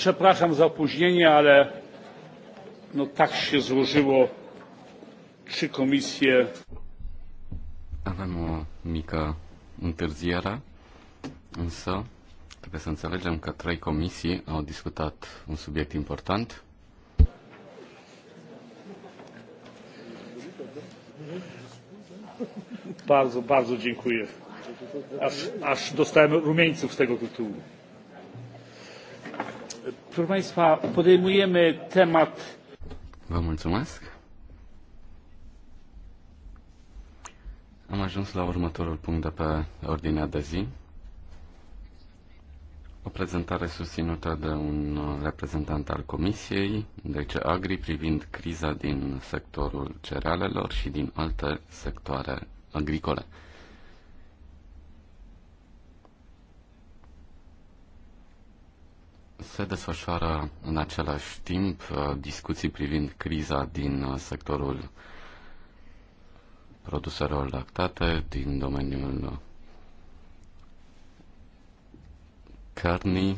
Przepraszam za opóźnienie, ale no tak się złożyło. Trzy komisje. Avem o mică întârziere, însă trebuie să înțelegem că trei comisii au discutat un subiect important. Bardzo, bardzo dziękuję. Aż, aż dostałem rumieńców z tego tytułu. Proszę Państwa, podejmujemy temat. Vă mulțumesc. Am ajuns la următorul punct de pe ordinea de zi. O prezentare susținută de un reprezentant al Comisiei, deci Agri, privind criza din sectorul cerealelor și din alte sectoare agricole. Se desfășoară în același timp uh, discuții privind criza din uh, sectorul produselor lactate, din domeniul uh, cărnii,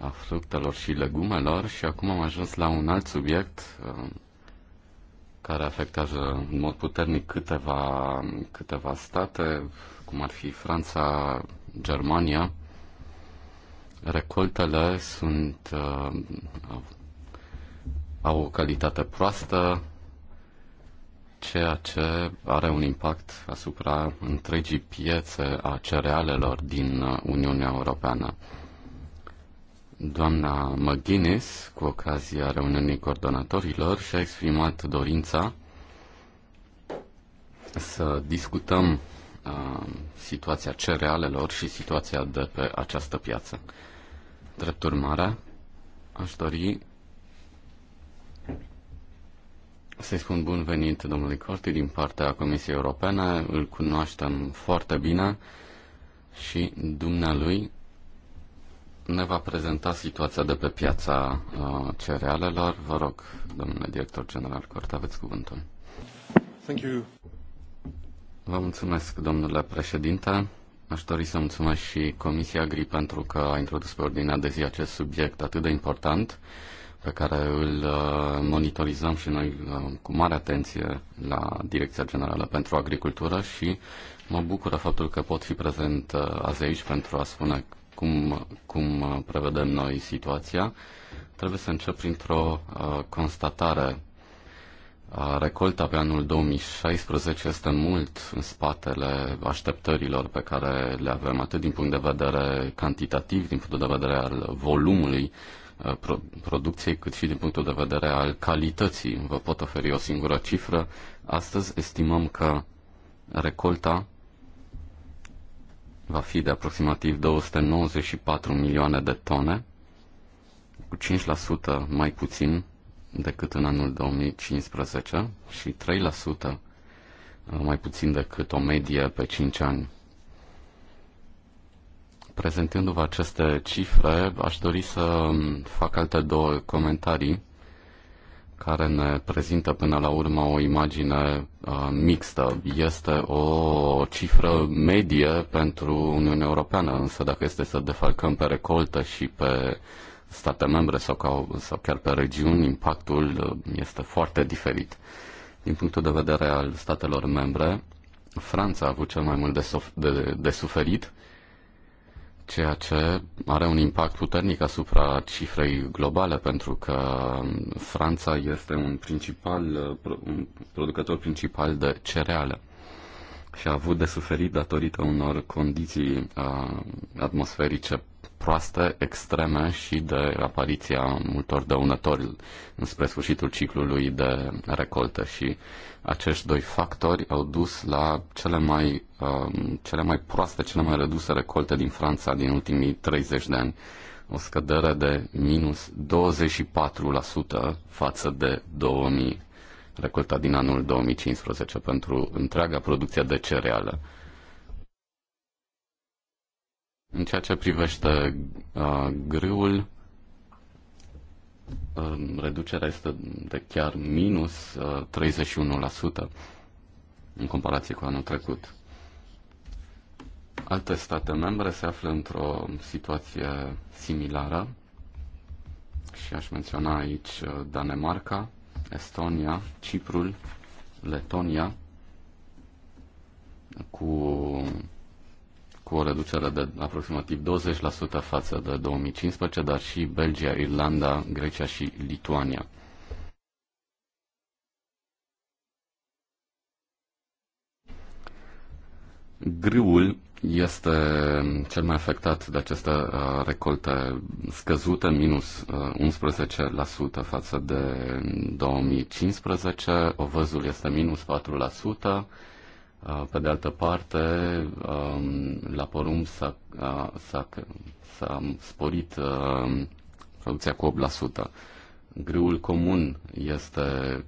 a fructelor și legumelor și acum am ajuns la un alt subiect care afectează în mod puternic câteva, câteva state, cum ar fi Franța, Germania, Recoltele sunt, uh, au o calitate proastă, ceea ce are un impact asupra întregii piețe a cerealelor din uh, Uniunea Europeană. Doamna McGuinness, cu ocazia reuniunii coordonatorilor, și-a exprimat dorința să discutăm uh, situația cerealelor și situația de pe această piață. Drept urmare, aș dori să-i spun bun venit domnului Corti din partea Comisiei Europene. Îl cunoaștem foarte bine și dumnealui ne va prezenta situația de pe piața uh, cerealelor. Vă rog, domnule director general Cort, aveți cuvântul. Thank you. Vă mulțumesc, domnule președinte. Aș dori să mulțumesc și Comisia Gri pentru că a introdus pe ordinea de zi acest subiect atât de important pe care îl uh, monitorizăm și noi uh, cu mare atenție la Direcția Generală pentru Agricultură și mă bucură faptul că pot fi prezent uh, azi aici pentru a spune cum, cum prevedem noi situația. Trebuie să încep printr-o constatare Recolta pe anul 2016 este mult în spatele așteptărilor pe care le avem, atât din punct de vedere cantitativ, din punct de vedere al volumului uh, producției, cât și din punctul de vedere al calității. Vă pot oferi o singură cifră. Astăzi estimăm că recolta va fi de aproximativ 294 milioane de tone, cu 5% mai puțin decât în anul 2015 și 3% uh, mai puțin decât o medie pe 5 ani. Prezentându-vă aceste cifre, aș dori să um, fac alte două comentarii care ne prezintă până la urmă o imagine uh, mixtă. Este o cifră medie pentru Uniunea Europeană, însă dacă este să defalcăm pe recoltă și pe uh, state membre sau, ca, sau chiar pe regiuni, impactul uh, este foarte diferit. Din punctul de vedere al statelor membre, Franța a avut cel mai mult de, suf- de, de suferit, ceea ce are un impact puternic asupra cifrei globale, pentru că Franța este un principal, uh, un producător principal de cereale și a avut de suferit datorită unor condiții uh, atmosferice proaste, extreme și de apariția multor dăunători înspre sfârșitul ciclului de recoltă și acești doi factori au dus la cele mai, uh, cele mai proaste, cele mai reduse recolte din Franța din ultimii 30 de ani. O scădere de minus 24% față de 2000, recolta din anul 2015 pentru întreaga producție de cereale. În ceea ce privește uh, grâul, uh, reducerea este de chiar minus uh, 31% în comparație cu anul trecut. Alte state membre se află într-o situație similară și aș menționa aici uh, Danemarca, Estonia, Ciprul, Letonia, cu cu o reducere de aproximativ 20% față de 2015, dar și Belgia, Irlanda, Grecia și Lituania. Grâul este cel mai afectat de aceste uh, recolte scăzute, minus 11% uh, față de 2015, ovăzul este minus 4%, Uh, pe de altă parte, um, la porum s-a, uh, s-a, s-a sporit uh, producția cu 8%. Grâul comun este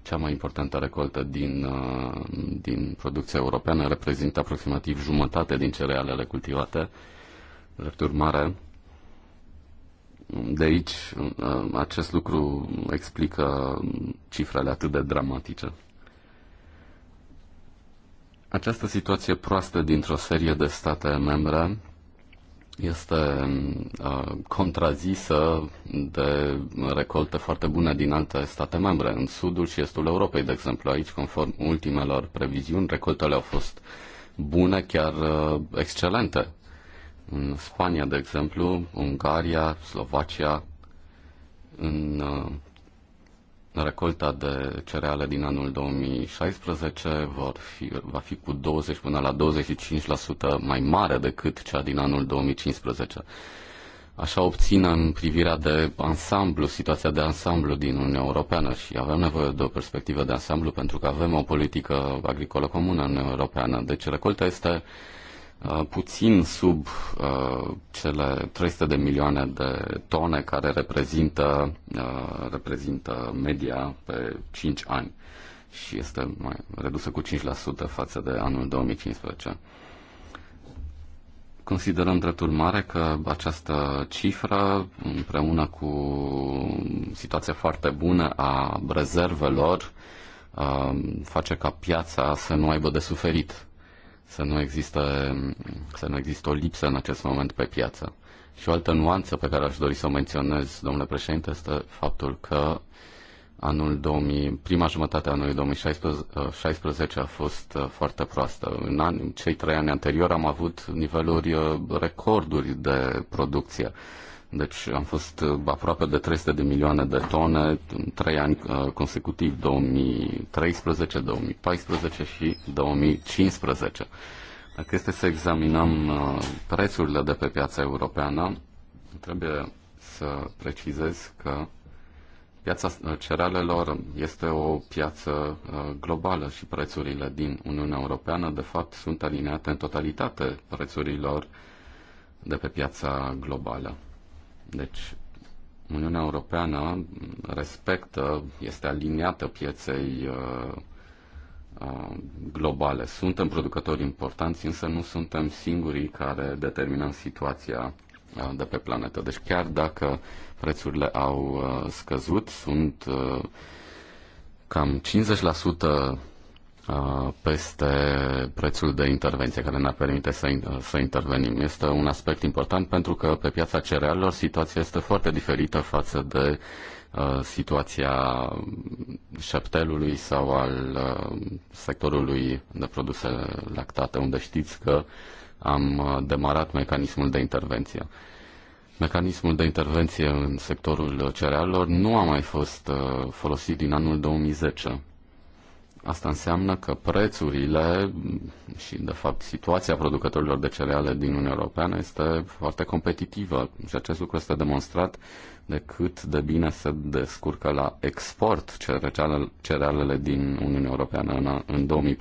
cea mai importantă recoltă din, din producția europeană, reprezintă aproximativ jumătate din cerealele cultivate. Drept urmare, de aici acest lucru explică cifrele atât de dramatice. Această situație proastă dintr-o serie de state membre este uh, contrazisă de recolte foarte bune din alte state membre, în sudul și estul Europei, de exemplu. Aici, conform ultimelor previziuni, recoltele au fost bune, chiar uh, excelente. În Spania, de exemplu, Ungaria, Slovacia, în uh, Recolta de cereale din anul 2016 vor fi, va fi cu 20 până la 25% mai mare decât cea din anul 2015. Așa obținem privirea de ansamblu, situația de ansamblu din Uniunea Europeană și avem nevoie de o perspectivă de ansamblu pentru că avem o politică agricolă comună în Uniunea Europeană. Deci recolta este uh, Uh, puțin sub uh, cele 300 de milioane de tone care reprezintă, uh, reprezintă media pe 5 ani și este mai redusă cu 5% față de anul 2015. Considerăm drept urmare că această cifră, împreună cu situația foarte bună a rezervelor, uh, face ca piața să nu aibă de suferit să nu există, să nu există o lipsă în acest moment pe piață. Și o altă nuanță pe care aș dori să o menționez, domnule președinte, este faptul că anul 2000, prima jumătate a anului 2016 a fost uh, foarte proastă. În anii, cei trei ani anterior am avut niveluri uh, recorduri de producție. Deci am fost uh, aproape de 300 de milioane de tone în trei ani uh, consecutiv, 2013, 2014 și 2015. Dacă este să examinăm uh, prețurile de pe piața europeană, trebuie să precizez că piața cerealelor este o piață globală și prețurile din Uniunea Europeană, de fapt, sunt aliniate în totalitate prețurilor de pe piața globală. Deci, Uniunea Europeană respectă, este aliniată pieței uh, uh, globale. Suntem producători importanți, însă nu suntem singurii care determinăm situația uh, de pe planetă. Deci chiar dacă prețurile au scăzut, sunt cam 50% Uh, peste prețul de intervenție care ne-ar permite să, uh, să intervenim. Este un aspect important pentru că pe piața cerealelor situația este foarte diferită față de uh, situația șeptelului sau al uh, sectorului de produse lactate, unde știți că am uh, demarat mecanismul de intervenție. Mecanismul de intervenție în sectorul cerealelor nu a mai fost folosit din anul 2010 Asta înseamnă că prețurile și, de fapt, situația producătorilor de cereale din Uniunea Europeană este foarte competitivă și acest lucru este demonstrat de cât de bine se descurcă la export cerealele din Uniunea Europeană. În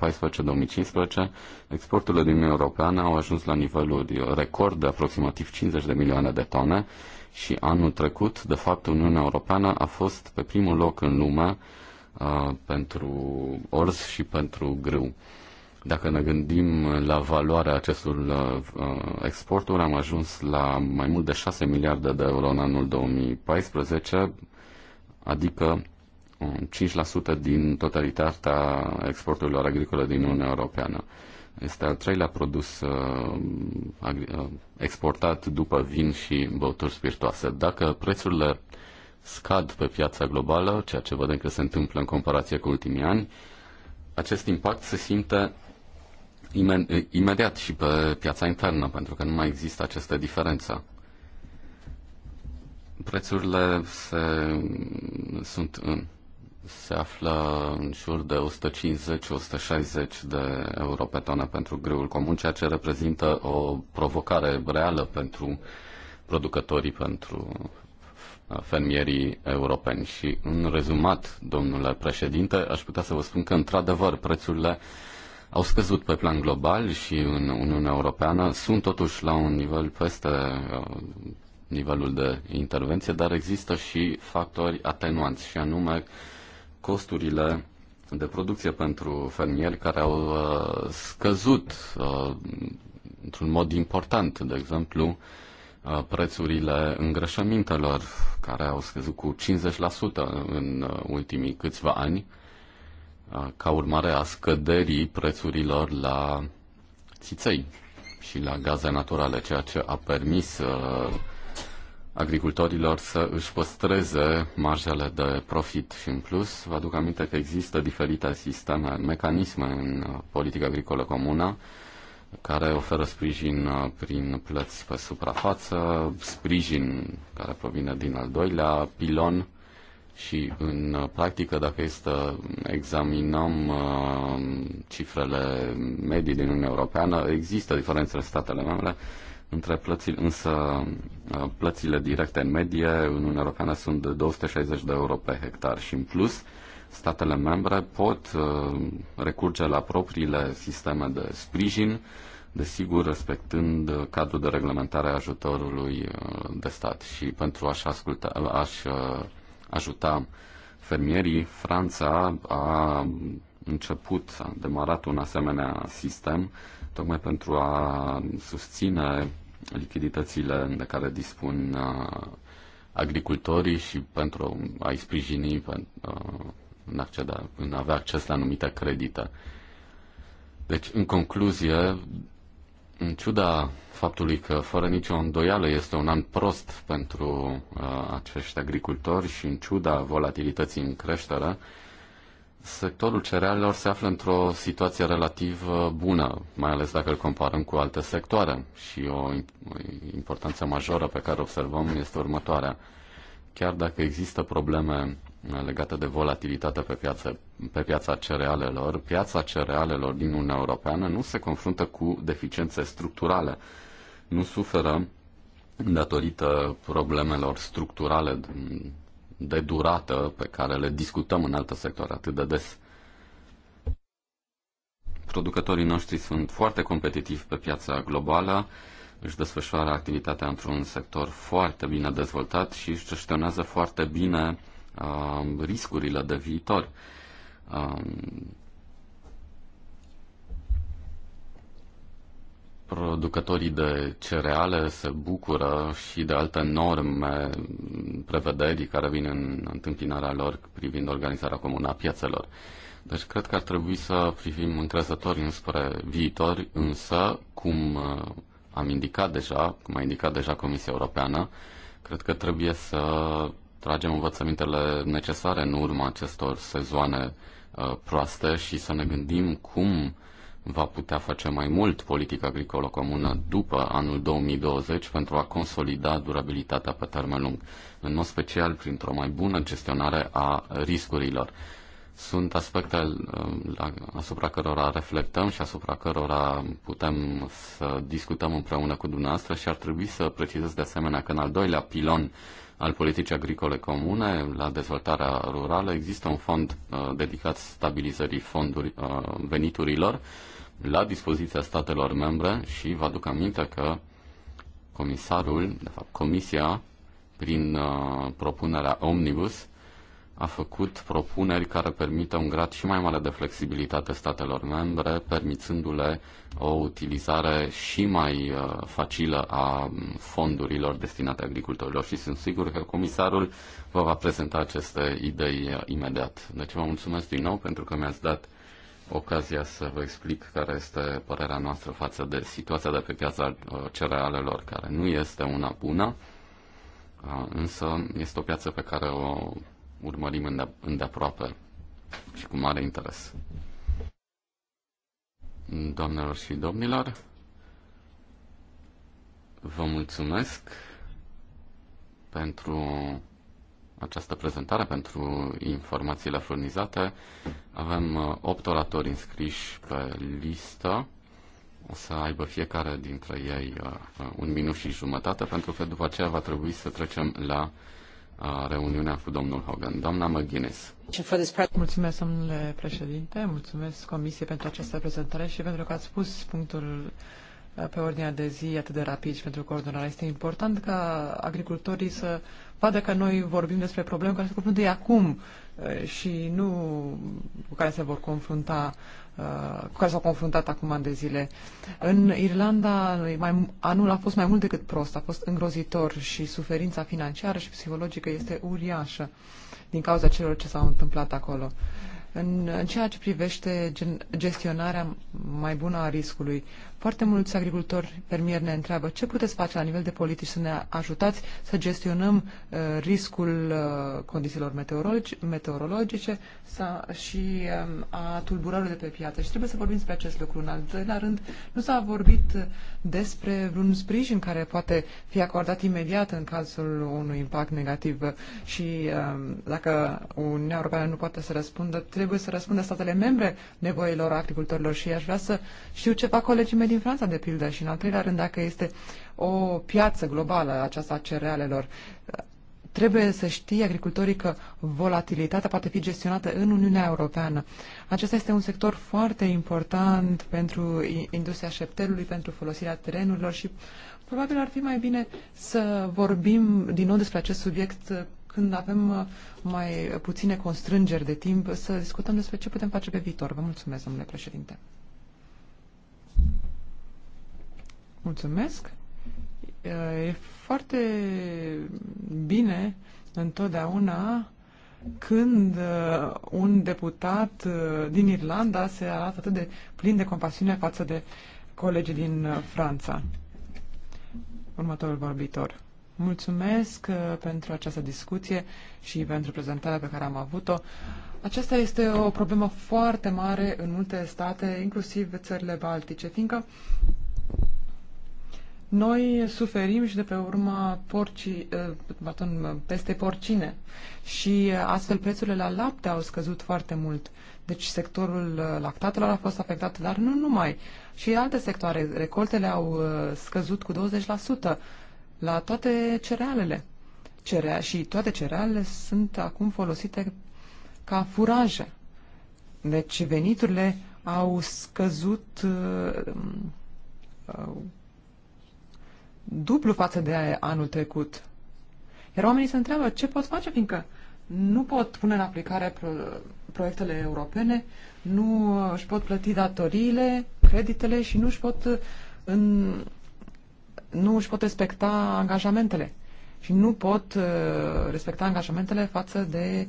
2014-2015, exporturile din Uniunea Europeană au ajuns la niveluri record de aproximativ 50 de milioane de tone și anul trecut, de fapt, Uniunea Europeană a fost pe primul loc în lume pentru orz și pentru grâu. Dacă ne gândim la valoarea acestor exporturi, am ajuns la mai mult de 6 miliarde de euro în anul 2014, adică 5% din totalitatea exporturilor agricole din Uniunea Europeană. Este al treilea produs exportat după vin și băuturi spiritoase. Dacă prețurile scad pe piața globală, ceea ce vedem că se întâmplă în comparație cu ultimii ani, acest impact se simte imediat și pe piața internă, pentru că nu mai există această diferență. Prețurile se, sunt în, se află în jur de 150-160 de euro pe tonă pentru greul comun, ceea ce reprezintă o provocare reală pentru producătorii, pentru fermierii europeni. Și în rezumat, domnule președinte, aș putea să vă spun că, într-adevăr, prețurile au scăzut pe plan global și în Uniunea Europeană, sunt totuși la un nivel peste uh, nivelul de intervenție, dar există și factori atenuanți, și anume costurile de producție pentru fermieri care au uh, scăzut uh, într-un mod important, de exemplu, Uh, prețurile îngrășămintelor, care au scăzut cu 50% în uh, ultimii câțiva ani, uh, ca urmare a scăderii prețurilor la țiței și la gaze naturale, ceea ce a permis agricultorilor să își păstreze marjele de profit și în plus. Vă aduc aminte că există diferite sisteme, mecanisme în politica agricolă comună, care oferă sprijin uh, prin plăți pe suprafață, sprijin care provine din al doilea pilon și în uh, practică, dacă este examinăm uh, cifrele medii din Uniunea Europeană, există diferențe în statele membre, între plățile, însă plățile directe în medie în Uniunea Europeană sunt de 260 de euro pe hectar și în plus statele membre pot uh, recurge la propriile sisteme de sprijin, desigur respectând uh, cadrul de reglementare a ajutorului uh, de stat. Și pentru a-și, asculta, a ajuta fermierii, Franța a început, a demarat un asemenea sistem tocmai pentru a susține lichiditățile de care dispun agricultorii și pentru a-i sprijini în, acceda, în a avea acces la anumite credite. Deci, în concluzie, în ciuda faptului că, fără nicio îndoială, este un an prost pentru uh, acești agricultori și în ciuda volatilității în creștere, sectorul cerealelor se află într-o situație relativ uh, bună, mai ales dacă îl comparăm cu alte sectoare. Și o, importanță majoră pe care o observăm este următoarea chiar dacă există probleme uh, legate de volatilitate pe, piață, pe piața cerealelor, piața cerealelor din Uniunea Europeană nu se confruntă cu deficiențe structurale. Nu suferă datorită problemelor structurale de durată pe care le discutăm în alte sectoare atât de des. Producătorii noștri sunt foarte competitivi pe piața globală își desfășoară activitatea într-un sector foarte bine dezvoltat și își gestionează foarte bine uh, riscurile de viitor. Um, producătorii de cereale se bucură și de alte norme, prevederi care vin în întâmpinarea lor privind organizarea comună a piațelor. Deci cred că ar trebui să privim încrezători înspre viitor, însă, cum uh, am indicat deja, cum a indicat deja Comisia Europeană, cred că trebuie să tragem învățămintele necesare în urma acestor sezoane uh, proaste și să ne gândim cum va putea face mai mult politica agricolă comună după anul 2020 pentru a consolida durabilitatea pe termen lung, în mod special printr-o mai bună gestionare a riscurilor. Sunt aspecte um, asupra cărora reflectăm și asupra cărora putem să discutăm împreună cu dumneavoastră și ar trebui să precizez de asemenea că în al doilea pilon al politicii agricole comune, la dezvoltarea rurală, există un fond uh, dedicat stabilizării fonduri, uh, veniturilor la dispoziția statelor membre și vă aduc aminte că comisarul, de fapt comisia, prin uh, propunerea Omnibus, a făcut propuneri care permită un grad și mai mare de flexibilitate statelor membre, permițându-le o utilizare și mai uh, facilă a fondurilor destinate agricultorilor. Și sunt sigur că comisarul vă va prezenta aceste idei uh, imediat. Deci vă mulțumesc din nou pentru că mi-ați dat ocazia să vă explic care este părerea noastră față de situația de pe piața uh, cerealelor, care nu este una bună, însă este o piață pe care o urmărim îndeaproape și cu mare interes. Doamnelor și domnilor, vă mulțumesc pentru această prezentare, pentru informațiile furnizate. Avem 8 uh, oratori înscriși pe listă. O să aibă fiecare dintre ei uh, un minut și jumătate, pentru că după aceea va trebui să trecem la a reuniunea cu domnul Hogan. Doamna McGuinness. Mulțumesc, domnule președinte, mulțumesc Comisiei pentru această prezentare și pentru că ați pus punctul uh, pe ordinea de zi atât de rapid și pentru coordonarea. Este important ca agricultorii să vadă că noi vorbim despre probleme care se confruntă de acum uh, și nu cu care se vor confrunta Uh, cu care s-au confruntat acum de zile. În Irlanda, mai, anul a fost mai mult decât prost, a fost îngrozitor și suferința financiară și psihologică este uriașă din cauza celor ce s-au întâmplat acolo. În, în ceea ce privește gen, gestionarea mai bună a riscului, foarte mulți agricultori fermieri ne întreabă ce puteți face la nivel de politici să ne ajutați să gestionăm uh, riscul uh, condițiilor meteorologi, meteorologice sa, și uh, a tulburărilor de pe piață. Și trebuie să vorbim despre acest lucru. În al doilea rând, nu s-a vorbit despre un sprijin care poate fi acordat imediat în cazul unui impact negativ și uh, dacă Uniunea Europeană nu poate să răspundă, trebuie să răspundă statele membre nevoilor agricultorilor și aș vrea să știu ce fac colegii mei din Franța, de pildă, și în al treilea rând, dacă este o piață globală aceasta a cerealelor, trebuie să știe agricultorii că volatilitatea poate fi gestionată în Uniunea Europeană. Acesta este un sector foarte important pentru industria șeptelului, pentru folosirea terenurilor și probabil ar fi mai bine să vorbim din nou despre acest subiect când avem mai puține constrângeri de timp, să discutăm despre ce putem face pe viitor. Vă mulțumesc, domnule președinte. Mulțumesc. E foarte bine întotdeauna când un deputat din Irlanda se arată atât de plin de compasiune față de colegii din Franța. Următorul vorbitor. Mulțumesc pentru această discuție și pentru prezentarea pe care am avut-o. Aceasta este o problemă foarte mare în multe state, inclusiv țările baltice, fiindcă noi suferim și de pe urma porcii, eh, pardon, peste porcine și astfel prețurile la lapte au scăzut foarte mult. Deci sectorul eh, lactatelor a fost afectat, dar nu numai. Și alte sectoare, recoltele au eh, scăzut cu 20% la toate cerealele. Cerea, și toate cerealele sunt acum folosite ca furaje. Deci veniturile au scăzut uh, uh, dublu față de anul trecut. Iar oamenii se întreabă ce pot face, fiindcă nu pot pune în aplicare pro proiectele europene, nu își pot plăti datoriile, creditele și nu își pot, în, nu își pot respecta angajamentele. Și nu pot uh, respecta angajamentele față de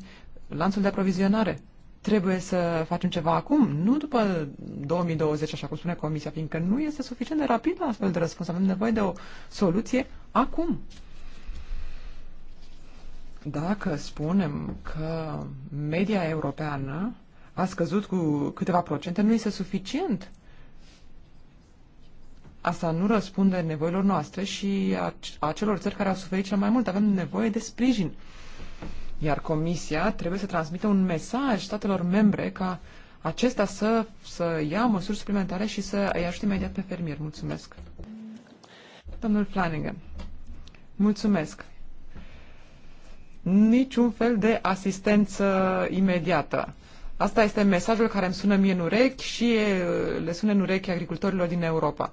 lanțul de aprovizionare trebuie să facem ceva acum, nu după 2020, așa cum spune Comisia, fiindcă nu este suficient de rapid la astfel de răspuns. Avem nevoie de o soluție acum. Dacă spunem că media europeană a scăzut cu câteva procente, nu este suficient. Asta nu răspunde nevoilor noastre și a, a celor țări care au suferit cel mai mult. Avem nevoie de sprijin. Iar Comisia trebuie să transmită un mesaj statelor membre ca acesta să, să ia măsuri suplimentare și să îi ajute imediat pe fermier. Mulțumesc. Domnul Flanagan, mulțumesc. Niciun fel de asistență imediată. Asta este mesajul care îmi sună mie în urechi și le sună în urechi agricultorilor din Europa.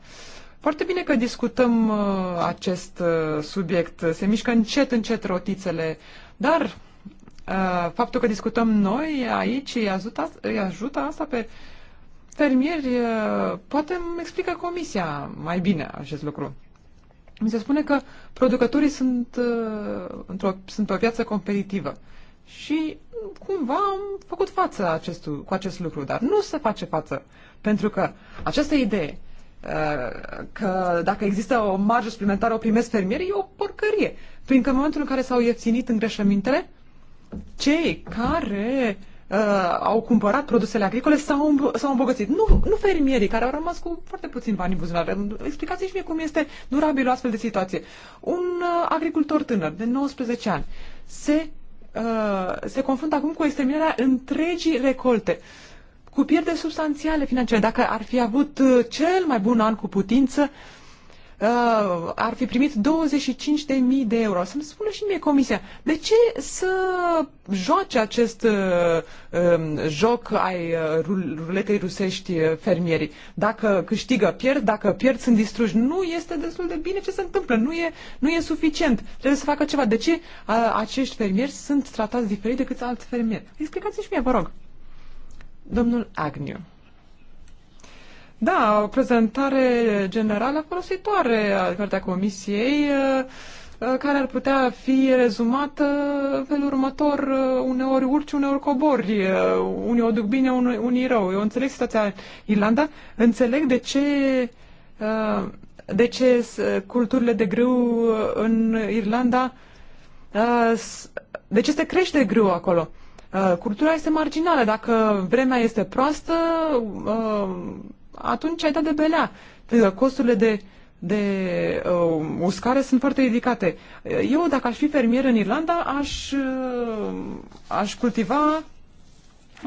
Foarte bine că discutăm uh, acest uh, subiect. Se mișcă încet, încet rotițele, dar Uh, faptul că discutăm noi aici îi ajută, îi ajută asta pe fermieri. Uh, poate îmi explică comisia mai bine acest lucru. Mi se spune că producătorii sunt, uh, într-o, sunt pe o piață competitivă și cumva am făcut față acest, cu acest lucru, dar nu se face față. Pentru că această idee că dacă există o marjă suplimentară o primesc fermierii, e o porcărie. Fiindcă în momentul în care s-au ieftinit îngreșămintele, cei care uh, au cumpărat produsele agricole s-au, s-au îmbogățit. Nu, nu fermierii care au rămas cu foarte puțin bani în buzunar. Explicați-și mie cum este durabil o astfel de situație. Un uh, agricultor tânăr de 19 ani se, uh, se confruntă acum cu exterminarea întregii recolte cu pierde substanțiale financiare. Dacă ar fi avut uh, cel mai bun an cu putință, uh, Uh, ar fi primit 25.000 de euro. Să-mi spună și mie comisia, de ce să joace acest uh, um, joc ai uh, ruletei rusești uh, fermierii? Dacă câștigă, pierd, dacă pierd, sunt distruși. Nu este destul de bine ce se întâmplă, nu e, nu e suficient. Trebuie să facă ceva. De ce uh, acești fermieri sunt tratați diferit decât alți fermieri? Explicați-mi și mie, vă rog. Domnul Agniu. Da, o prezentare generală folositoare a cartea comisiei, uh, uh, care ar putea fi rezumată felul următor, uh, uneori urci, uneori cobori, unii o duc bine, unii rău. Eu înțeleg situația Irlanda, înțeleg de ce de ce culturile de grâu în Irlanda, de ce se crește grâu acolo. Cultura este marginală. Dacă vremea este proastă, atunci ai dat de belea. costurile de, de uh, uscare sunt foarte ridicate. Eu, dacă aș fi fermier în Irlanda, aș, uh, aș cultiva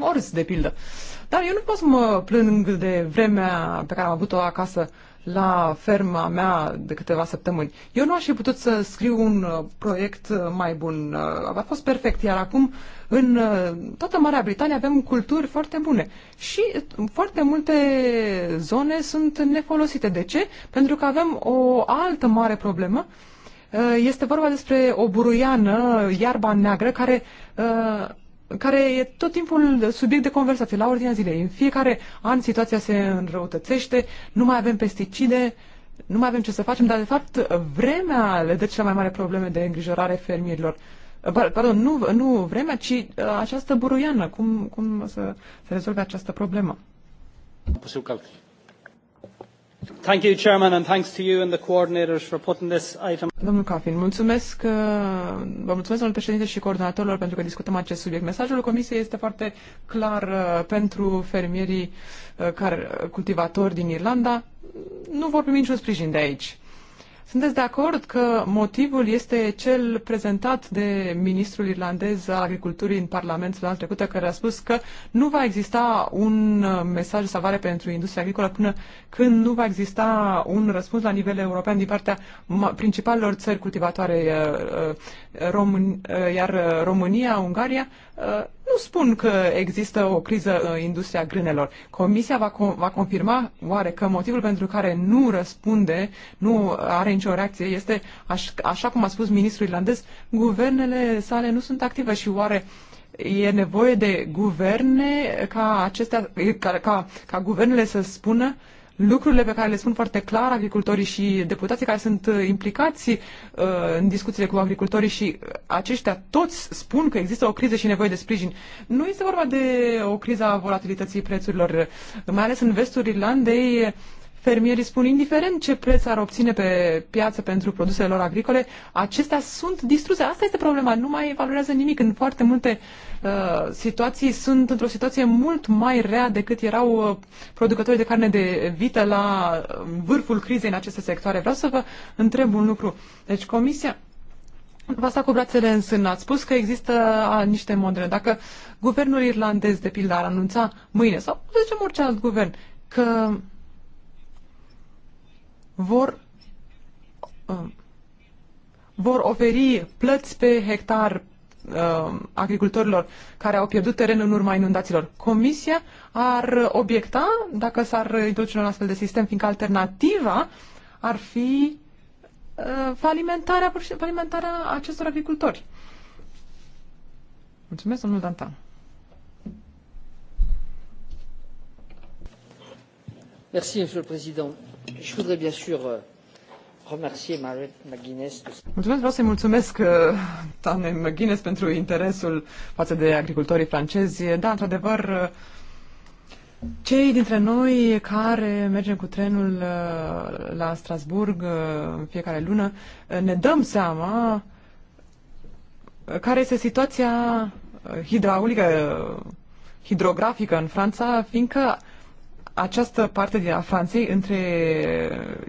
orz, de pildă. Dar eu nu pot să mă plâng de vremea pe care am avut-o acasă la ferma mea de câteva săptămâni. Eu nu aș fi putut să scriu un uh, proiect uh, mai bun. Uh, a fost perfect, iar acum uh, în uh, toată Marea Britanie avem culturi foarte bune și uh, foarte multe zone sunt nefolosite. De ce? Pentru că avem o altă mare problemă. Uh, este vorba despre o buruiană, iarba neagră, care care e tot timpul subiect de conversație, la ordinea zilei. În fiecare an situația se înrăutățește, nu mai avem pesticide, nu mai avem ce să facem, dar de fapt vremea le dă cele mai mare probleme de îngrijorare fermierilor. Eh, pardon, nu, nu vremea, ci eh, această buruiană. Cum, cum să se rezolve această problemă? Thank you, Chairman, and thanks to you and the coordinators for putting this item. Domnul Kafin, mulțumesc, eh, vă mulțumesc, domnul președinte și coordonatorilor, pentru că discutăm acest subiect. Mesajul Comisiei este foarte clar pentru fermierii care, cultivatori din Irlanda. Nu vor primi niciun sprijin de aici sunteți de acord că motivul este cel prezentat de ministrul irlandez al agriculturii în Parlamentul anul trecută, care a spus că nu va exista un uh, mesaj de salvare pentru industria agricolă până când nu va exista un răspuns la nivel european din partea principalelor țări cultivatoare, uh, uh, Român, iar România, Ungaria, Uh, nu spun că există o criză în industria grânelor. Comisia va, com- va confirma oare că motivul pentru care nu răspunde, nu are nicio reacție, este, aș, așa cum a spus ministrul irlandez, guvernele sale nu sunt active și oare e nevoie de guverne ca, acestea, ca, ca, ca guvernele să spună uh, lucrurile pe care le spun foarte clar agricultorii și deputații care sunt uh, implicați uh, în discuțiile cu agricultorii și aceștia toți spun că există o criză și nevoie de sprijin. Nu este vorba de o criză a volatilității prețurilor, mai ales în vestul Irlandei Fermierii spun, indiferent ce preț ar obține pe piață pentru produsele lor agricole, acestea sunt distruse. Asta este problema, nu mai valorează nimic. În foarte multe uh, situații sunt într-o situație mult mai rea decât erau uh, producătorii de carne de vită la uh, vârful crizei în aceste sectoare. Vreau să vă întreb un lucru. Deci comisia, Vă sta cu brațele în sân. Ați spus că există a, niște modele. Dacă guvernul irlandez, de pildă, ar anunța mâine, sau să zicem orice alt guvern, că vor, uh, vor oferi plăți pe hectar uh, agricultorilor care au pierdut teren în urma inundațiilor. Comisia ar obiecta dacă s-ar introduce un astfel de sistem, fiindcă alternativa ar fi uh, falimentarea, falimentarea acestor agricultori. Mulțumesc, domnul Dantan. Merci, monsieur le président. Euh, mulțumesc, vreau să-i mulțumesc, Tane uh, McGuinness, pentru interesul față de agricultorii francezi. Da, într-adevăr, uh, cei dintre noi care mergem cu trenul uh, la Strasburg în fiecare lună, ne dăm seama care este situația hidraulică, hidrografică în Franța, fiindcă această parte din a Franței, între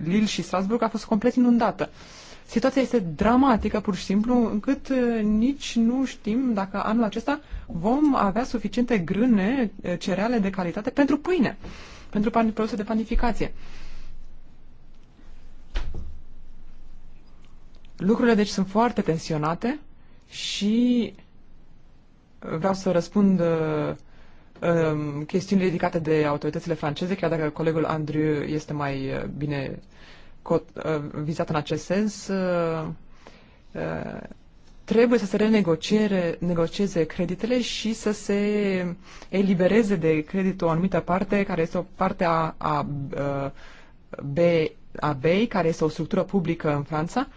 Lille și Strasbourg, a fost complet inundată. Situația este dramatică, pur și simplu, încât uh, nici nu știm dacă anul acesta vom avea suficiente grâne, uh, cereale de calitate pentru pâine, pentru produse de panificație. Lucrurile, deci, sunt foarte tensionate și vreau să răspund uh, Ehm, chestiuni ridicate de autoritățile franceze, chiar dacă colegul Andrew este mai eh, bine eh, vizat în acest sens, eh, trebuie să se renegocieze creditele și să se elibereze de credit o anumită parte, care este o parte a, a, a BEI, care este o structură publică în Franța,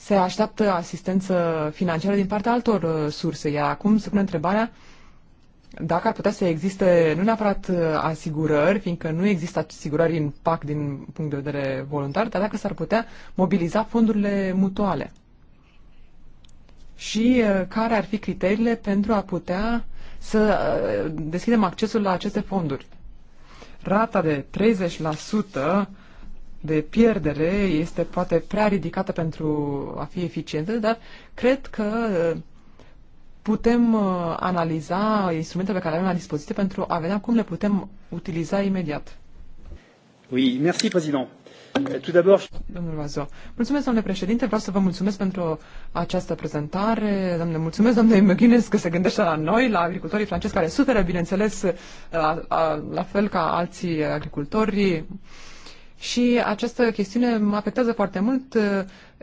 se așteaptă asistență financiară din partea altor uh, surse. Iar acum se pune întrebarea dacă ar putea să existe nu neapărat uh, asigurări, fiindcă nu există asigurări în PAC din punct de vedere voluntar, dar dacă s-ar putea mobiliza fondurile mutuale. Și uh, care ar fi criteriile pentru a putea să deschidem accesul la aceste fonduri? Rata de 30% de pierdere este poate prea ridicată pentru a fi eficientă, dar cred că uh, putem uh, analiza instrumentele pe care le avem la dispoziție pentru a vedea cum le putem utiliza imediat. Oui, merci, président. Euh, tout d'abord... Domnul Vazo. Mulțumesc, domnule președinte. Vreau să vă mulțumesc pentru această prezentare. Domnule, mulțumesc, domnule Măghines, că se gândește la noi, la agricultorii francezi care suferă, bineînțeles, la, uh, la fel ca alții agricultori. Și această chestiune mă afectează foarte mult. Uh,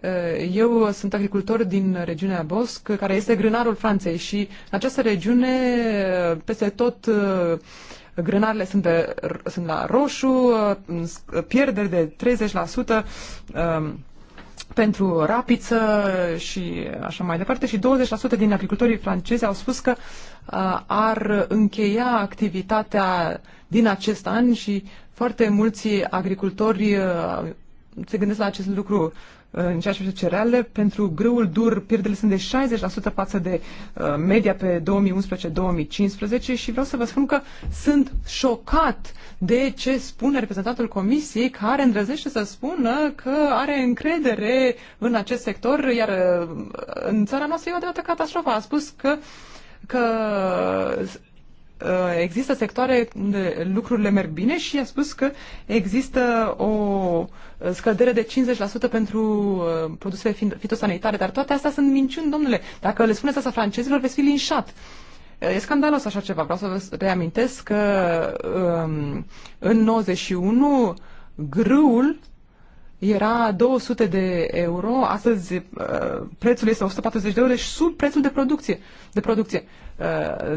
uh, eu sunt agricultor din regiunea Bosc, care este grânarul Franței și în această regiune, uh, peste tot, grânarele sunt, de, sunt la roșu, pierderi de 30% um, pentru rapiță și așa mai departe și 20% din agricultorii francezi au spus că ar încheia activitatea din acest an și foarte mulți agricultori uh, se gândesc la acest lucru uh, în ceea ce privește cerealele. Pentru grâul dur, pierderile sunt de 60% față de uh, media pe 2011-2015 și vreau să vă spun că sunt șocat de ce spune reprezentantul Comisiei, care îndrăzește să spună că are încredere în acest sector, iar în țara noastră e o adevărată catastrofă. A spus că că Uh, există sectoare unde lucrurile merg bine și a spus că există o scădere de 50% pentru uh, produsele fitosanitare, dar toate astea sunt minciuni, domnule. Dacă le spuneți asta francezilor, veți fi linșat. Uh, e scandalos așa ceva. Vreau să vă reamintesc că um, în 91 grâul era 200 de euro, astăzi prețul este 140 de euro, deci sub prețul de producție. De producție.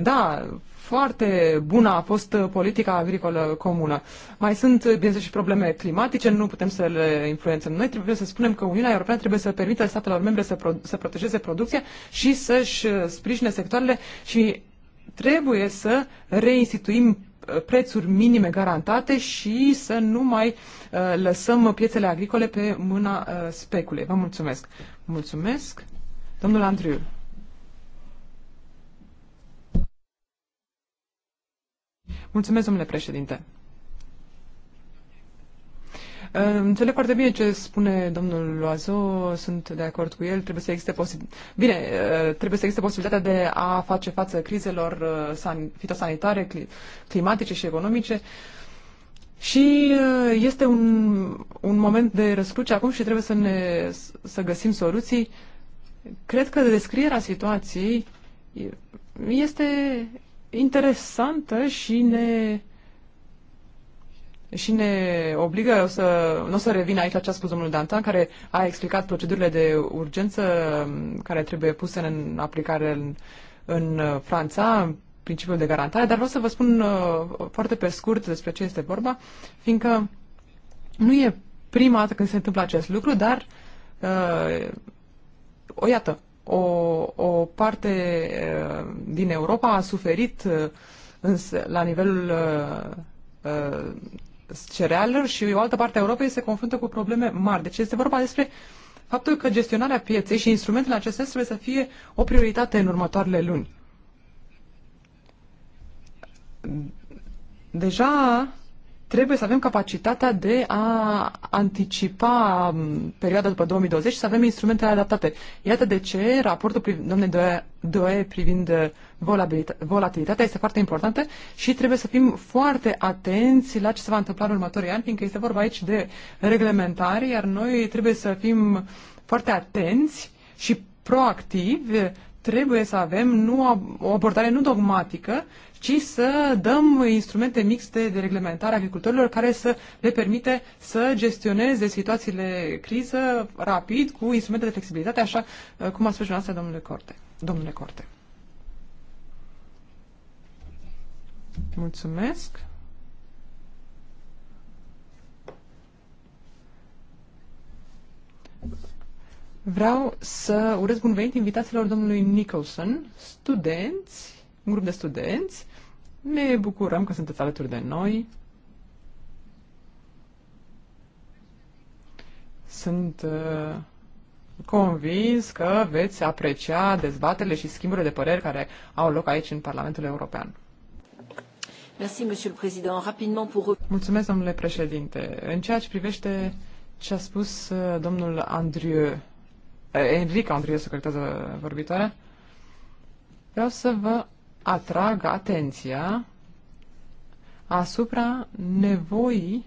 da, foarte bună a fost uh, politica agricolă comună. Mai sunt, uh, bineînțeles, și probleme climatice, nu putem să le influențăm. Noi trebuie să spunem că Uniunea Europeană trebuie să permită statelor membre să, pro- să protejeze producția și să-și uh, sprijine sectoarele și trebuie să reinstituim prețuri minime garantate și să nu mai uh, lăsăm piețele agricole pe mâna uh, speculei. Vă mulțumesc. Mulțumesc. Domnul Andriu. Mulțumesc, domnule președinte. Înțeleg foarte bine ce spune domnul Loazo, sunt de acord cu el, trebuie să existe posibil... Bine, uh, trebuie să existe posibilitatea de a face față crizelor uh, fitosanitare, climatice și economice. Și uh, este un, un moment de răscruce acum și trebuie să ne să găsim soluții. Cred că descrierea situației este interesantă și ne și ne obligă, o să, nu o să revin aici la ce a spus domnul Dantan, care a explicat procedurile de urgență care trebuie puse în aplicare în, în Franța, principiul de garantare, dar vreau să vă spun uh, foarte pe scurt despre ce este vorba, fiindcă nu e prima dată când se întâmplă acest lucru, dar uh, o iată, o, o parte uh, din Europa a suferit uh, însă, la nivelul uh, cerealelor și o altă parte a Europei se confruntă cu probleme mari. Deci este vorba despre faptul că gestionarea pieței și instrumentele acestea trebuie să fie o prioritate în următoarele luni. Deja trebuie să avem capacitatea de a anticipa mm, perioada după 2020 și să avem instrumentele adaptate. Iată de ce raportul domnului Doe, Doe privind uh, volatilitatea este foarte importantă și trebuie să fim foarte atenți la ce se va întâmpla în următorii ani, fiindcă este vorba aici de reglementare, iar noi trebuie să fim foarte atenți și proactivi trebuie să avem nu o abordare nu dogmatică, ci să dăm instrumente mixte de reglementare agricultorilor care să le permite să gestioneze situațiile criză rapid cu instrumente de flexibilitate, așa uh, cum a spus dumneavoastră domnule Corte. Domnule Corte. Mulțumesc. Vreau să urez bun venit invitațiilor domnului Nicholson, studenți, un grup de studenți ne bucurăm că sunteți alături de noi. Sunt uh, convins că veți aprecia dezbaterile și schimburile de păreri care au loc aici în Parlamentul European. Merci, Monsieur le Président. Rapidement pour... Mulțumesc, domnule președinte. În ceea ce privește ce a spus uh, domnul Andrieu, uh, Enrica Andrieu, secretează vorbitoarea, vreau să vă atrag atenția asupra nevoii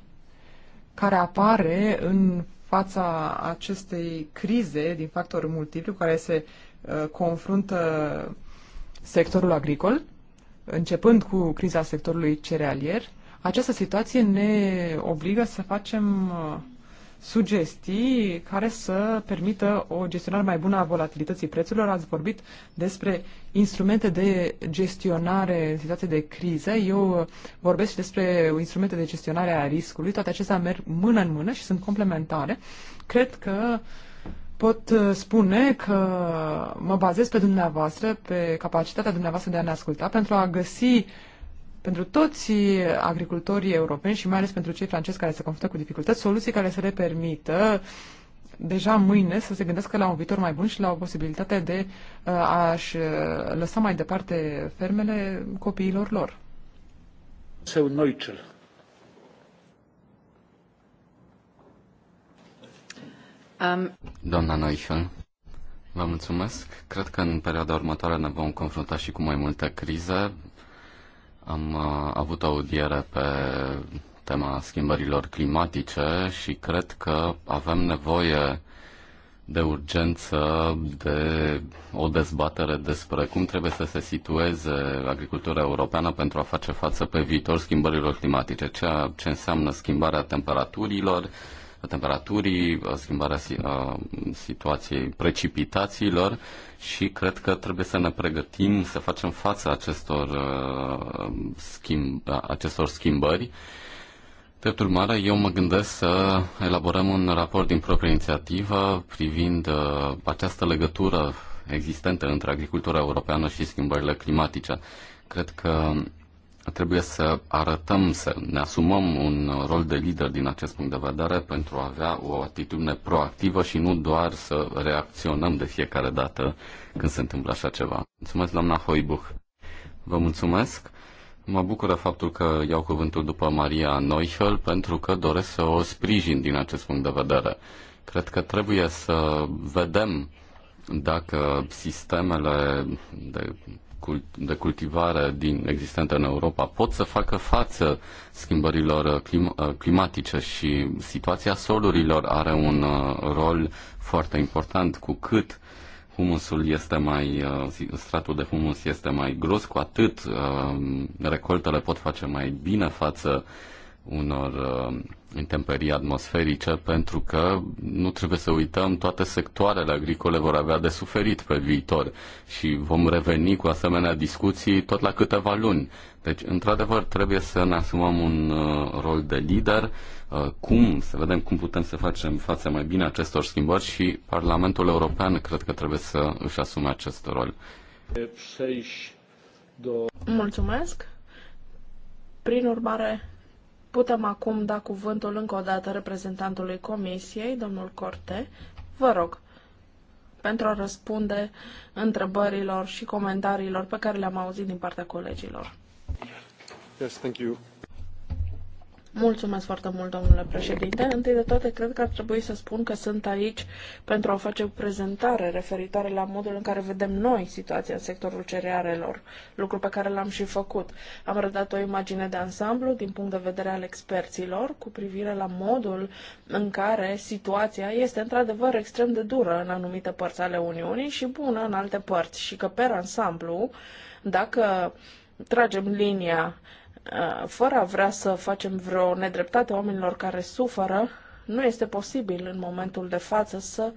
care apare în fața acestei crize din factori multipli care se uh, confruntă sectorul agricol, începând cu criza sectorului cerealier, această situație ne obligă să facem uh, sugestii care să permită o gestionare mai bună a volatilității prețurilor. Ați vorbit despre instrumente de gestionare în situații de criză. Eu vorbesc și despre instrumente de gestionare a riscului. Toate acestea merg mână în mână și sunt complementare. Cred că pot spune că mă bazez pe dumneavoastră, pe capacitatea dumneavoastră de a ne asculta pentru a găsi uh, pentru toți agricultorii europeni și mai ales pentru cei francezi care se confruntă cu dificultăți, soluții care să le permită deja mâine să se gândească la un viitor mai bun și la o posibilitate de uh, a-și uh, lăsa mai departe fermele copiilor lor. Seu Neuchel. Um... Doamna Neuchel, vă mulțumesc. Cred că în perioada următoare ne vom confrunta și cu mai multe crize. Am uh, avut audiere pe tema schimbărilor climatice și cred că avem nevoie de urgență de o dezbatere despre cum trebuie să se situeze agricultura europeană pentru a face față pe viitor schimbărilor climatice, ceea ce înseamnă schimbarea temperaturilor, temperaturii, schimbarea situației precipitațiilor și cred că trebuie să ne pregătim să facem față acestor, schimb, acestor schimbări. Drept urmare, eu mă gândesc să elaborăm un raport din proprie inițiativă privind această legătură existentă între agricultura europeană și schimbările climatice. Cred că trebuie să arătăm, să ne asumăm un rol de lider din acest punct de vedere pentru a avea o atitudine proactivă și nu doar să reacționăm de fiecare dată când se întâmplă așa ceva. Mulțumesc, doamna Hoibuch. Vă mulțumesc. Mă bucură faptul că iau cuvântul după Maria Neuchel pentru că doresc să o sprijin din acest punct de vedere. Cred că trebuie să vedem dacă sistemele de de cultivare din existentă în Europa pot să facă față schimbărilor clim- uh, climatice și situația solurilor are un uh, rol foarte important cu cât humusul este mai, uh, stratul de humus este mai gros, cu atât recoltele pot face mai bine față uh, unor uh, intemperii atmosferice, pentru că nu trebuie să uităm, toate sectoarele agricole vor avea de suferit pe viitor și vom reveni cu asemenea discuții tot la câteva luni. Deci, într-adevăr, trebuie să ne asumăm un uh, rol de lider, uh, cum, să vedem cum putem să facem față mai bine acestor schimbări și Parlamentul European cred că trebuie să își asume acest rol. Mulțumesc! Prin urmare, Putem acum da cuvântul încă o dată reprezentantului Comisiei, domnul Corte. Vă rog, pentru a răspunde întrebărilor și comentariilor pe care le-am auzit din partea colegilor. Yes, thank you. Mulțumesc foarte mult, domnule președinte. Întâi de toate, cred că ar trebui să spun că sunt aici pentru a face o prezentare referitoare la modul în care vedem noi situația în sectorul cerearelor, lucru pe care l-am și făcut. Am redat o imagine de ansamblu din punct de vedere al experților cu privire la modul în care situația este într-adevăr extrem de dură în anumite părți ale Uniunii și bună în alte părți și că per ansamblu, dacă tragem linia Uh, fără a vrea să facem vreo nedreptate oamenilor care suferă, nu este posibil în momentul de față să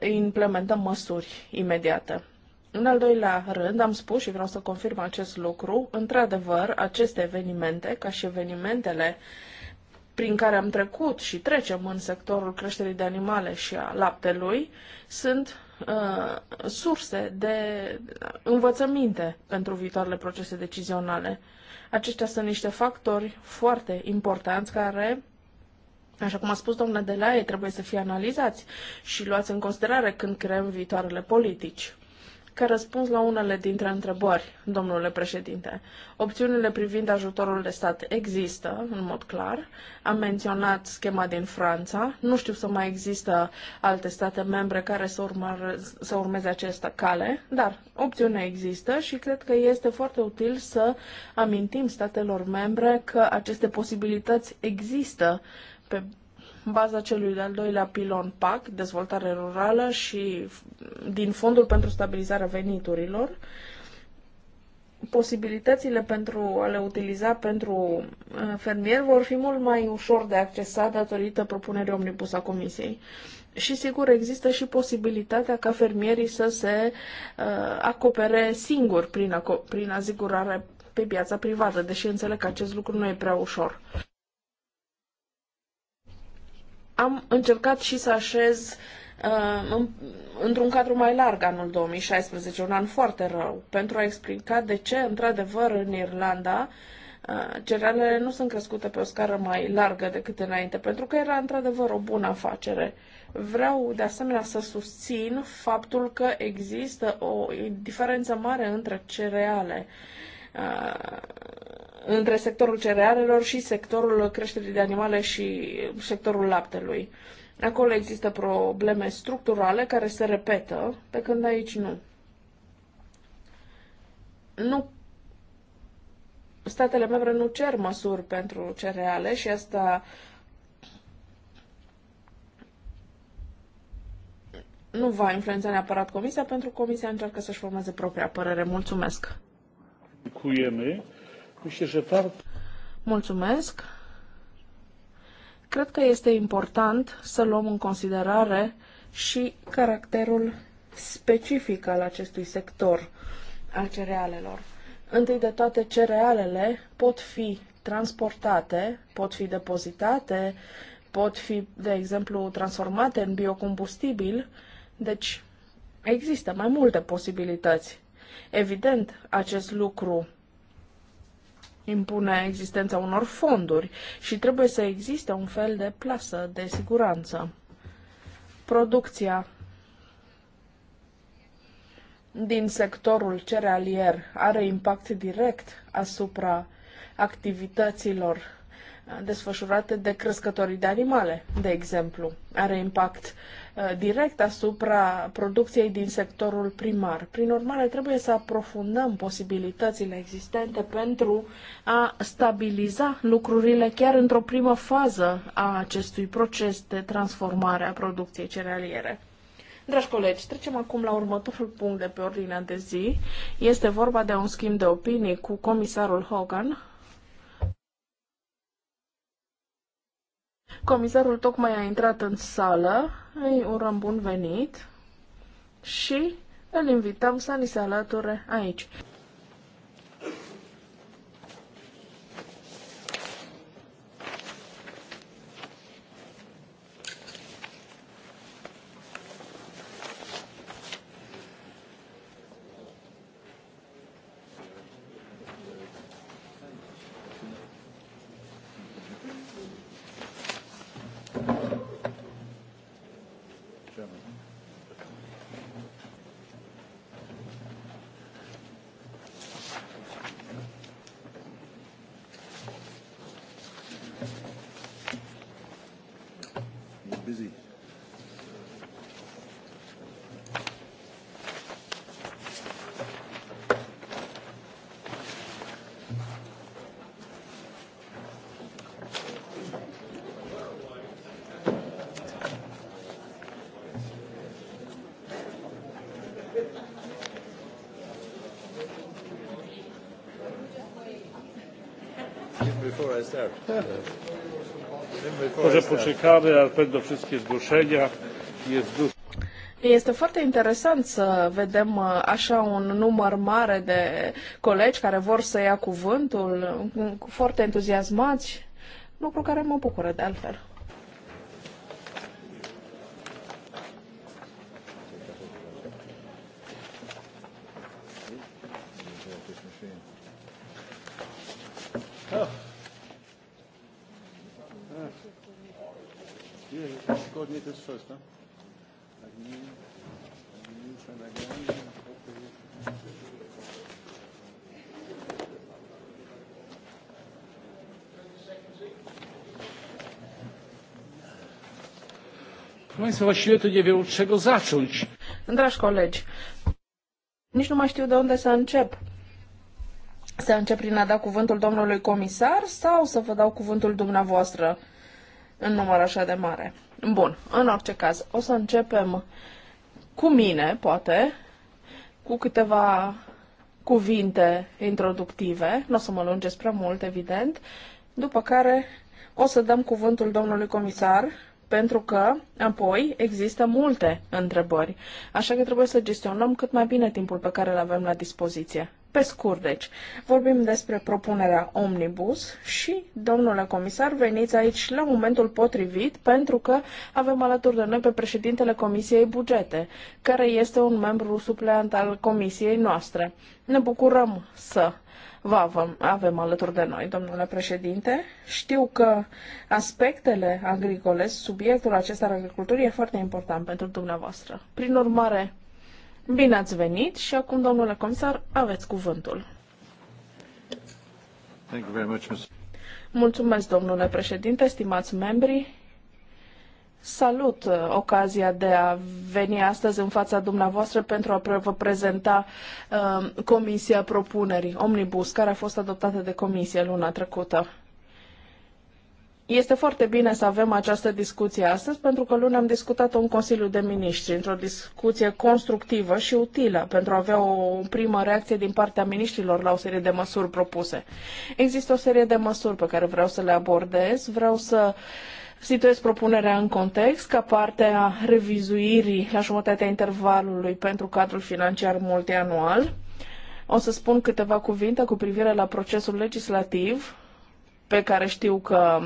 implementăm măsuri imediate. În al doilea rând, am spus și vreau să confirm acest lucru, într-adevăr, aceste evenimente, ca și evenimentele prin care am trecut și trecem în sectorul creșterii de animale și a laptelui, sunt uh, surse de învățăminte pentru viitoarele procese decizionale. Aceștia sunt niște factori foarte importanți care Așa cum a spus domnul Delaie, trebuie să fie analizați și luați în considerare când creăm viitoarele politici. Că răspuns la unele dintre întrebări, domnule președinte, opțiunile privind ajutorul de stat există, în mod clar. Am menționat schema din Franța. Nu știu să mai există alte state membre care să, urmă, să urmeze această cale, dar opțiunea există și cred că este foarte util să amintim statelor membre că aceste posibilități există pe baza celui de-al doilea pilon PAC, dezvoltare rurală și din Fondul pentru Stabilizarea Veniturilor, posibilitățile pentru a le utiliza pentru uh, fermieri vor fi mult mai ușor de accesat datorită propunerii omnibus a Comisiei. Și sigur există și posibilitatea ca fermierii să se uh, acopere singuri prin, aco- prin asigurare pe piața privată, deși înțeleg că acest lucru nu e prea ușor am încercat și să așez uh, într-un cadru mai larg anul 2016, un an foarte rău, pentru a explica de ce, într-adevăr, în Irlanda uh, cerealele nu sunt crescute pe o scară mai largă decât înainte, pentru că era într-adevăr o bună afacere. Vreau de asemenea să susțin faptul că există o diferență mare între cereale uh, între sectorul cerealelor și sectorul creșterii de animale și sectorul laptelui. Acolo există probleme structurale care se repetă, pe când aici nu. Nu statele membre nu cer măsuri pentru cereale și asta nu va influența neapărat Comisia, pentru că Comisia încearcă să-și formeze propria părere. Mulțumesc! Dziękujemy. Mulțumesc. Cred că este important să luăm în considerare și caracterul specific al acestui sector al cerealelor. Întâi de toate, cerealele pot fi transportate, pot fi depozitate, pot fi, de exemplu, transformate în biocombustibil. Deci, există mai multe posibilități. Evident, acest lucru impune existența unor fonduri și trebuie să existe un fel de plasă de siguranță. Producția din sectorul cerealier are impact direct asupra activităților uh, desfășurate de crescătorii de animale, de exemplu. Are impact Uh, direct asupra producției din sectorul primar. Prin urmare, trebuie să aprofundăm posibilitățile existente pentru a stabiliza lucrurile chiar într-o primă fază a acestui proces de transformare a producției cerealiere. Dragi colegi, trecem acum la următorul punct de pe ordinea de zi. Este vorba de un schimb de opinii cu comisarul Hogan, Comisarul tocmai a intrat în sală, îi urăm bun venit și îl invităm să ni se alăture aici. Może poczekamy, ale będą wszystkie zgłoszenia. Jest dużo. Este foarte interesant să vedem uh, așa un număr mare de colegi care vor să ia cuvântul, foarte entuziasmați, lucru care mă bucură de altfel. Państwo, właściwie to nie wiem, od czego zacząć. Dragi colegi, nici nu mai știu de unde să încep. Să încep prin a da cuvântul domnului comisar sau să vă dau cuvântul dumneavoastră în număr așa de mare? Bun, în orice caz, o să începem cu mine, poate, cu câteva cuvinte introductive, nu o să mă lungesc prea mult, evident, după care o să dăm cuvântul domnului comisar pentru că apoi există multe întrebări, așa că trebuie să gestionăm cât mai bine timpul pe care îl avem la dispoziție. Pe scurt, deci, vorbim despre propunerea Omnibus și, domnule comisar, veniți aici la momentul potrivit pentru că avem alături de noi pe președintele Comisiei Bugete, care este un membru supleant al Comisiei noastre. Ne bucurăm să vă avem, avem alături de noi, domnule președinte. Știu că aspectele agricole, subiectul acesta al agriculturii, e foarte important pentru dumneavoastră. Prin urmare, bine ați venit și acum, domnule comisar, aveți cuvântul. Thank you very much, Mulțumesc, domnule președinte, stimați membri. Salut uh, ocazia de a veni astăzi în fața dumneavoastră pentru a vă prezenta uh, Comisia Propunerii Omnibus, care a fost adoptată de Comisie luna trecută. Este foarte bine să avem această discuție astăzi, pentru că luni am discutat-o în Consiliul de Ministri, într-o discuție constructivă și utilă, pentru a avea o primă reacție din partea ministrilor la o serie de măsuri propuse. Există o serie de măsuri pe care vreau să le abordez, vreau să uh, Situez propunerea în context ca parte a revizuirii la jumătatea intervalului pentru cadrul financiar multianual. O să spun câteva cuvinte cu privire la procesul legislativ pe care știu că,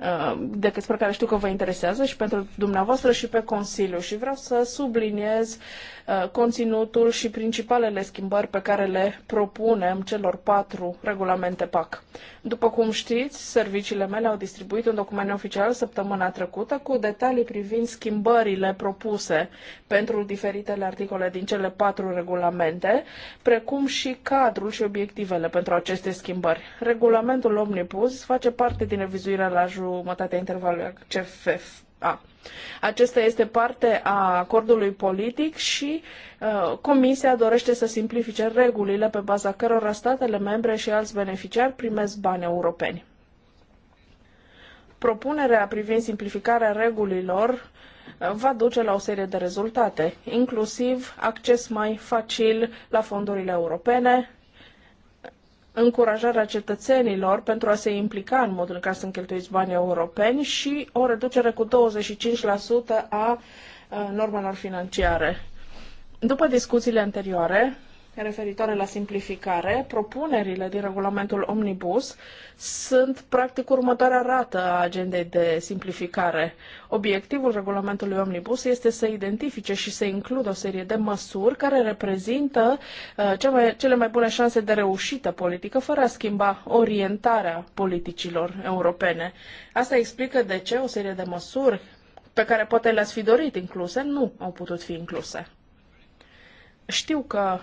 uh, de despre care știu că vă interesează și pentru dumneavoastră și pe Consiliu și vreau să subliniez uh, conținutul și principalele schimbări pe care le propunem celor patru regulamente PAC. După cum știți, serviciile mele au distribuit un document oficial săptămâna trecută cu detalii privind schimbările propuse pentru diferitele articole din cele patru regulamente, precum și cadrul și obiectivele pentru aceste schimbări. Regulamentul Omnibus face parte din revizuirea la jumătatea intervalului CFFA. Acesta este parte a acordului politic și uh, Comisia dorește să simplifice regulile pe baza cărora statele membre și alți beneficiari primesc bani europeni. Propunerea privind simplificarea regulilor uh, va duce la o serie de rezultate, inclusiv acces mai facil la fondurile europene, încurajarea cetățenilor pentru a se implica în modul în care sunt cheltuiți banii europeni și o reducere cu 25% a normelor financiare. După discuțiile anterioare, referitoare la simplificare, propunerile din regulamentul Omnibus sunt practic următoarea rată a agendei de simplificare. Obiectivul regulamentului Omnibus este să identifice și să includă o serie de măsuri care reprezintă uh, cele mai bune șanse de reușită politică fără a schimba orientarea politicilor europene. Asta explică de ce o serie de măsuri pe care poate le-ați fi dorit incluse, nu au putut fi incluse. Știu că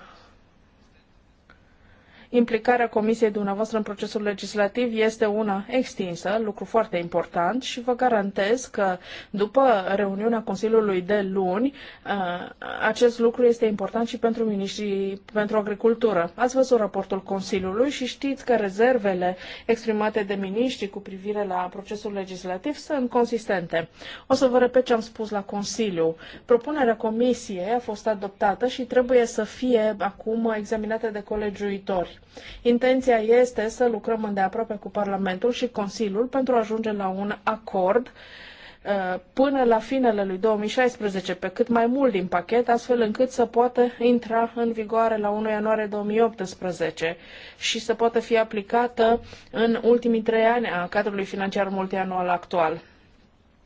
Implicarea Comisiei dumneavoastră în procesul legislativ este una extinsă, lucru foarte important și vă garantez că după reuniunea Consiliului de luni, uh, acest lucru este important și pentru ministrii pentru agricultură. Ați văzut raportul Consiliului și știți că rezervele exprimate de miniștri cu privire la procesul legislativ sunt consistente. O să vă repet ce am spus la Consiliu. Propunerea Comisiei a fost adoptată și trebuie să fie acum examinată de colegiuitori. Intenția este să lucrăm îndeaproape cu Parlamentul și Consiliul pentru a ajunge la un acord uh, până la finele lui 2016 pe cât mai mult din pachet, astfel încât să poată intra în vigoare la 1 ianuarie 2018 și să poată fi aplicată în ultimii trei ani a cadrului financiar multianual actual.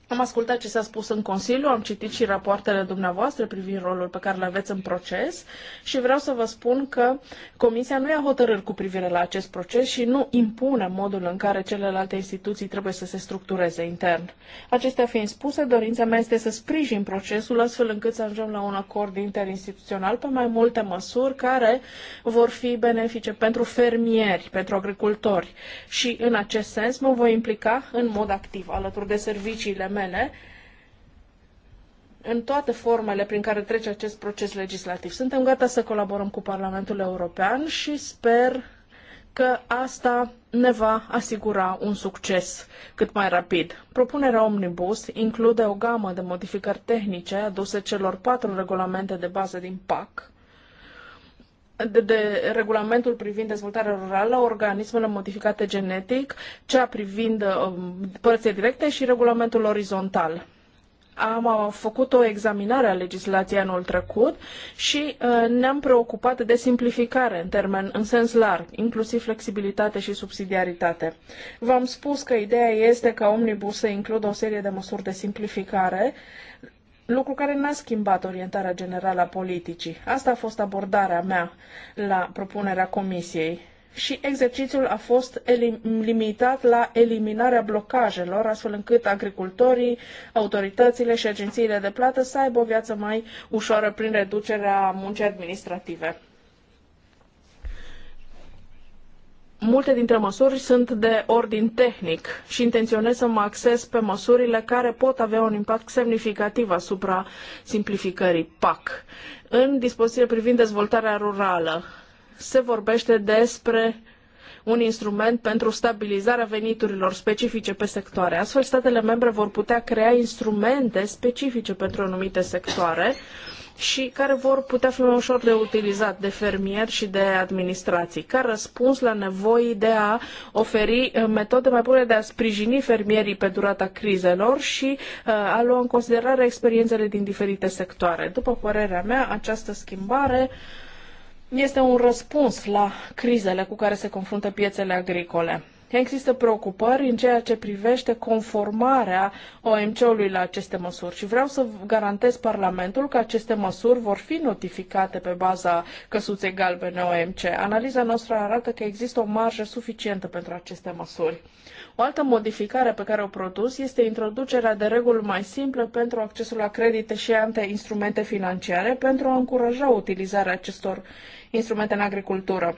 Am ascultat ce s-a spus în Consiliu, am citit și rapoartele dumneavoastră privind rolul pe care le aveți în proces și vreau să vă spun că Comisia nu ia hotărâri cu privire la acest proces și nu impune modul în care celelalte instituții trebuie să se structureze intern. Acestea fiind spuse, dorința mea este să sprijin procesul astfel încât să ajungem la un acord interinstituțional pe mai multe măsuri care vor fi benefice pentru fermieri, pentru agricultori și în acest sens mă voi implica în mod activ alături de serviciile mele, în toate formele prin care trece acest proces legislativ. Suntem gata să colaborăm cu Parlamentul European și sper că asta ne va asigura un succes cât mai rapid. Propunerea Omnibus include o gamă de modificări tehnice aduse celor patru regulamente de bază din PAC, de, de regulamentul privind dezvoltarea rurală, organismele modificate genetic, cea privind um, părții directe și regulamentul orizontal. Am uh, făcut o examinare a legislației anul trecut și uh, ne-am preocupat de simplificare în termen în sens larg, inclusiv flexibilitate și subsidiaritate. V-am spus că ideea este ca omnibus să includă o serie de măsuri de simplificare uh, lucru care n-a schimbat orientarea generală a politicii. Asta a fost abordarea mea la propunerea comisiei și exercițiul a fost limitat la eliminarea blocajelor, astfel încât agricultorii, autoritățile și agențiile de plată să aibă o viață mai ușoară prin reducerea muncii administrative. Multe dintre măsuri sunt de ordin tehnic și intenționez să mă acces pe măsurile care pot avea un impact semnificativ asupra simplificării PAC. În dispoziție privind dezvoltarea rurală se vorbește despre un instrument pentru stabilizarea veniturilor specifice pe sectoare. Astfel, statele membre vor putea crea instrumente specifice pentru anumite sectoare și care vor putea fi mai ușor de utilizat de fermieri și de administrații, ca răspuns la nevoii de a oferi uh, metode mai bune de a sprijini fermierii pe durata crizelor și uh, a lua în considerare experiențele din diferite sectoare. După părerea mea, această schimbare este un răspuns la crizele cu care se confruntă piețele agricole. Există preocupări în ceea ce privește conformarea OMC-ului la aceste măsuri și vreau să garantez Parlamentul că aceste măsuri vor fi notificate pe baza căsuței galbene OMC. Analiza noastră arată că există o marjă suficientă pentru aceste măsuri. O altă modificare pe care o produs este introducerea de reguli mai simple pentru accesul la credite și alte instrumente financiare pentru a încuraja utilizarea acestor instrumente în agricultură.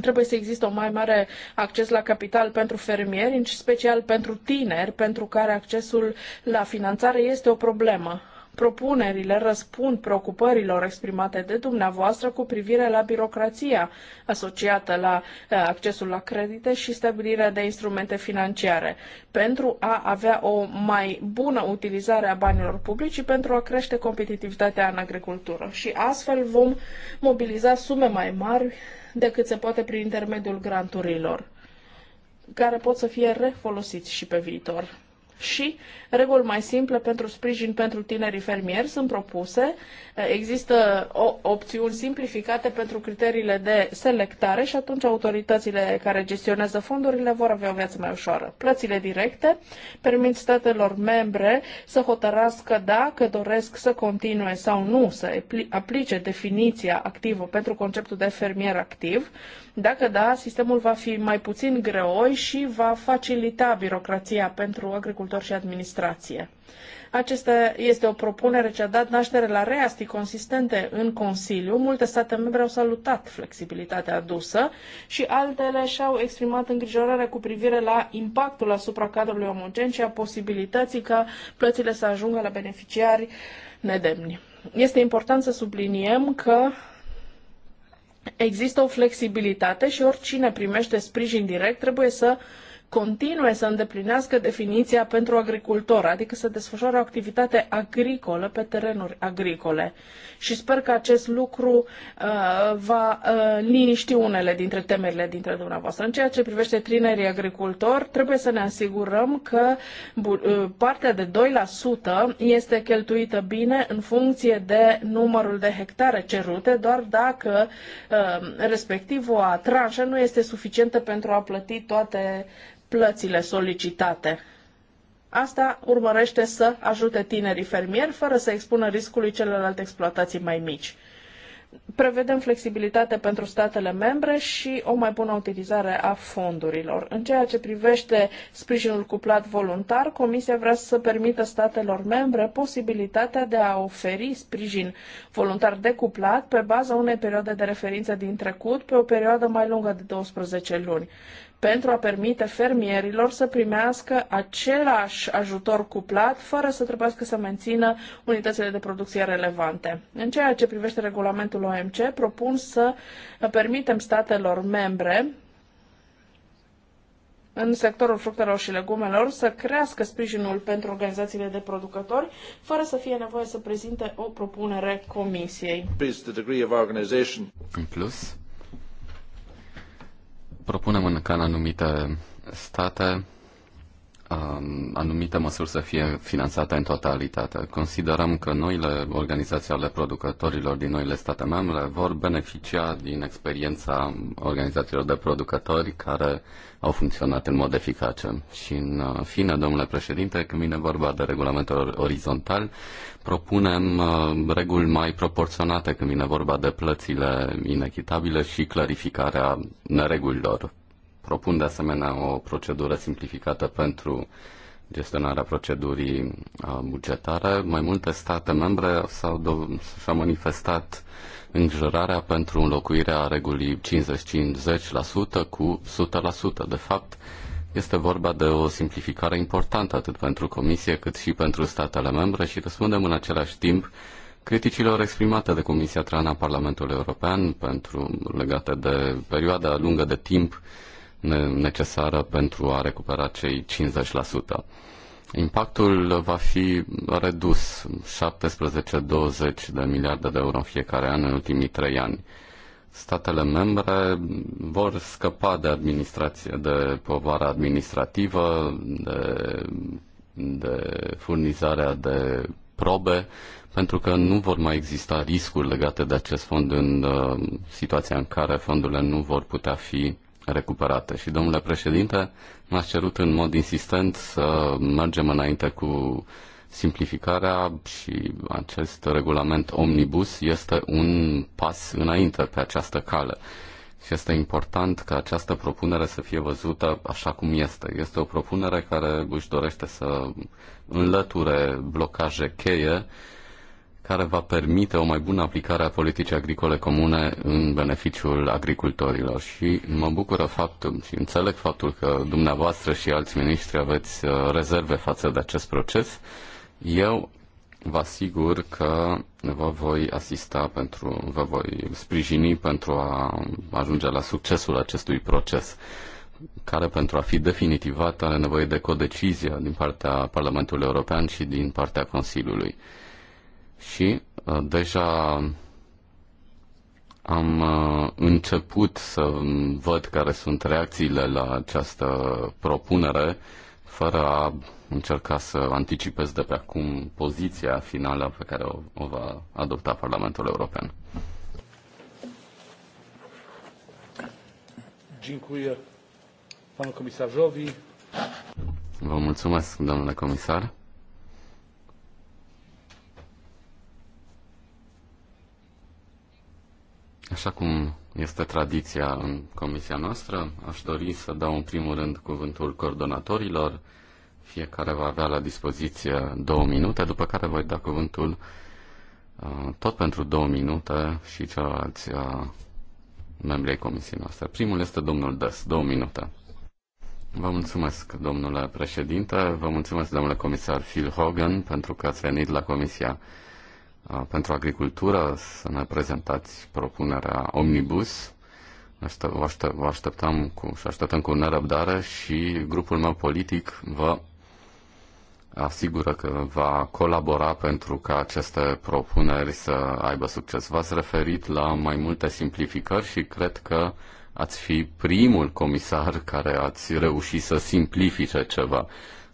Trebuie să existe o mai mare acces la capital pentru fermieri, în special pentru tineri, pentru care accesul la finanțare este o problemă. Propunerile răspund preocupărilor exprimate de dumneavoastră cu privire la birocrația asociată la eh, accesul la credite și stabilirea de instrumente financiare, pentru a avea o mai bună utilizare a banilor publici și pentru a crește competitivitatea în agricultură. Și astfel vom mobiliza sume mai mari decât se poate prin intermediul granturilor, care pot să fie refolosiți și pe viitor și reguli mai simple pentru sprijin pentru tinerii fermieri sunt propuse. Există o, opțiuni simplificate pentru criteriile de selectare și atunci autoritățile care gestionează fondurile vor avea o viață mai ușoară. Plățile directe permit statelor membre să hotărască dacă doresc să continue sau nu să aplice definiția activă pentru conceptul de fermier activ dacă da, sistemul va fi mai puțin greoi și va facilita birocrația pentru agricultori și administrație. Acesta este o propunere ce a dat naștere la reasti consistente în Consiliu. Multe state membre au salutat flexibilitatea adusă și altele și-au exprimat îngrijorarea cu privire la impactul asupra cadrului omogen și a posibilității ca plățile să ajungă la beneficiari nedemni. Este important să subliniem că Există o flexibilitate și oricine primește sprijin direct trebuie să continue să îndeplinească definiția pentru agricultor, adică să desfășoare o activitate agricolă pe terenuri agricole. Și sper că acest lucru uh, va uh, liniști unele dintre temerile dintre dumneavoastră. În ceea ce privește tinerii agricultori, trebuie să ne asigurăm că uh, partea de 2% este cheltuită bine în funcție de numărul de hectare cerute, doar dacă uh, respectivul tranșă nu este suficientă pentru a plăti toate plățile solicitate. Asta urmărește să ajute tinerii fermieri fără să expună riscului celelalte exploatații mai mici. Prevedem flexibilitate pentru statele membre și o mai bună utilizare a fondurilor. În ceea ce privește sprijinul cuplat voluntar, Comisia vrea să permită statelor membre posibilitatea de a oferi sprijin voluntar decuplat pe baza unei perioade de referință din trecut pe o perioadă mai lungă de 12 luni pentru a permite fermierilor să primească același ajutor cuplat, fără să trebuiască să mențină unitățile de producție relevante. În ceea ce privește regulamentul OMC, propun să permitem statelor membre în sectorul fructelor și legumelor să crească sprijinul pentru organizațiile de producători, fără să fie nevoie să prezinte o propunere comisiei. În plus, propunem în can anumite state Um, anumite măsuri să fie finanțate în totalitate. Considerăm că noile organizații ale producătorilor din noile state membre vor beneficia din experiența organizațiilor de producători care au funcționat în mod eficace. Și în uh, fine, domnule președinte, când vine vorba de regulamentul orizontal, propunem uh, reguli mai proporționate când vine vorba de plățile inechitabile și clarificarea neregulilor propun de asemenea o procedură simplificată pentru gestionarea procedurii uh, bugetare. Mai multe state membre s-au, s au manifestat îngrijorarea pentru înlocuirea regulii 50-50% cu 100%. De fapt, este vorba de o simplificare importantă atât pentru Comisie cât și pentru statele membre și răspundem în același timp criticilor exprimate de Comisia Trana Parlamentului European pentru legate de perioada lungă de timp necesară pentru a recupera cei 50%. Impactul va fi redus 17-20 de miliarde de euro în fiecare an în ultimii trei ani. Statele membre vor scăpa de administrație, de povara administrativă, de, de furnizarea de probe, pentru că nu vor mai exista riscuri legate de acest fond în uh, situația în care fondurile nu vor putea fi recuperate. Și, domnule președinte, m-ați cerut în mod insistent să mergem înainte cu simplificarea și acest regulament omnibus este un pas înainte pe această cale. Și este important ca această propunere să fie văzută așa cum este. Este o propunere care își dorește să înlăture blocaje cheie care va permite o mai bună aplicare a politicii agricole comune în beneficiul agricultorilor. Și mă bucură faptul și înțeleg faptul că dumneavoastră și alți miniștri aveți uh, rezerve față de acest proces. Eu vă asigur că vă voi asista pentru, vă voi sprijini pentru a ajunge la succesul acestui proces care pentru a fi definitivat are nevoie de codecizia din partea Parlamentului European și din partea Consiliului și uh, deja am uh, început să văd care sunt reacțiile la această propunere, fără a încerca să anticipez de pe acum poziția finală pe care o, o va adopta Parlamentul European. Dziękuję panu komisarzowi. Vă mulțumesc, domnule comisar. Așa cum este tradiția în comisia noastră, aș dori să dau în primul rând cuvântul coordonatorilor. Fiecare va avea la dispoziție două minute, după care voi da cuvântul uh, tot pentru două minute și celorlalți uh, membrii comisiei noastre. Primul este domnul Des, două minute. Vă mulțumesc, domnule președinte, vă mulțumesc, domnule comisar Phil Hogan, pentru că ați venit la comisia pentru agricultură să ne prezentați propunerea Omnibus. Vă aștept, așteptăm cu, și așteptăm cu nerăbdare și grupul meu politic vă asigură că va colabora pentru ca aceste propuneri să aibă succes. V-ați referit la mai multe simplificări și cred că ați fi primul comisar care ați reușit să simplifice ceva.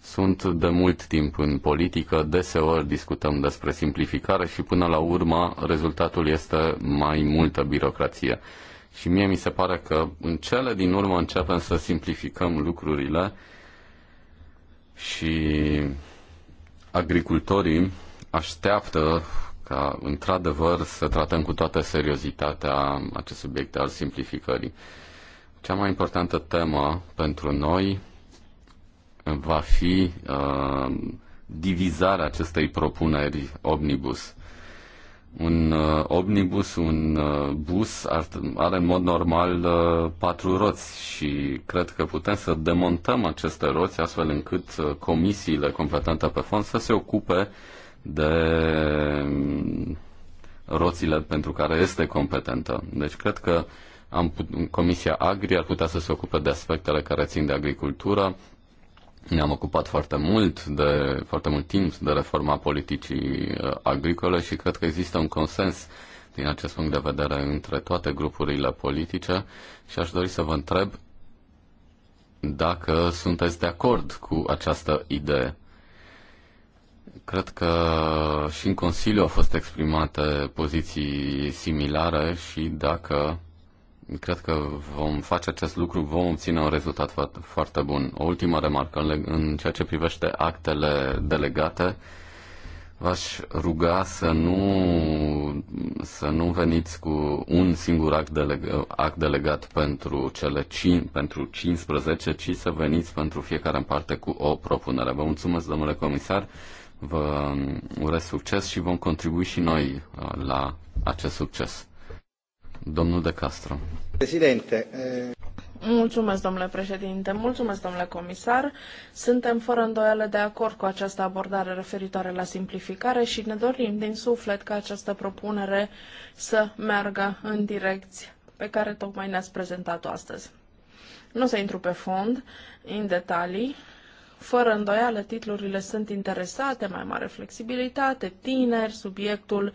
Sunt de mult timp în politică, deseori discutăm despre simplificare și până la urmă rezultatul este mai multă birocrație. Și mie mi se pare că în cele din urmă începem să simplificăm lucrurile și agricultorii așteaptă ca într-adevăr să tratăm cu toată seriozitatea acest subiect al simplificării. Cea mai importantă temă pentru noi va fi uh, divizarea acestei propuneri omnibus. Un uh, omnibus, un uh, bus ar, are în mod normal uh, patru roți și cred că putem să demontăm aceste roți astfel încât uh, comisiile competente pe fond să se ocupe de um, roțile pentru care este competentă. Deci cred că am put- Comisia Agri ar putea să se ocupe de aspectele care țin de agricultură, ne-am ocupat foarte mult, de foarte mult timp de reforma politicii uh, agricole și cred că există un consens din acest punct de vedere între toate grupurile politice și aș dori să vă întreb dacă sunteți de acord cu această idee. Cred că și în Consiliu au fost exprimate poziții similare și dacă cred că vom face acest lucru, vom obține un rezultat foarte, bun. O ultimă remarcă în ceea ce privește actele delegate. V-aș ruga să nu, să nu veniți cu un singur act, deleg, act delegat pentru cele 5, pentru 15, ci să veniți pentru fiecare în parte cu o propunere. Vă mulțumesc, domnule comisar, vă urez succes și vom contribui și noi uh, la acest succes. Domnul De Castro. Președinte. Eh, mulțumesc, domnule președinte, mulțumesc, domnule comisar. Suntem fără îndoială de acord cu această abordare referitoare la simplificare și ne dorim din suflet ca această propunere să meargă în direcție pe care tocmai ne-ați prezentat-o astăzi. Nu o să intru pe fond, în detalii, fără îndoială, titlurile sunt interesate, mai mare flexibilitate, tineri, subiectul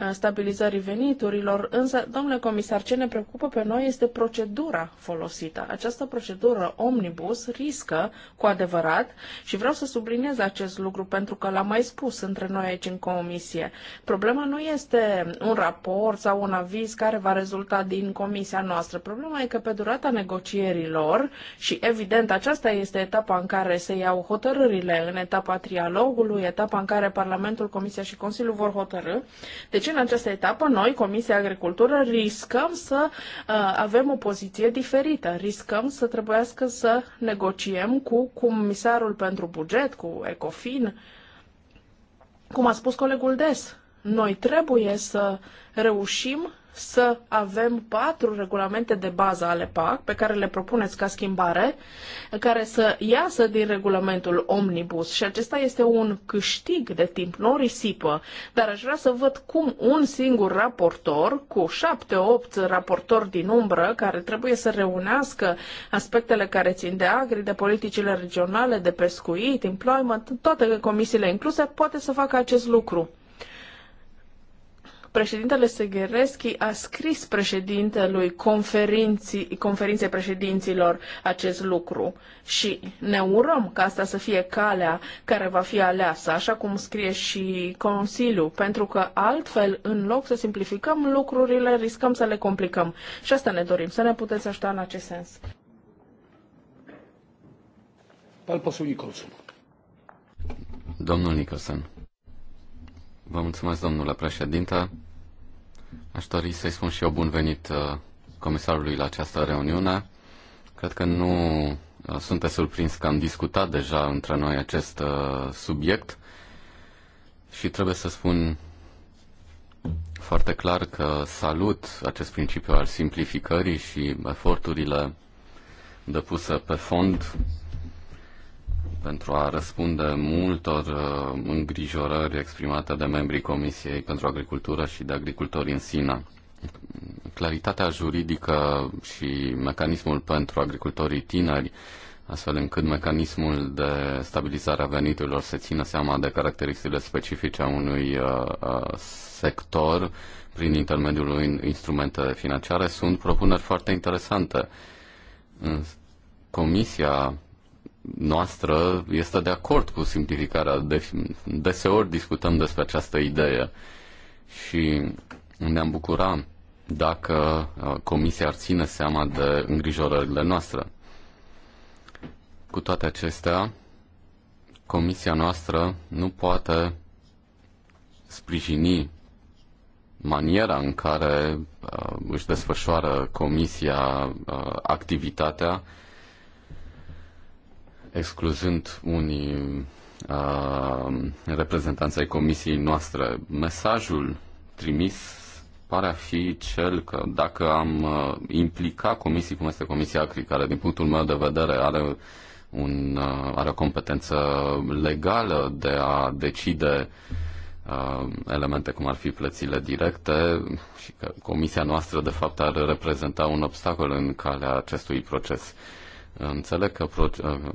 uh, stabilizării veniturilor, însă, domnule comisar, ce ne preocupă pe noi este procedura folosită. Această procedură omnibus riscă cu adevărat și vreau să subliniez acest lucru pentru că l-am mai spus între noi aici în comisie. Problema nu este un raport sau un aviz care va rezulta din comisia noastră. Problema e că pe durata negocierilor și evident aceasta este etapa în care se iau hotărârile în etapa trialogului, etapa în care Parlamentul, Comisia și Consiliul vor hotărâ. Deci în această etapă noi, Comisia Agricultură, riscăm să uh, avem o poziție diferită, riscăm să trebuiască să negociem cu comisarul pentru buget, cu ECOFIN, cum a spus colegul Des. Noi trebuie să reușim să avem patru regulamente de bază ale PAC pe care le propuneți ca schimbare, care să iasă din regulamentul Omnibus și acesta este un câștig de timp, nu o risipă, dar aș vrea să văd cum un singur raportor cu șapte, opt raportori din umbră care trebuie să reunească aspectele care țin de agri, de politicile regionale, de pescuit, employment, toate comisiile incluse, poate să facă acest lucru. Președintele Seghereschi a scris președintelui conferinții, conferinței președinților acest lucru și ne urăm ca asta să fie calea care va fi aleasă, așa cum scrie și Consiliul, pentru că altfel, în loc să simplificăm lucrurile, riscăm să le complicăm. Și asta ne dorim, să ne puteți ajuta în acest sens. Domnul Nicholson. Vă mulțumesc, domnule președinte. Aș dori să-i spun și eu bun venit uh, comisarului la această reuniune. Cred că nu uh, sunteți surprins că am discutat deja între noi acest uh, subiect și trebuie să spun foarte clar că salut acest principiu al simplificării și eforturile depuse pe fond pentru a răspunde multor uh, îngrijorări exprimate de membrii Comisiei pentru Agricultură și de agricultori în sine. Claritatea juridică și mecanismul pentru agricultorii tineri, astfel încât mecanismul de stabilizare a veniturilor se țină seama de caracteristicile specifice a unui uh, uh, sector prin intermediul unui instrument financiare, sunt propuneri foarte interesante. Comisia noastră este de acord cu simplificarea. Deci, deseori discutăm despre această idee și ne-am bucurat dacă uh, Comisia ar ține seama de îngrijorările noastre. Cu toate acestea, Comisia noastră nu poate sprijini maniera în care uh, își desfășoară Comisia uh, activitatea excluzând unii uh, reprezentanți ai comisiei noastre. Mesajul trimis pare a fi cel că dacă am uh, implica comisii cum este Comisia ACRI, care din punctul meu de vedere are, un, uh, are o competență legală de a decide uh, elemente cum ar fi plățile directe și că comisia noastră de fapt ar reprezenta un obstacol în calea acestui proces. Uh, Înțeleg că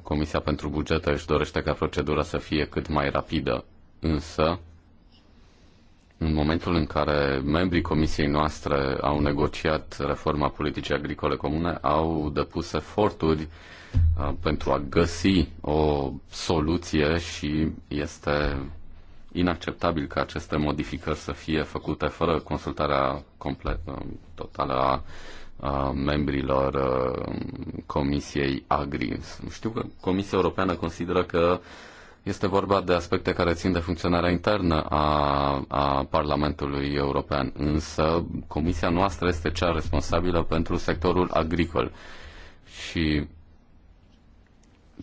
Comisia pentru Bugete își dorește ca procedura să fie cât mai rapidă, însă în momentul în care membrii comisiei noastre au negociat reforma politicii agricole comune, au depus eforturi uh, pentru a găsi o soluție și este inacceptabil ca aceste modificări să fie făcute fără consultarea complet, uh, totală a a membrilor uh, Comisiei Agri. Știu că Comisia Europeană consideră că este vorba de aspecte care țin de funcționarea internă a, a Parlamentului European, însă Comisia noastră este cea responsabilă pentru sectorul agricol. Și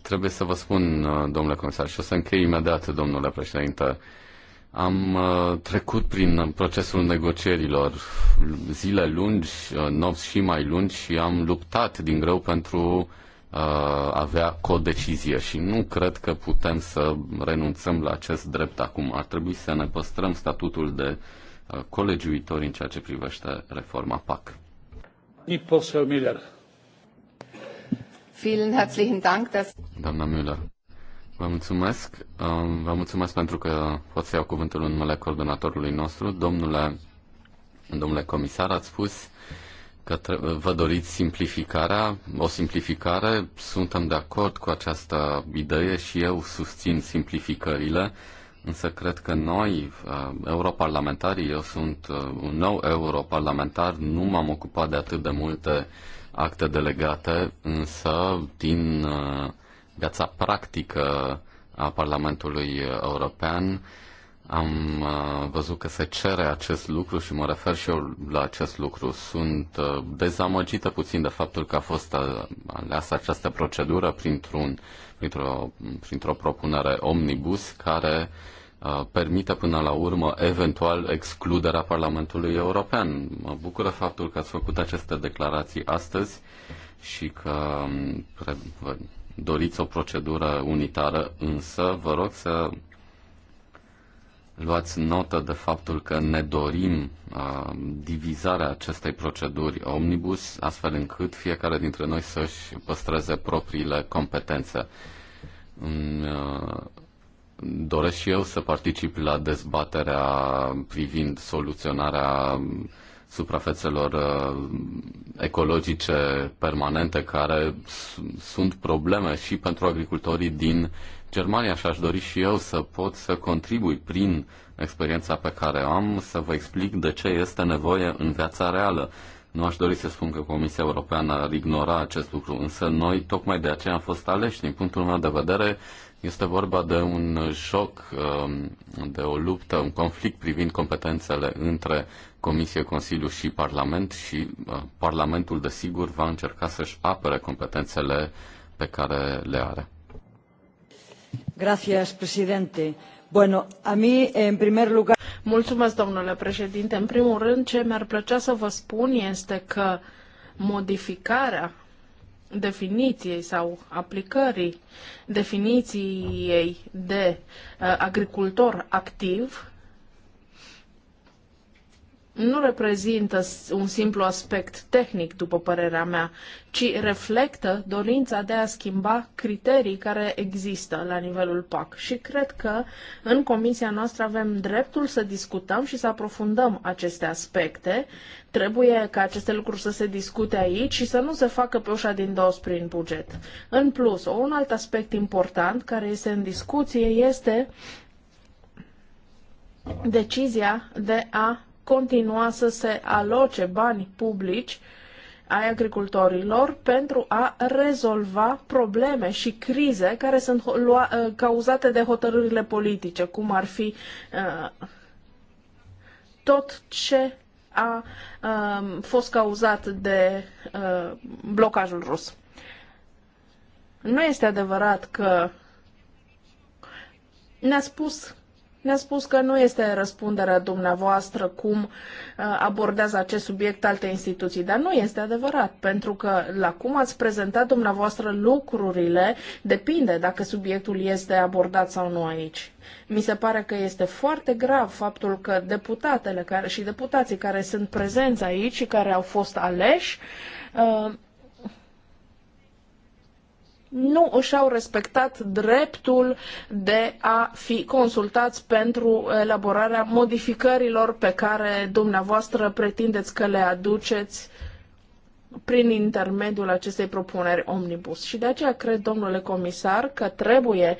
trebuie să vă spun, uh, domnule comisar, și o să închei imediat, domnule președinte, am uh, trecut prin procesul negocierilor zile lungi, uh, nopți și mai lungi și am luptat din greu pentru uh, a avea codecizie și nu cred că putem să renunțăm la acest drept acum. Ar trebui să ne păstrăm statutul de colegiuitori în ceea ce privește reforma PAC. Doamna Müller. Vă mulțumesc. Um, vă mulțumesc pentru că pot să iau cuvântul în numele coordonatorului nostru. Domnule, domnule comisar, ați spus că vă doriți simplificarea, o simplificare. Suntem de acord cu această idee și eu susțin simplificările, însă cred că noi, uh, europarlamentarii, eu sunt uh, un nou europarlamentar, nu m-am ocupat de atât de multe acte delegate, însă din uh, viața practică a Parlamentului European. Am uh, văzut că se cere acest lucru și mă refer și eu la acest lucru. Sunt uh, dezamăgită puțin de faptul că a fost uh, aleasă această procedură printr-un, printr-o, printr-o propunere omnibus care permite până la urmă eventual excluderea Parlamentului European. Mă bucură faptul că ați făcut aceste declarații astăzi și că um, doriți o procedură unitară, însă vă rog să luați notă de faptul că ne dorim uh, divizarea acestei proceduri omnibus, astfel încât fiecare dintre noi să-și păstreze propriile competențe. În, uh, doresc și eu să particip la dezbaterea privind soluționarea suprafețelor uh, ecologice permanente, care sunt probleme și pentru agricultorii din Germania și aș dori și eu să pot să contribui prin experiența pe care o am să vă explic de ce este nevoie în viața reală. Nu aș dori să spun că Comisia Europeană ar ignora acest lucru, însă noi tocmai de aceea am fost aleși. Din punctul meu de vedere, este vorba de un joc, um, de o luptă, un conflict privind competențele între Comisie, Consiliu și Parlament și uh, Parlamentul, desigur, va încerca să-și apere competențele pe care le are. Gracias, presidente. Bueno, a mí, en primer lugar... Mulțumesc, domnule președinte. În primul rând, ce mi-ar plăcea să vă spun este că modificarea definiției sau aplicării definiției de uh, agricultor activ nu reprezintă un simplu aspect tehnic, după părerea mea, ci reflectă dorința de a schimba criterii care există la nivelul PAC. Și cred că în comisia noastră avem dreptul să discutăm și să aprofundăm aceste aspecte. Trebuie ca aceste lucruri să se discute aici și să nu se facă pe ușa din dos prin buget. În plus, un alt aspect important care este în discuție este decizia de a continua să se aloce bani publici ai agricultorilor pentru a rezolva probleme și crize care sunt uh, cauzate de hotărârile politice, cum ar fi uh, tot ce a uh, fost cauzat de uh, blocajul rus. Nu este adevărat că ne-a spus ne-a spus că nu este răspunderea dumneavoastră cum uh, abordează acest subiect alte instituții, dar nu este adevărat, pentru că la cum ați prezentat dumneavoastră lucrurile depinde dacă subiectul este abordat sau nu aici. Mi se pare că este foarte grav faptul că deputatele care, și deputații care sunt prezenți aici și care au fost aleși uh, nu își au respectat dreptul de a fi consultați pentru elaborarea modificărilor pe care dumneavoastră pretindeți că le aduceți prin intermediul acestei propuneri omnibus. Și de aceea cred, domnule comisar, că trebuie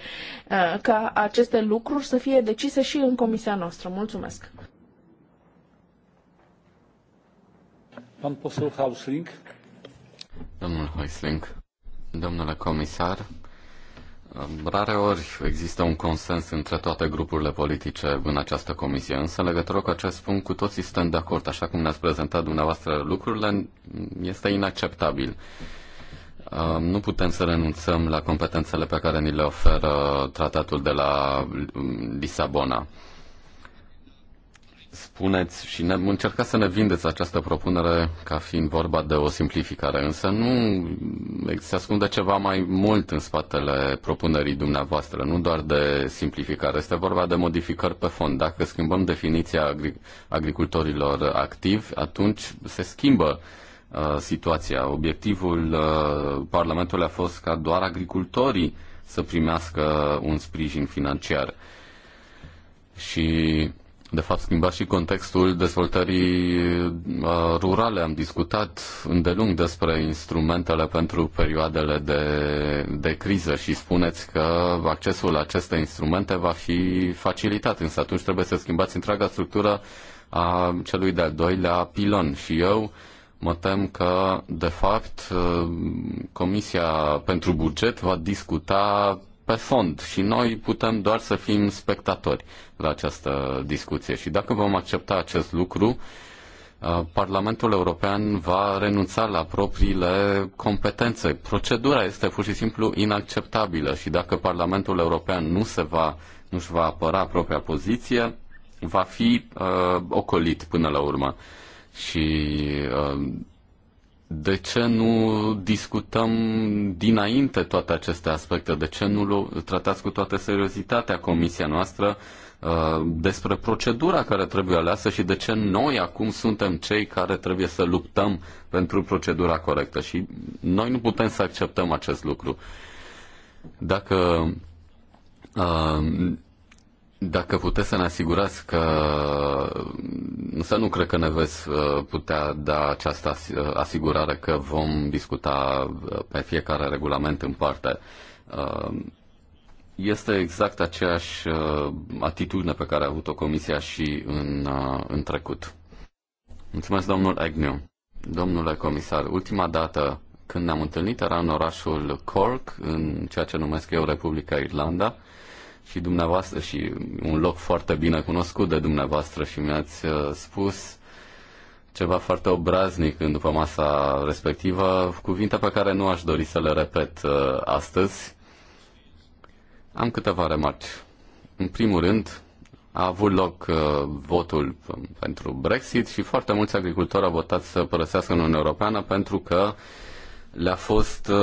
uh, ca aceste lucruri să fie decise și în comisia noastră. Mulțumesc. Pan poseł Hausling. Domnul Hausling. Domnule comisar, rare ori există un consens între toate grupurile politice în această comisie, însă în legătură cu acest punct cu toții suntem de acord. Așa cum ne-ați prezentat dumneavoastră lucrurile, este inacceptabil. Nu putem să renunțăm la competențele pe care ni le oferă tratatul de la Lisabona spuneți și ne, încercați să ne vindeți această propunere ca fiind vorba de o simplificare, însă nu se ascunde ceva mai mult în spatele propunerii dumneavoastră, nu doar de simplificare, este vorba de modificări pe fond. Dacă schimbăm definiția agri- agricultorilor activi, atunci se schimbă uh, situația. Obiectivul uh, Parlamentului a fost ca doar agricultorii să primească un sprijin financiar. Și de fapt, schimba și contextul dezvoltării uh, rurale. Am discutat îndelung despre instrumentele pentru perioadele de, de criză și spuneți că accesul la aceste instrumente va fi facilitat, însă atunci trebuie să schimbați întreaga structură a celui de-al doilea pilon. Și eu mă tem că, de fapt, uh, Comisia pentru Buget va discuta pe fond și noi putem doar să fim spectatori la această discuție. Și dacă vom accepta acest lucru, uh, Parlamentul European va renunța la propriile competențe. Procedura este pur și simplu inacceptabilă și dacă Parlamentul European nu se va, nu își va apăra propria poziție, va fi uh, ocolit până la urmă. Și uh, de ce nu discutăm dinainte toate aceste aspecte? De ce nu tratați cu toată seriozitatea comisia noastră uh, despre procedura care trebuie aleasă și de ce noi acum suntem cei care trebuie să luptăm pentru procedura corectă? Și noi nu putem să acceptăm acest lucru. Dacă uh, dacă puteți să ne asigurați că, să nu cred că ne veți uh, putea da această uh, asigurare că vom discuta uh, pe fiecare regulament în parte, este exact aceeași atitudine pe care a avut-o Comisia și în, în trecut. Mulțumesc, domnul Agnew. Domnule comisar, ultima dată când ne-am întâlnit era în orașul Cork, în ceea ce numesc eu Republica Irlanda, și dumneavoastră și un loc foarte bine cunoscut de dumneavoastră și mi-ați uh, spus ceva foarte obraznic în după masa respectivă, cuvinte pe care nu aș dori să le repet uh, astăzi. Am câteva remarci. În primul rând, a avut loc uh, votul pentru Brexit și foarte mulți agricultori au votat să părăsească Uniunea Europeană pentru că le-a fost, uh,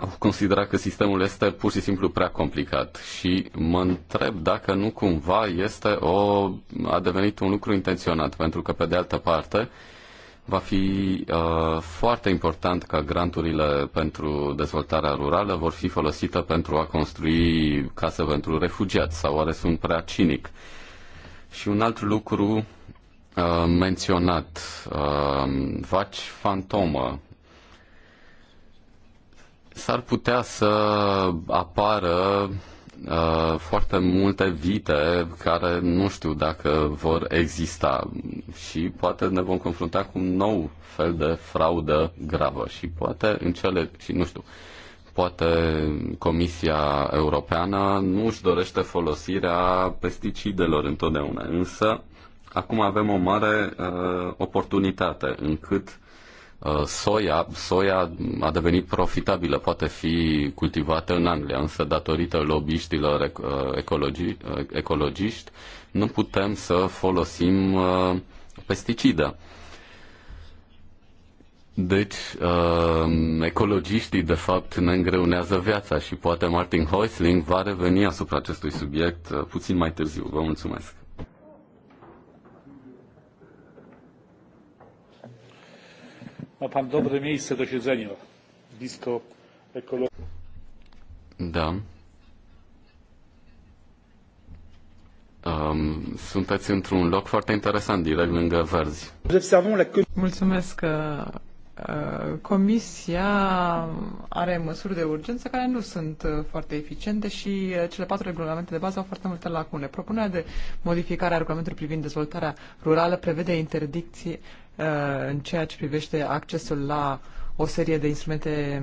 au considerat că sistemul este pur și simplu prea complicat și mă întreb dacă nu cumva este o, a devenit un lucru intenționat, pentru că pe de altă parte va fi uh, foarte important ca granturile pentru dezvoltarea rurală vor fi folosite pentru a construi case pentru refugiați sau oare sunt prea cinic. Și un alt lucru uh, menționat, uh, vaci fantomă, s-ar putea să apară uh, foarte multe vite care nu știu dacă vor exista și poate ne vom confrunta cu un nou fel de fraudă gravă și poate în cele, și nu știu, poate Comisia Europeană nu își dorește folosirea pesticidelor întotdeauna, însă acum avem o mare uh, oportunitate încât Uh, soia, soia a devenit profitabilă, poate fi cultivată în Anglia, însă datorită lobbyștilor uh, ecologi, uh, ecologiști nu putem să folosim pesticide. Deci, uh, ecologiștii, de fapt, ne îngreunează viața și poate Martin Heusling va reveni asupra acestui subiect uh, puțin mai târziu. Vă mulțumesc! Ma pan dobre miejsce do siedzenia, blisko ekologii. Da. Um, sunteți într-un loc foarte interesant, direct lângă Verzi. Mulțumesc. că uh, uh, Comisia are măsuri de urgență care nu sunt uh, foarte eficiente și cele patru regulamente de bază au foarte multe lacune. Propunerea de modificare a regulamentului privind dezvoltarea rurală prevede interdicție Uh, în ceea ce privește accesul la o serie de instrumente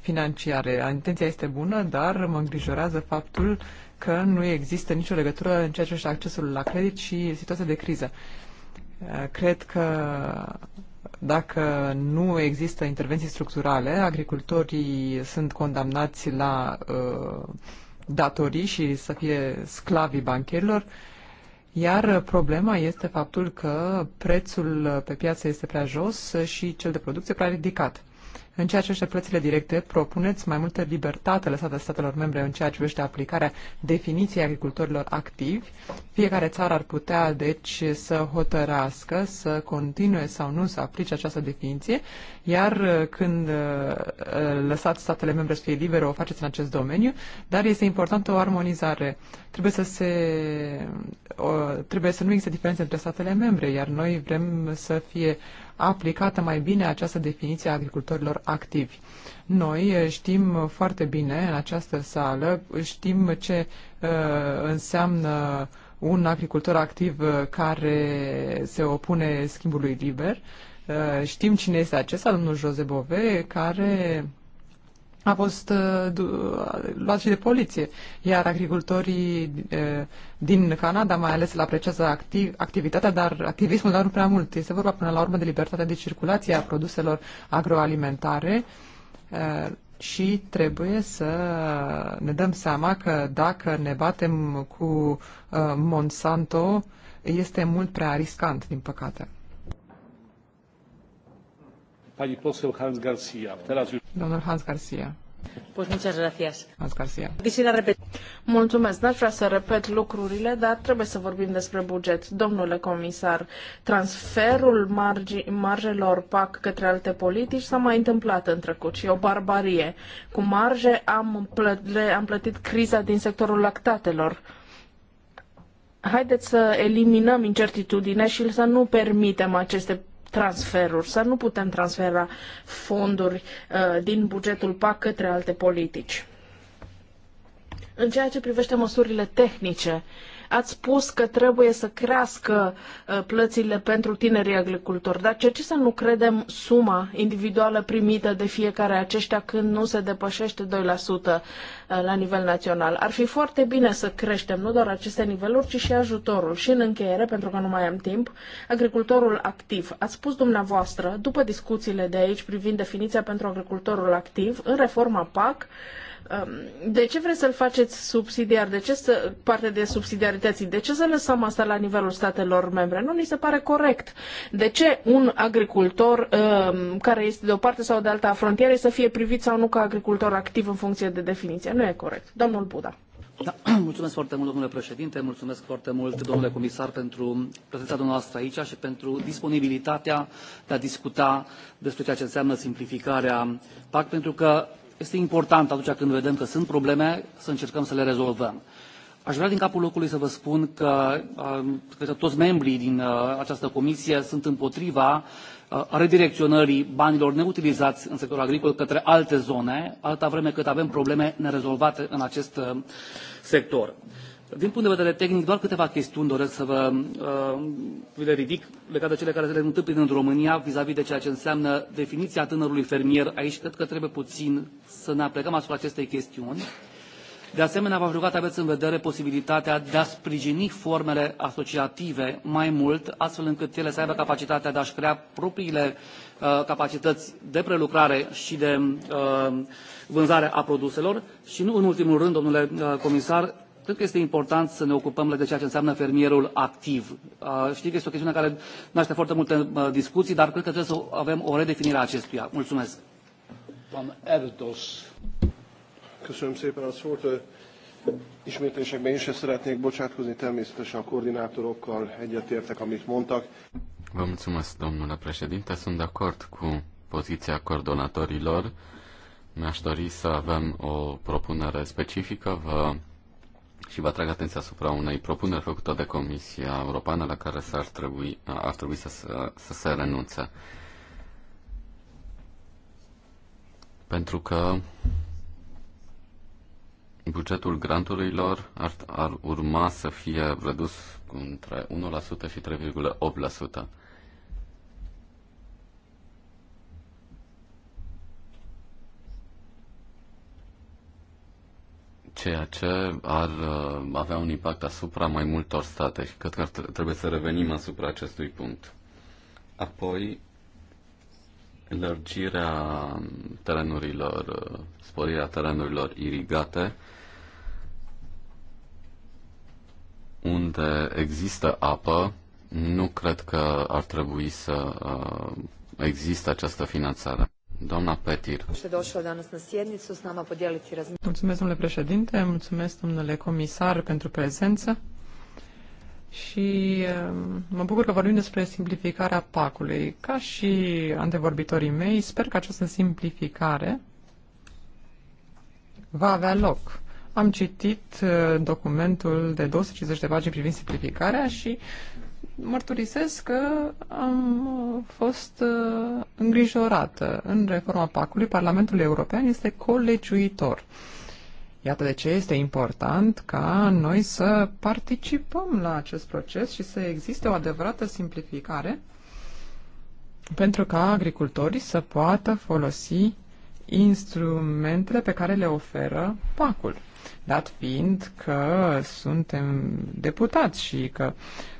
financiare. Intenția este bună, dar mă îngrijorează faptul că nu există nicio legătură în ceea ce privește accesul la credit și situația de criză. Uh, cred că dacă nu există intervenții structurale, agricultorii sunt condamnați la uh, datorii și să fie sclavii bancherilor. Uh, iar problema este faptul că prețul pe piață este prea jos și cel de producție prea ridicat. În ceea ce privește plățile directe, propuneți mai multă libertate lăsată statelor membre în ceea ce privește aplicarea definiției agricultorilor activi. Fiecare țară ar putea, deci, să hotărască să continue sau nu să aplice această definiție, iar uh, când uh, uh, lăsați statele membre să fie libere, o faceți în acest domeniu, dar este importantă o armonizare. Trebuie să, se, o, trebuie să nu există diferențe între statele membre, iar noi vrem să fie aplicată mai bine această definiție a agricultorilor activi. Noi eh, știm foarte bine în această sală, știm ce uh, înseamnă un agricultor activ eh, care se opune schimbului liber. Uh, știm cine este acesta, domnul Jose Bove, care a fost uh, uh, luat și de poliție, iar agricultorii uh, din Canada mai ales îl apreciază activ, activitatea, dar activismul dar nu prea mult. Este vorba până la urmă de libertatea de circulație a produselor agroalimentare și trebuie să ne dăm seama că dacă ne batem cu Monsanto, este mult prea riscant, din păcate. Pani poseł Hans Garcia. Teraz już... Domnul Hans Garcia. Pues muchas gracias. Hans Garcia. Mulțumesc. N-aș vrea să repet lucrurile, dar trebuie să vorbim despre buget. Domnule comisar, transferul margi, marjelor PAC către alte politici s-a mai întâmplat în trecut și e o barbarie. Cu marje am, plă, am plătit criza din sectorul lactatelor haideți să eliminăm incertitudine și să nu permitem aceste transferuri, să nu putem transfera fonduri uh, din bugetul PAC către alte politici. În ceea ce privește măsurile tehnice, uh, Ați spus că trebuie să crească uh, plățile pentru tinerii agricultori, dar ce, ce să nu credem suma individuală primită de fiecare aceștia când nu se depășește 2% uh, la nivel național? Ar fi foarte bine să creștem nu doar aceste niveluri, ci și ajutorul. Și în încheiere, pentru că nu mai am timp, agricultorul activ. Ați spus dumneavoastră, după discuțiile de aici privind definiția pentru agricultorul activ, în reforma PAC, Um, de ce vreți să-l faceți subsidiar? De ce să, parte de subsidiarității? De ce să lăsăm asta la nivelul statelor membre? Nu ni se pare corect. De ce un agricultor um, care este de o parte sau de alta a frontierei să fie privit sau nu ca agricultor activ în funcție de definiție? Nu e corect. Domnul Buda. Da. Mulțumesc foarte mult, domnule președinte, mulțumesc foarte mult, domnule comisar, pentru prezența dumneavoastră aici și pentru disponibilitatea de a discuta despre ceea ce înseamnă simplificarea PAC, pentru că este important atunci când vedem că sunt probleme să încercăm să le rezolvăm. Aș vrea din capul locului să vă spun că um, cred că toți membrii din uh, această comisie sunt împotriva uh, redirecționării banilor neutilizați în sectorul agricol către alte zone, atâta vreme cât avem probleme nerezolvate în acest uh, sector. Din punct de vedere tehnic, doar câteva chestiuni doresc să vă, uh, le ridic legate de cele care se le întâmplă în România vis-a-vis -vis de ceea ce înseamnă definiția tânărului fermier. Aici cred că trebuie puțin să ne aplecăm asupra acestei chestiuni. De asemenea, v-aș ruga să aveți în vedere posibilitatea de a sprijini formele asociative mai mult, astfel încât ele să aibă capacitatea de a-și crea propriile uh, capacități de prelucrare și de uh, vânzare a produselor. Și nu în ultimul rând, domnule uh, comisar, cred că este important să ne ocupăm de ceea ce înseamnă fermierul activ. Uh, știți că este o chestiune care naște foarte multe uh, discuții, dar cred că trebuie să avem o redefinire a acestuia. Mulțumesc! van Erdos. Köszönöm szépen a szót. Ismétlésekben is szeretnék bocsátkozni, természetesen a koordinátorokkal egyetértek, amit mondtak. Vă mulțumesc, domnule președinte. Sunt de acord cu poziția coordonatorilor. Mi-aș dori să avem o propunere specifică. Vă și vă atrag atenția asupra unei propuneri făcute de Comisia Europeană la care s-ar trebui, ar trebui să, să, să se renunțe. pentru că bugetul granturilor ar, ar urma să fie redus cu între 1% și 3,8%. ceea ce ar uh, avea un impact asupra mai multor state și cred că trebuie să revenim asupra acestui punct. Apoi, lărgirea terenurilor, sporirea terenurilor irigate, unde există apă, nu cred că ar trebui să uh, există această finanțare. Doamna Petir. Mulțumesc, domnule președinte, mulțumesc, domnule comisar, pentru prezență și um, mă bucur că vorbim despre simplificarea pacului. Ca și antevorbitorii mei, sper că această simplificare va avea loc. Am citit uh, documentul de 250 de pagini privind simplificarea și mărturisesc că am uh, fost uh, îngrijorată. În reforma pacului, Parlamentul European este colegiuitor. Iată de ce este important ca noi să participăm la acest proces și să existe o adevărată simplificare pentru ca agricultorii să poată folosi instrumentele pe care le oferă pacul. Dat fiind că suntem deputați și că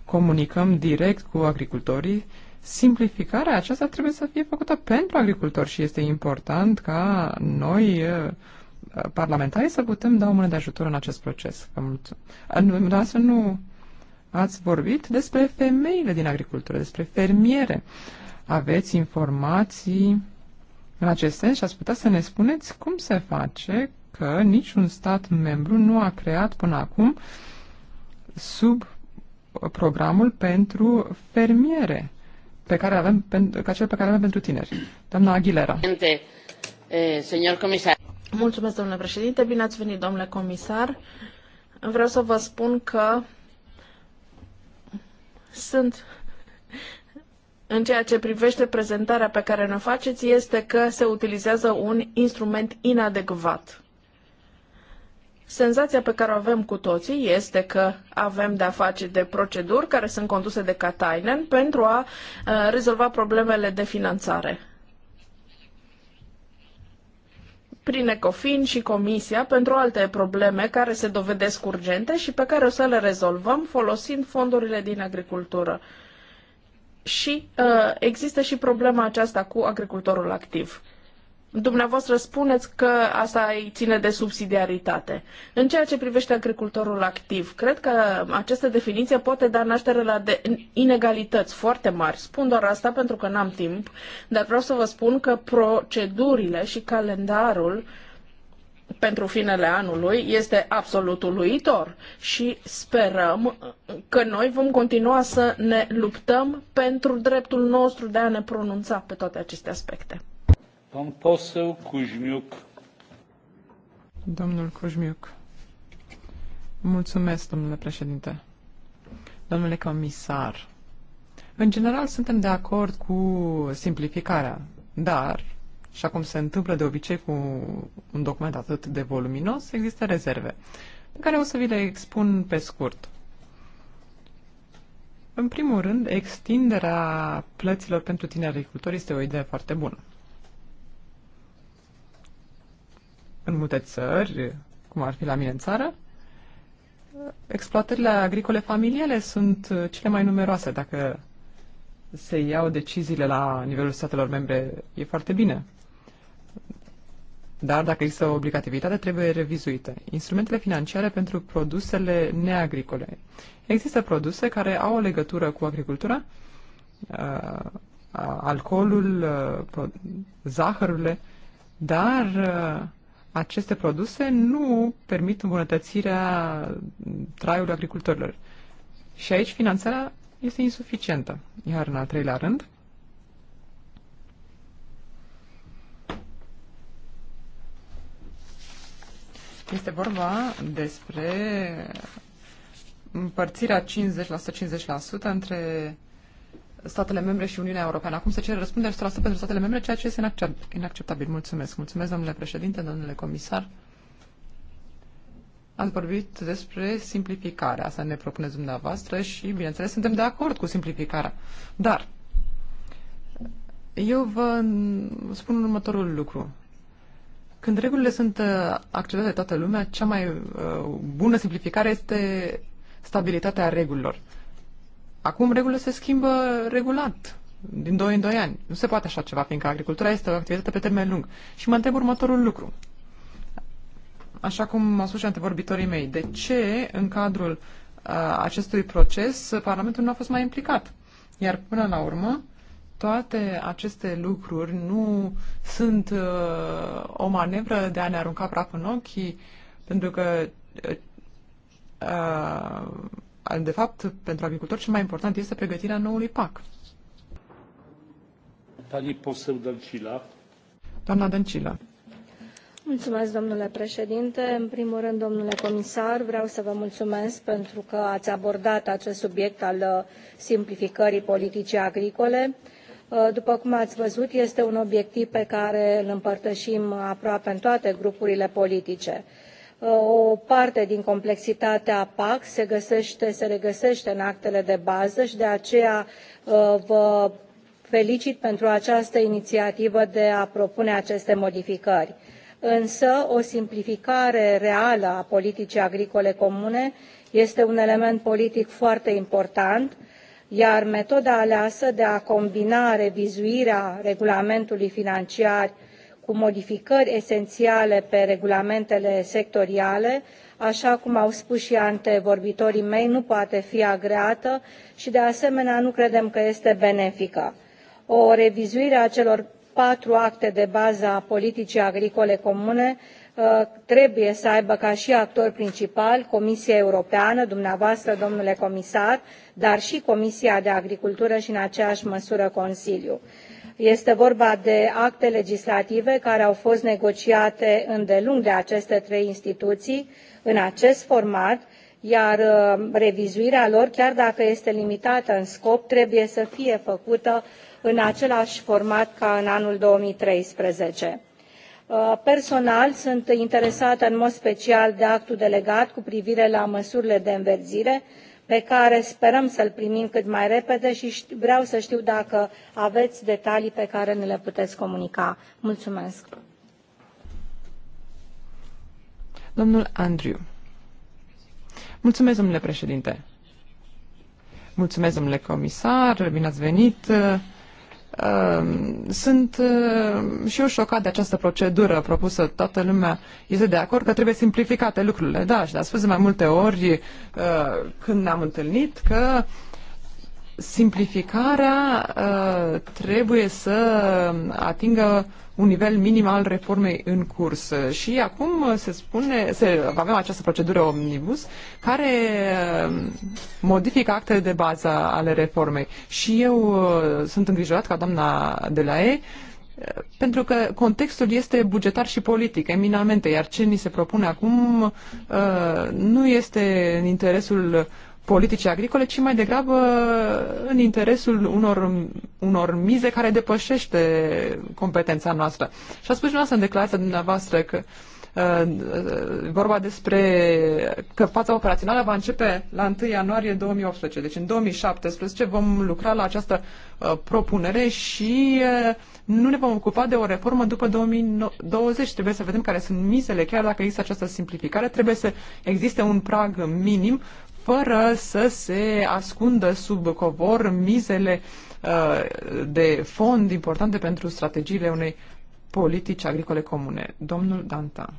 comunicăm direct cu agricultorii, simplificarea aceasta trebuie să fie făcută pentru agricultori și este important ca noi Parlamentarii să putem da o mână de ajutor în acest proces. Vă mulțumesc. Dar să nu ați vorbit despre femeile din agricultură, despre fermiere. Aveți informații în acest sens și ați putea să ne spuneți cum se face că niciun stat membru nu a creat până acum sub programul pentru fermiere pe care avem, ca cel pe care avem pentru tineri. Doamna Aguilera. Eh, señor comisar. Mulțumesc, domnule președinte. Bine ați venit, domnule comisar. Vreau să vă spun că sunt în ceea ce privește prezentarea pe care ne faceți este că se utilizează un instrument inadecvat. Senzația pe care o avem cu toții este că avem de-a face de proceduri care sunt conduse de Katainen pentru a, a rezolva problemele de finanțare. prin ECOFIN și Comisia pentru alte probleme care se dovedesc urgente și pe care o să le rezolvăm folosind fondurile din agricultură. Și uh, există și problema aceasta cu agricultorul activ. Dumneavoastră spuneți că asta îi ține de subsidiaritate. În ceea ce privește agricultorul activ, cred că această definiție poate da naștere la de- inegalități foarte mari. Spun doar asta pentru că n-am timp, dar vreau să vă spun că procedurile și calendarul pentru finele anului este absolut uluitor și sperăm că noi vom continua să ne luptăm pentru dreptul nostru de a ne pronunța pe toate aceste aspecte. Pan poseł Kuźmiuk. Domnul Cușmiuc. Mulțumesc, domnule președinte. Domnule comisar, în general suntem de acord cu simplificarea, dar, și cum se întâmplă de obicei cu un document atât de voluminos, există rezerve, pe care o să vi le expun pe scurt. În primul rând, extinderea plăților pentru tineri agricultori este o idee foarte bună. în multe țări, cum ar fi la mine în țară, exploatările agricole familiale sunt uh, cele mai numeroase. Dacă se iau deciziile la nivelul statelor membre, e foarte bine. Dar dacă există o obligativitate, trebuie revizuită. Instrumentele financiare pentru produsele neagricole. Există produse care au o legătură cu agricultura, uh, alcoolul, uh, zahărurile, dar aceste produse nu permit îmbunătățirea traiului agricultorilor. Și aici finanțarea este insuficientă. Iar în al treilea rând, este vorba despre împărțirea 50%-50% între statele membre și Uniunea Europeană. Acum se cere răspundere 100% pentru statele membre, ceea ce este inacceptabil. Mulțumesc. Mulțumesc, domnule președinte, domnule comisar. Ați vorbit despre simplificare, asta ne propuneți dumneavoastră și, bineînțeles, suntem de acord cu simplificarea. Dar eu vă spun următorul lucru. Când regulile sunt uh, acceptate de toată lumea, cea mai uh, bună simplificare este stabilitatea regulilor. Acum regulile se schimbă regulat, din 2 în 2 ani. Nu se poate așa ceva, fiindcă agricultura este o activitate pe termen lung. Și mă întreb următorul lucru. Așa cum au spus și antevorbitorii mei, de ce în cadrul uh, acestui proces Parlamentul nu a fost mai implicat? Iar până la urmă, toate aceste lucruri nu sunt uh, o manevră de a ne arunca praf în ochi, pentru că uh, uh de fapt, pentru agricultori cel mai important este pregătirea noului PAC. Pani poseu Dăncilă. Doamna Dăncila. Mulțumesc, domnule președinte. În primul rând, domnule comisar, vreau să vă mulțumesc pentru că ați abordat acest subiect al uh, simplificării politicii agricole. Uh, după cum ați văzut, este un obiectiv pe care îl împărtășim aproape în toate grupurile politice Uh, o parte din complexitatea PAC se, găsește, se regăsește în actele de bază și de aceea uh, vă felicit pentru această inițiativă de a propune aceste modificări. Însă, o simplificare reală a politicii agricole comune este un element politic foarte important, iar metoda aleasă de a combina revizuirea regulamentului financiar cu modificări esențiale pe regulamentele sectoriale, așa cum au spus și antevorbitorii mei, nu poate fi agreată și, de asemenea, nu credem că este benefică. O revizuire a celor patru acte de bază a politicii agricole comune uh, trebuie să aibă ca și actor principal Comisia Europeană, dumneavoastră, domnule comisar, dar și Comisia de Agricultură și, în aceeași măsură, Consiliul este vorba de acte legislative care au fost negociate îndelung de aceste trei instituții în acest format, iar uh, revizuirea lor, chiar dacă este limitată în scop, trebuie să fie făcută în același format ca în anul 2013. Uh, personal, sunt interesată în mod special de actul delegat cu privire la măsurile de înverzire, pe care sperăm să l primim cât mai repede și vreau să știu dacă aveți detalii pe care ne le puteți comunica. Mulțumesc. Domnul Andriu. Mulțumesc, domnule președinte. Mulțumesc, domnule comisar. Bine ați venit. Ehm, sunt ehm, și eu șocat de această procedură propusă. Toată lumea este de acord că trebuie simplificate lucrurile. Da, și le-a spus de mai multe ori ehm, când ne-am întâlnit că uh, simplificarea uh, trebuie să atingă un nivel minim al reformei în curs. Și acum se spune, se, avem această procedură omnibus care uh, modifică actele de bază ale reformei. Și eu uh, sunt îngrijorat ca doamna de la E uh, pentru că contextul este bugetar și politic, eminamente, iar ce ni se propune acum uh, nu este în interesul politicii agricole, ci mai degrabă în interesul unor, unor mize care depășește competența noastră. Și a spus dumneavoastră în declarația dumneavoastră că uh, uh vorba despre că fața operațională va începe la 1 ianuarie 2018. Deci în 2017 vom lucra la această uh, propunere și uh, nu ne vom ocupa de o reformă după 2020. Trebuie să vedem care sunt mizele, chiar dacă există această simplificare. Trebuie să existe un prag minim fără să se ascundă sub covor mizele uh, de fond importante pentru strategiile unei politici agricole comune. Domnul Danta.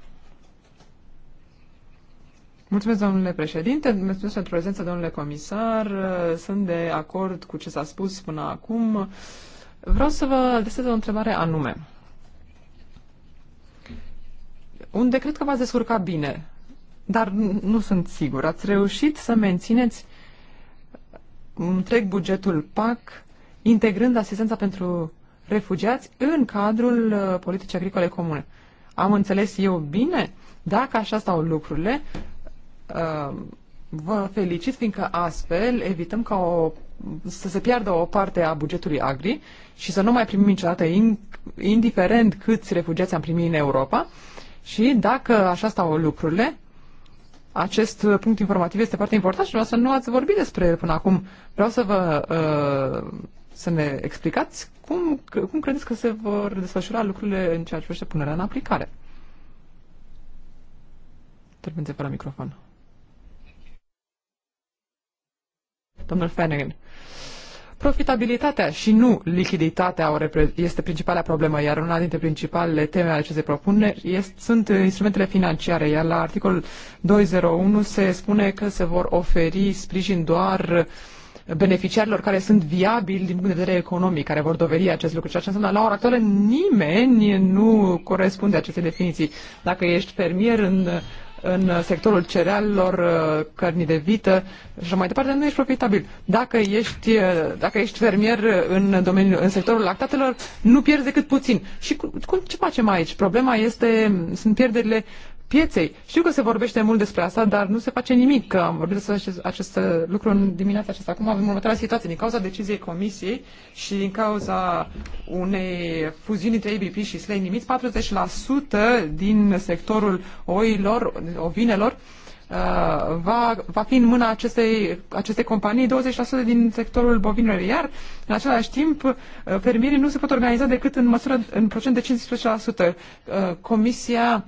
Mulțumesc, domnule președinte, mulțumesc pentru prezența, domnule comisar. Uh, sunt de acord cu ce s-a spus până acum. Vreau să vă adresez o întrebare anume. Unde cred că v-ați descurcat bine dar nu sunt sigur. Ați reușit să mențineți întreg bugetul PAC integrând asistența pentru refugiați în cadrul uh, politicii agricole comune. Am înțeles eu bine? Dacă așa stau lucrurile, uh, vă felicit, fiindcă astfel evităm ca o, să se piardă o parte a bugetului agri și să nu mai primim niciodată, indiferent câți refugiați am primit în Europa. Și dacă așa stau lucrurile, acest uh, punct informativ este foarte important și vreau să nu ați vorbit despre el până acum. Vreau să vă uh, să ne explicați cum, cum credeți că se vor desfășura lucrurile în ceea ce privește punerea în aplicare. Intervenție fără microfon. Domnul Flanagan. Profitabilitatea și nu lichiditatea este principala problemă, iar una dintre principalele teme ale acestei propuneri este, sunt instrumentele financiare, iar la articolul 201 se spune că se vor oferi sprijin doar beneficiarilor care sunt viabili din punct de vedere economic, care vor dovedi acest lucru. Ceea ce înseamnă la ora actuală nimeni nu corespunde acestei definiții. Dacă ești fermier în în sectorul cerealelor, uh, cărnii de vită și mai departe, nu ești profitabil. Dacă ești, uh, dacă ești fermier în, domeniul, în sectorul lactatelor, nu pierzi decât puțin. Și cu, cu, ce facem aici? Problema este, sunt pierderile pieței. Știu că se vorbește mult despre asta, dar nu se face nimic. Că am vorbit despre acest, acest lucru în dimineața aceasta. Acum avem următoarea situație. Din cauza deciziei comisiei și din cauza unei fuziuni între ABP și Slay Nimitz, 40% din sectorul oilor, ovinelor, Uh, va, va fi în mâna acestei, acestei companii 20% din sectorul bovinelor, iar în același timp uh, fermierii nu se pot organiza decât în măsură, în procent de 15%. Uh, comisia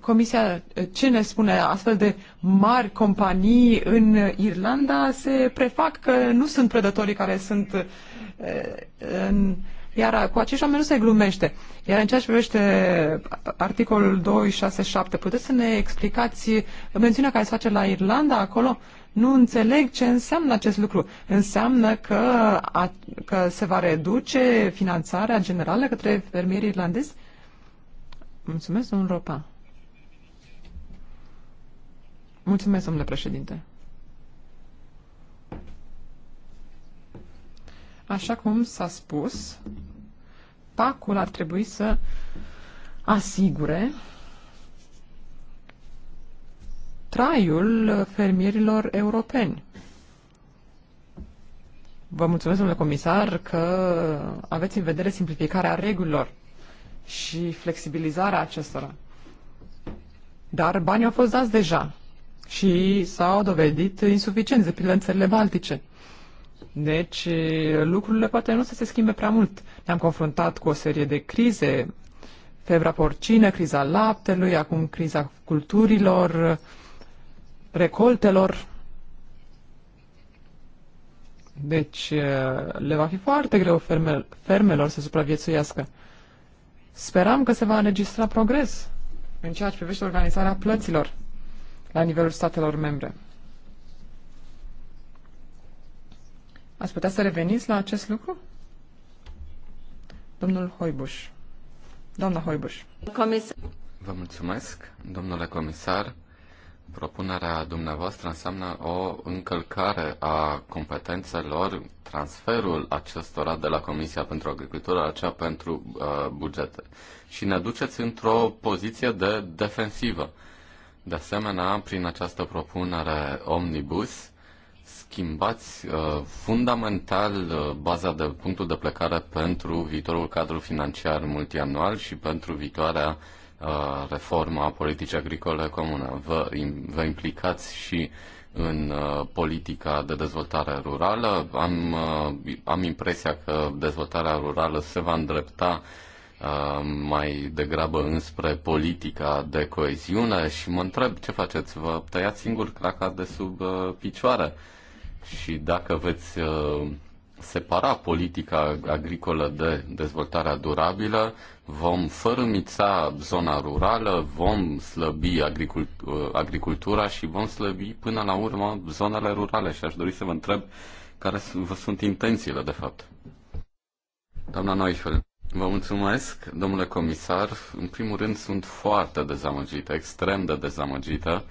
Comisia ce ne spune astfel de mari companii în Irlanda se prefac că nu sunt predătorii care sunt eh, în, iar cu acești oameni nu se glumește. Iar în ceea ce privește articolul 267, puteți să ne explicați mențiunea care se face la Irlanda acolo? Nu înțeleg ce înseamnă acest lucru. Înseamnă că, a, că se va reduce finanțarea generală către fermierii irlandezi? Mulțumesc, domnul Ropa. Mulțumesc, domnule președinte. Așa cum s-a spus, pacul ar trebui să asigure traiul fermierilor europeni. Vă mulțumesc, domnule comisar, că aveți în vedere simplificarea regulilor și flexibilizarea acestora. Dar banii au fost dați deja și s-au dovedit insuficienți, de pildă în țările baltice. Deci lucrurile poate nu să se schimbe prea mult. Ne-am confruntat cu o serie de crize, febra porcină, criza laptelui, acum criza culturilor, recoltelor. Deci le va fi foarte greu ferme, fermelor să supraviețuiască. Speram că se va înregistra progres în ceea ce privește organizarea plăților la nivelul statelor membre. Ați putea să reveniți la acest lucru? Domnul Hoibuș. Doamna Hoibuș. Vă mulțumesc, domnule comisar. Propunerea dumneavoastră înseamnă o încălcare a competențelor, transferul acestora de la Comisia pentru Agricultură la cea pentru uh, bugete. Și ne duceți într-o poziție de defensivă. De asemenea, prin această propunere omnibus, schimbați uh, fundamental uh, baza de punctul de plecare pentru viitorul cadru financiar multianual și pentru viitoarea uh, reformă a politicii agricole comune. Vă, im, vă implicați și în uh, politica de dezvoltare rurală. Am, uh, am impresia că dezvoltarea rurală se va îndrepta uh, Uh, mai degrabă înspre politica de coeziune și mă întreb ce faceți, vă tăiați singur craca de sub uh, picioare și dacă veți uh, separa politica agricolă de dezvoltarea durabilă, vom fărâmița zona rurală, vom slăbi agricult- agricultura și vom slăbi până la urmă zonele rurale și aș dori să vă întreb care vă sunt intențiile de fapt. Doamna Neufel. Vă mulțumesc, domnule comisar. În primul rând, sunt foarte dezamăgită, extrem de dezamăgită.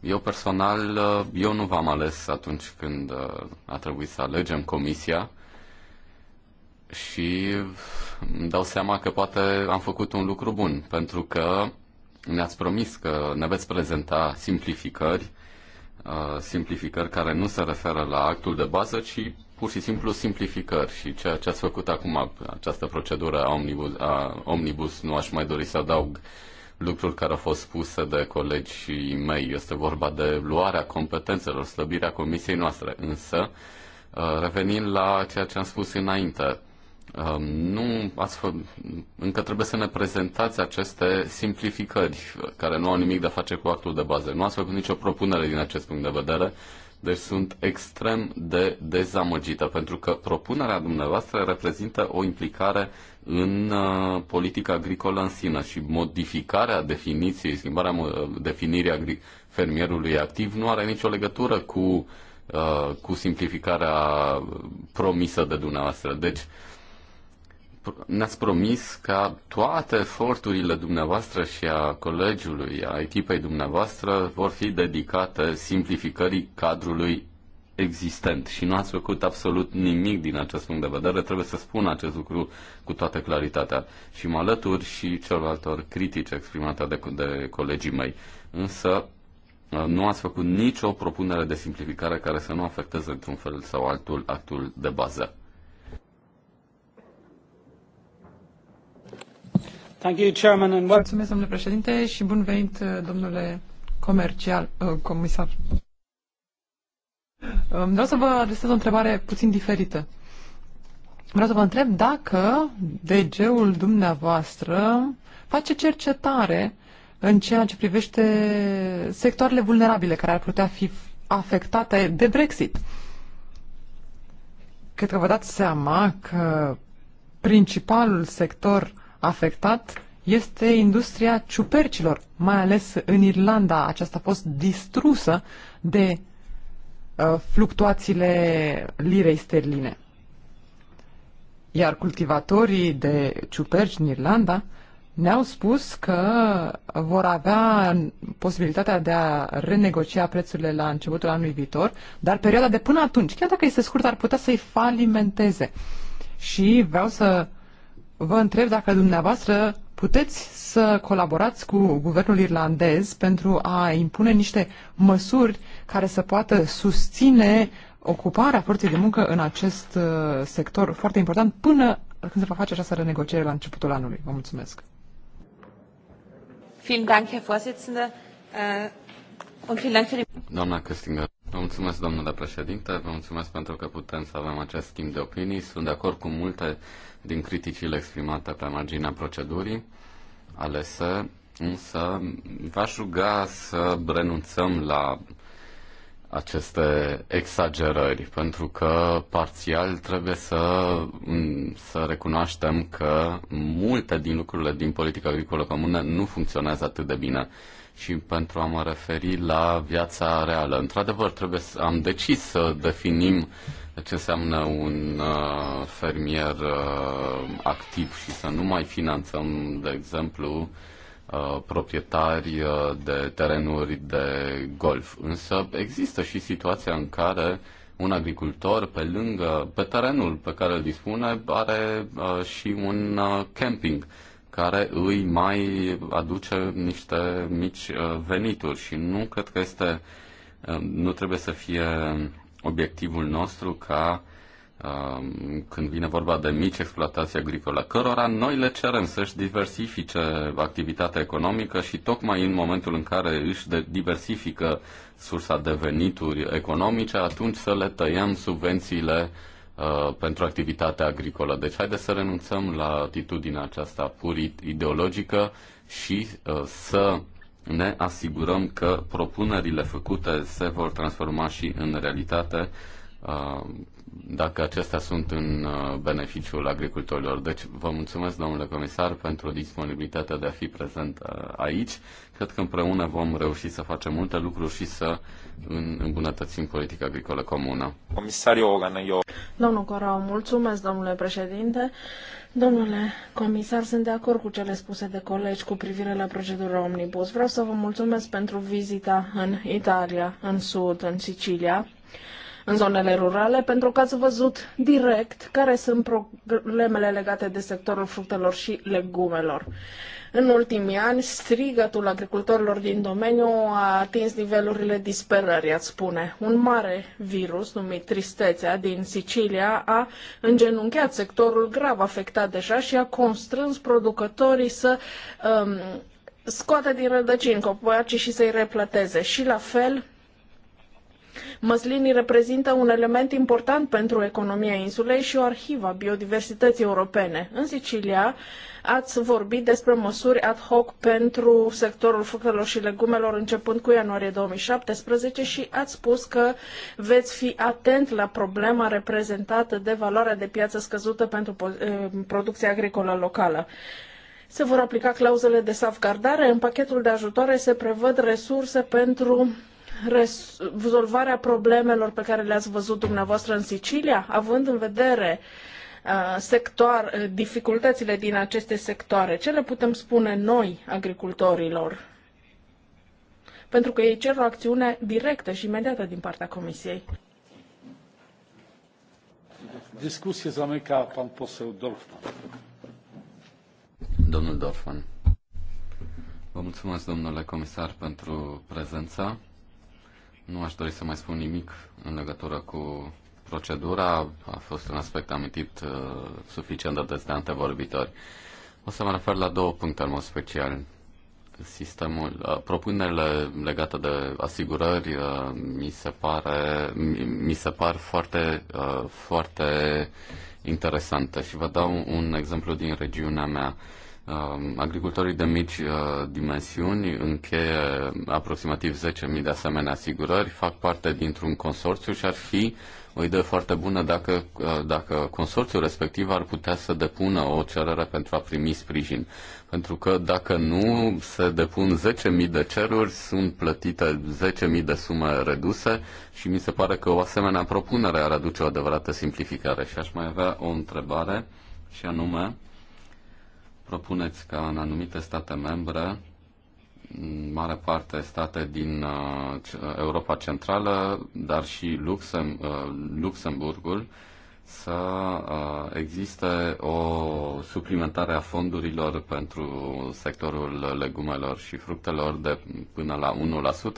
Eu personal, uh, eu nu v-am ales atunci când uh, a trebuit să alegem comisia și îmi dau seama că poate am făcut un lucru bun, pentru că ne-ați promis că ne veți prezenta simplificări, uh, simplificări care nu se referă la actul de bază, ci pur și simplu simplificări și ceea ce ați făcut acum, această procedură a omnibus, a omnibus nu aș mai dori să adaug lucruri care au fost spuse de și mei. Este vorba de luarea competențelor, slăbirea comisiei noastre. Însă, uh, revenind la ceea ce am spus înainte, um, nu ați fă... încă trebuie să ne prezentați aceste simplificări care nu au nimic de a face cu actul de bază. Nu ați făcut nicio propunere din acest punct de vedere deci sunt extrem de dezamăgită, pentru că propunerea dumneavoastră reprezintă o implicare în uh, politica agricolă în sine și modificarea definiției, schimbarea uh, definirii agri- fermierului activ nu are nicio legătură cu, uh, cu simplificarea promisă de dumneavoastră. Deci, uh, ne-ați promis ca toate eforturile dumneavoastră și a colegiului, a echipei dumneavoastră, vor fi dedicate simplificării cadrului existent și nu ați făcut absolut nimic din acest punct de vedere. Trebuie să spun acest lucru cu toată claritatea și mă alătur și celorlaltor critici exprimate de, de colegii mei. Însă uh, nu ați făcut nicio propunere de simplificare care să nu afecteze într-un fel sau altul actul de bază. Mulțumesc, domnule președinte, și bun venit, domnule comercial, uh, comisar. Um, vreau să vă adresez o întrebare puțin diferită. Vreau să vă întreb dacă DG-ul dumneavoastră face cercetare în ceea ce privește sectoarele vulnerabile care ar putea fi afectate de Brexit. Cred că vă dați seama că principalul sector afectat este industria ciupercilor, mai ales în Irlanda. Aceasta a fost distrusă de uh, fluctuațiile lirei sterline. Iar cultivatorii de ciuperci în Irlanda ne-au spus că vor avea posibilitatea de a renegocia prețurile la începutul anului viitor, dar perioada de până atunci, chiar dacă este scurt, ar putea să-i falimenteze. Și vreau să vă întreb dacă dumneavoastră puteți să colaborați cu guvernul irlandez pentru a impune niște măsuri care să poată susține ocuparea forței de muncă în acest uh, sector foarte important până când se va face această renegociere la începutul anului. Vă mulțumesc. Vielen Dank, Herr Vorsitzender. Äh, Doamna Căstingă, Vă mulțumesc, domnule președinte, vă mulțumesc pentru că putem să avem acest schimb de opinii. Sunt de acord cu multe din criticile exprimate pe marginea procedurii alese, însă v-aș ruga să renunțăm la aceste exagerări, pentru că parțial trebuie să, să recunoaștem că multe din lucrurile din politica agricolă comună nu funcționează atât de bine și pentru a mă referi la viața reală. Într-adevăr, trebuie să, am decis să definim ce înseamnă un uh, fermier uh, activ și să nu mai finanțăm, de exemplu, uh, proprietari uh, de terenuri de golf. Însă există și situația în care un agricultor pe lângă, pe terenul pe care îl dispune, are uh, și un uh, camping. Uh, care îi mai aduce niște mici uh, venituri și nu cred că este, uh, nu trebuie să fie obiectivul nostru ca uh, când vine vorba de mici exploatații agricole, cărora noi le cerem să-și diversifice activitatea economică și tocmai în momentul în care își diversifică sursa de venituri economice, atunci să le tăiem subvențiile uh, Uh, pentru activitatea agricolă. Deci haideți să renunțăm la atitudinea aceasta pur ideologică și uh, să ne asigurăm că propunerile făcute se vor transforma și în realitate uh, dacă acestea sunt în uh, beneficiul agricultorilor. Deci vă mulțumesc, domnule comisar, pentru disponibilitatea de a fi prezent uh, aici. Cred că împreună vom reuși să facem multe lucruri și să îmbunătățim politica agricolă comună. Comisar Iogan, eu... Domnul Corau, mulțumesc, domnule președinte. Domnule comisar, sunt de acord cu cele spuse de colegi cu privire la procedura omnibus. Vreau să vă mulțumesc pentru vizita în Italia, în Sud, în Sicilia în zonele rurale, pentru că ați văzut direct care sunt problemele legate de sectorul fructelor și legumelor. În ultimii ani, strigătul agricultorilor din domeniu a atins nivelurile disperării, ați spune. Un mare virus, numit tristețea, din Sicilia a îngenunchiat sectorul grav afectat deja și a constrâns producătorii să um, scoată din rădăcini copacii și să-i replăteze. Și la fel, Măslinii reprezintă un element important pentru economia insulei și o arhivă a biodiversității europene. În Sicilia ați vorbit despre măsuri ad hoc pentru sectorul fructelor și legumelor începând cu ianuarie 2017 și ați spus că veți fi atent la problema reprezentată de valoarea de piață scăzută pentru eh, producția agricolă locală. Se vor aplica clauzele de salvgardare. În pachetul de ajutoare se prevăd resurse pentru rezolvarea problemelor pe care le-ați văzut dumneavoastră în Sicilia, având în vedere uh, uh, dificultățile din aceste sectoare? Ce le putem spune noi, agricultorilor? Pentru că ei cer o acțiune directă și imediată din partea Comisiei. Dyskusję zamyka pan poseł Dorfman. Domnul Dorfman. Vă mulțumesc, domnule comisar, pentru prezența. Nu aș dori să mai spun nimic în legătură cu procedura. A fost un aspect amintit uh, suficient de des de antevorbitori. O să mă refer la două puncte în mod special. Sistemul, uh, propunerile legate de asigurări uh, mi, se pare, mi, mi se par foarte, uh, foarte interesante și vă dau un exemplu din regiunea mea. Uh, Um, agricultorii de mici uh, dimensiuni încheie aproximativ 10.000 de asemenea asigurări, fac parte dintr-un consorțiu și ar fi o idee foarte bună dacă, uh, dacă consorțiul respectiv ar putea să depună o cerere pentru a primi sprijin. Pentru că dacă nu, se depun 10.000 de ceruri, sunt plătite 10.000 de sume reduse și mi se pare că o asemenea propunere ar aduce o adevărată simplificare. Și aș mai avea o întrebare și anume, propuneți ca în anumite state membre, în mare parte state din uh, Europa Centrală, dar și Luxem, uh, Luxemburgul, să uh, existe o suplimentare a fondurilor pentru sectorul legumelor și fructelor de până la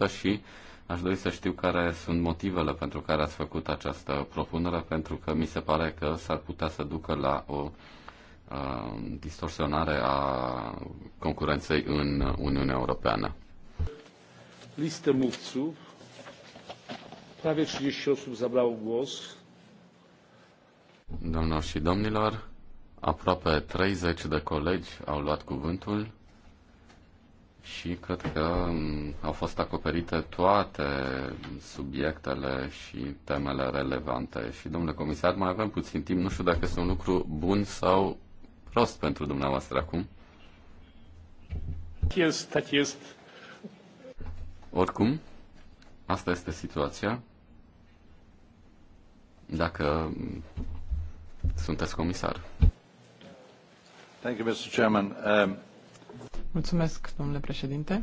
1% și aș dori să știu care sunt motivele pentru care ați făcut această propunere, pentru că mi se pare că s-ar putea să ducă la o uh, distorsionare a concurenței în Uniunea Europeană. Listă mówców. Prawie 30 osób zabrało głos. Domnilor și domnilor, aproape 30 de colegi au luat cuvântul și cred că au fost acoperite toate subiectele și temele relevante. Și, domnule comisar, mai avem puțin timp, nu știu dacă este un lucru bun sau prost pentru dumneavoastră acum. Oricum, asta este situația. Dacă sunteți comisar. Thank you, Mr. Chairman. Um... Mulțumesc, domnule președinte.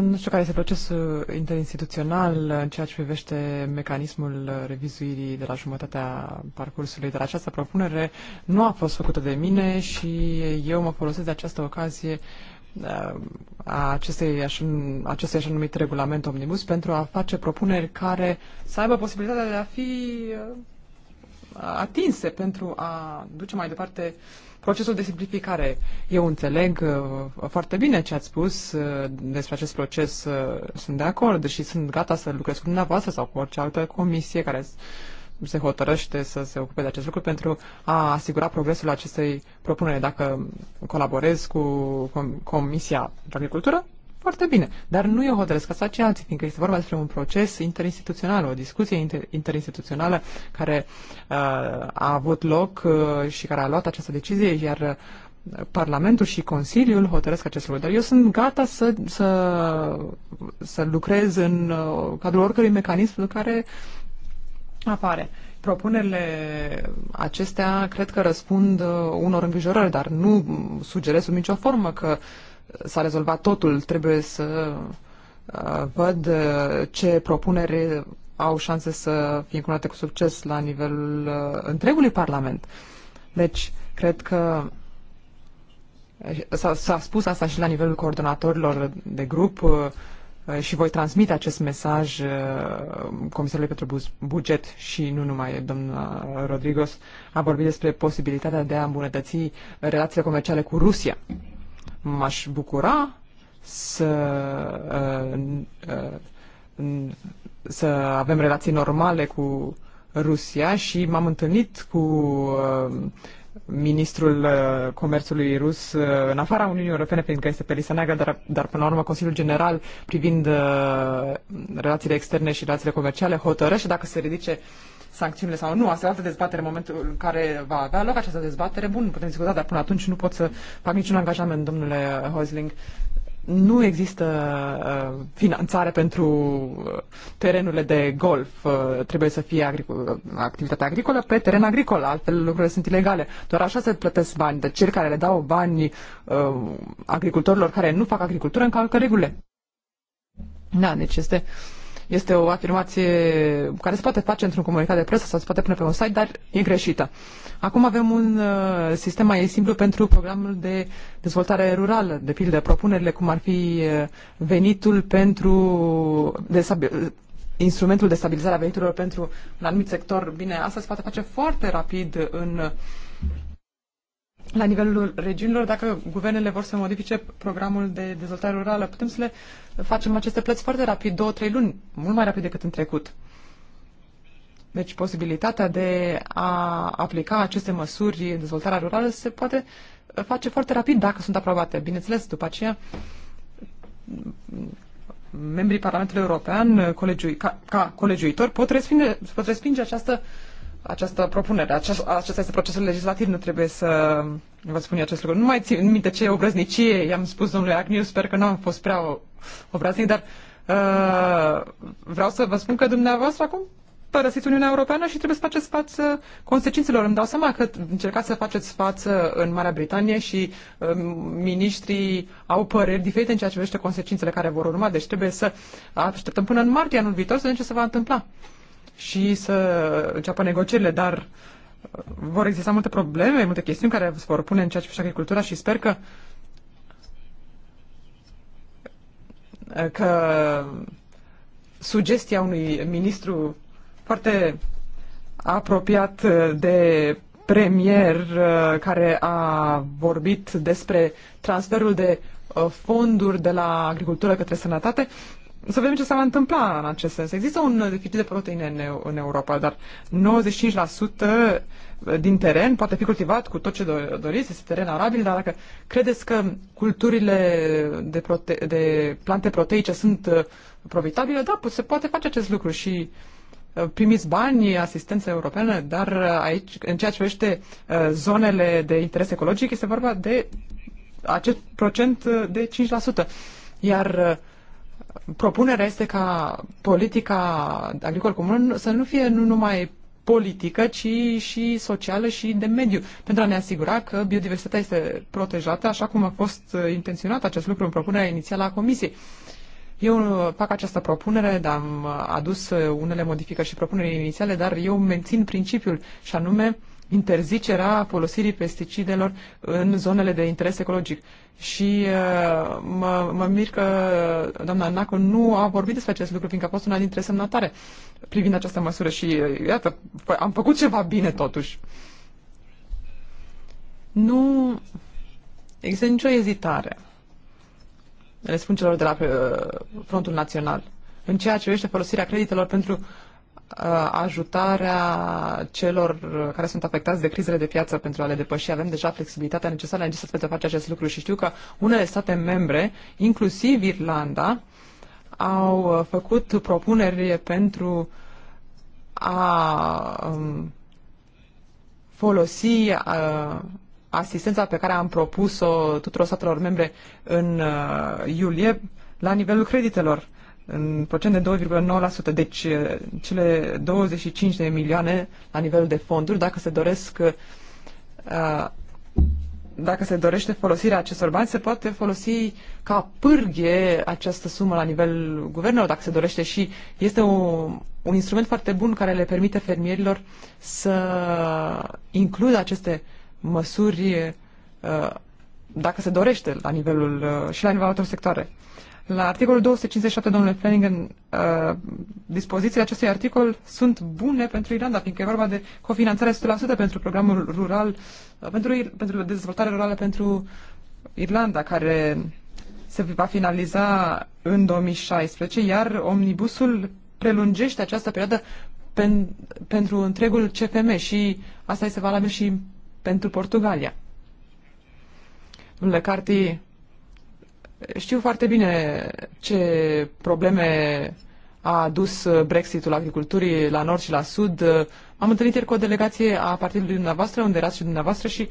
Nu știu care este procesul interinstituțional în ceea ce privește mecanismul revizuirii de la jumătatea parcursului, dar această propunere nu a fost făcută de mine și eu mă folosesc de această ocazie uh, a acestei, așa, acestui așa numit regulament omnibus pentru a face propuneri care să aibă posibilitatea de a fi uh, atinse pentru a duce mai departe uh, procesul de simplificare. Eu înțeleg uh, foarte bine ce ați spus uh, despre acest proces, uh, sunt de acord și sunt gata să lucrez cu dumneavoastră sau cu orice altă comisie care se hotărăște să se ocupe de acest lucru pentru a asigura progresul acestei propuneri. Dacă colaborez cu Comisia de Agricultură, foarte bine, dar nu eu hotărăsc asta, ci alții, fiindcă este vorba despre un proces interinstituțional, o discuție inter- interinstituțională care uh, a avut loc uh, și care a luat această decizie, iar uh, Parlamentul și Consiliul hotărăsc acest lucru, dar eu sunt gata să, să, să lucrez în uh, cadrul oricărui mecanism care apare. Propunerile acestea cred că răspund uh, unor îngrijorări, dar nu sugerez sub nicio formă că uh, s-a rezolvat totul. Trebuie să uh, văd uh, ce propuneri au șanse să fie încunate cu succes la nivelul uh, întregului Parlament. Deci, cred că s-a spus asta și la nivelul coordonatorilor de grup și voi transmite acest mesaj Comisarului pentru Buget și nu numai domnul Rodrigos a vorbit despre posibilitatea de a îmbunătăți relațiile comerciale cu Rusia m-aș bucura să, uh, uh, să avem relații normale cu Rusia și m-am întâlnit cu uh, ministrul comerțului rus în afara Uniunii Europene, fiindcă este pe lista neagră, dar, dar până la urmă Consiliul General privind relațiile externe și relațiile comerciale hotărăște dacă se ridice uh, sancțiunile sau nu. Asta e altă dezbatere în momentul în care va avea loc această dezbatere. Bun, putem discuta, dar până atunci nu pot să fac niciun angajament, domnule Hosling. Nu există uh, finanțare pentru uh, terenurile de golf. Uh, trebuie să fie agricol, uh, activitatea agricolă pe teren agricol, altfel lucrurile sunt ilegale. Doar așa se plătesc bani. De cei care le dau bani uh, agricultorilor care nu fac agricultură încalcă regulile. Da, deci este uh, este o afirmație care se poate face într-un comunicat de presă sau se poate pune pe un site, dar e greșită. Acum avem un uh, sistem mai simplu pentru programul de dezvoltare rurală, de pildă propunerile cum ar fi uh, venitul pentru de uh, instrumentul de stabilizare a veniturilor pentru un anumit sector. Bine, asta se poate face foarte rapid în uh, la nivelul regiunilor, dacă guvernele vor să modifice programul de dezvoltare rurală, putem să le facem aceste plăți foarte rapid, două, trei luni, mult mai rapid decât în trecut. Deci posibilitatea de a aplica aceste măsuri în dezvoltarea rurală se poate face foarte rapid dacă sunt aprobate. Bineînțeles, după aceea, membrii Parlamentului European, colegiu, ca, ca colegiuitor, pot respinge, pot respinge această această propunere. acesta este procesul legislativ, nu trebuie să vă spun eu acest lucru. Nu mai țin minte ce obraznicie i-am spus domnului Agniu, sper că nu am fost prea obraznic, dar uh, vreau să vă spun că dumneavoastră acum părăsiți Uniunea Europeană și trebuie să faceți față consecințelor. Îmi dau seama că încercați să faceți față în Marea Britanie și uh, miniștrii au păreri diferite în ceea ce privește consecințele care vor urma, deci trebuie să așteptăm până în martie anul viitor să vedem ce se va întâmpla și să înceapă negocierile, dar uh, vor exista multe probleme, multe chestiuni care se vor pune în ceea ce face agricultura și sper că uh, că sugestia unui ministru foarte apropiat uh, de premier care a vorbit despre transferul de fonduri de la agricultură către sănătate să vedem ce s-a întâmpla în acest sens. Există un deficit de proteine în, în Europa, dar 95% din teren poate fi cultivat cu tot ce doriți, este teren arabil, dar dacă credeți că culturile de, prote- de plante proteice sunt uh, profitabile, da, se poate face acest lucru și uh, primiți bani, asistență europeană, dar uh, aici, în ceea ce privește zonele de interes ecologic, este vorba de acest procent de 5%. Iar propunerea este ca politica agricol comun să nu fie nu numai politică, ci și socială și de mediu, pentru a ne asigura că biodiversitatea este protejată așa cum a fost intenționat acest lucru în propunerea inițială a Comisiei. Eu uh, fac această propunere, dar am adus uh, unele modificări și propuneri inițiale, dar eu mențin principiul și anume interzicerea folosirii pesticidelor în zonele de interes ecologic. Și uh, mă, mă mir că doamna Nacu nu a vorbit despre acest lucru, fiindcă a fost una dintre semnatare privind această măsură și, uh, iată, am făcut ceva bine totuși. Nu există nicio ezitare, le spun celor de la uh, Frontul Național, în ceea ce privește folosirea creditelor pentru uh, Uh, ajutarea celor care sunt afectați de crizele de piață pentru a le depăși. Avem deja flexibilitatea necesară în pentru a face acest lucru și știu că unele state membre, inclusiv Irlanda, au uh, făcut propuneri pentru a um, folosi uh, asistența pe care am propus-o tuturor statelor membre în iulie la nivelul creditelor în procent de 2,9%. Deci eh, cele 25 de milioane la nivel de fonduri, dacă se doresc eh, dacă se dorește folosirea acestor bani, se poate folosi ca pârghie această sumă la nivel guvernelor, dacă se dorește și este o, un instrument foarte bun care le permite fermierilor să includă aceste măsuri eh, dacă se dorește la nivelul și la nivelul altor sectoare. La articolul 257, domnule Flanagan, uh, dispozițiile acestui articol sunt bune pentru Irlanda, fiindcă e vorba de cofinanțare 100% pentru programul rural, uh, pentru, pentru dezvoltare rurală pentru Irlanda, care se va finaliza în 2016, iar omnibusul prelungește această perioadă pen, pentru întregul CFM și asta este valabil și pentru Portugalia. Domnule Carti, știu foarte bine ce probleme a adus Brexitul agriculturii la nord și la sud. Am întâlnit ieri cu o delegație a partidului dumneavoastră, unde erați și dumneavoastră și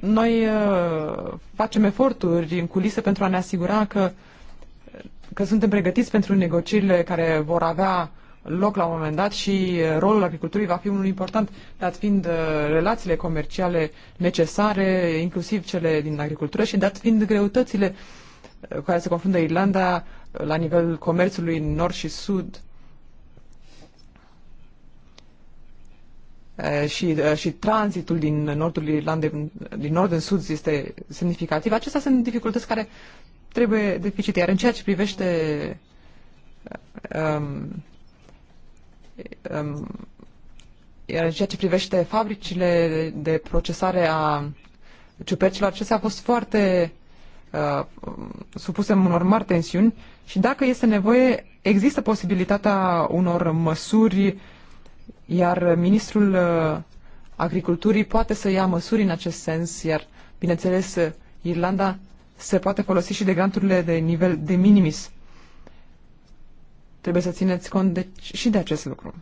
noi uh, facem eforturi în culise pentru a ne asigura că, că suntem pregătiți pentru negocierile care vor avea loc la un moment dat și uh, rolul agriculturii va fi unul important, dat fiind uh, relațiile comerciale necesare, inclusiv cele din agricultură și dat fiind greutățile uh, cu care se confundă Irlanda la nivelul comerțului nord și sud. Și, și tranzitul din nordul Irlandei, din nord în sud, este semnificativ. Acestea sunt dificultăți care trebuie deficite. Iar în ceea ce privește um, um, iar în ceea ce privește fabricile de procesare a ciupercilor, acestea au fost foarte uh, supuse unor mari tensiuni și dacă este nevoie, există posibilitatea unor măsuri, iar ministrul uh, agriculturii poate să ia măsuri în acest sens, iar, bineînțeles, Irlanda se poate folosi și de granturile de nivel de minimis. Trebuie să țineți cont de, și de acest lucru.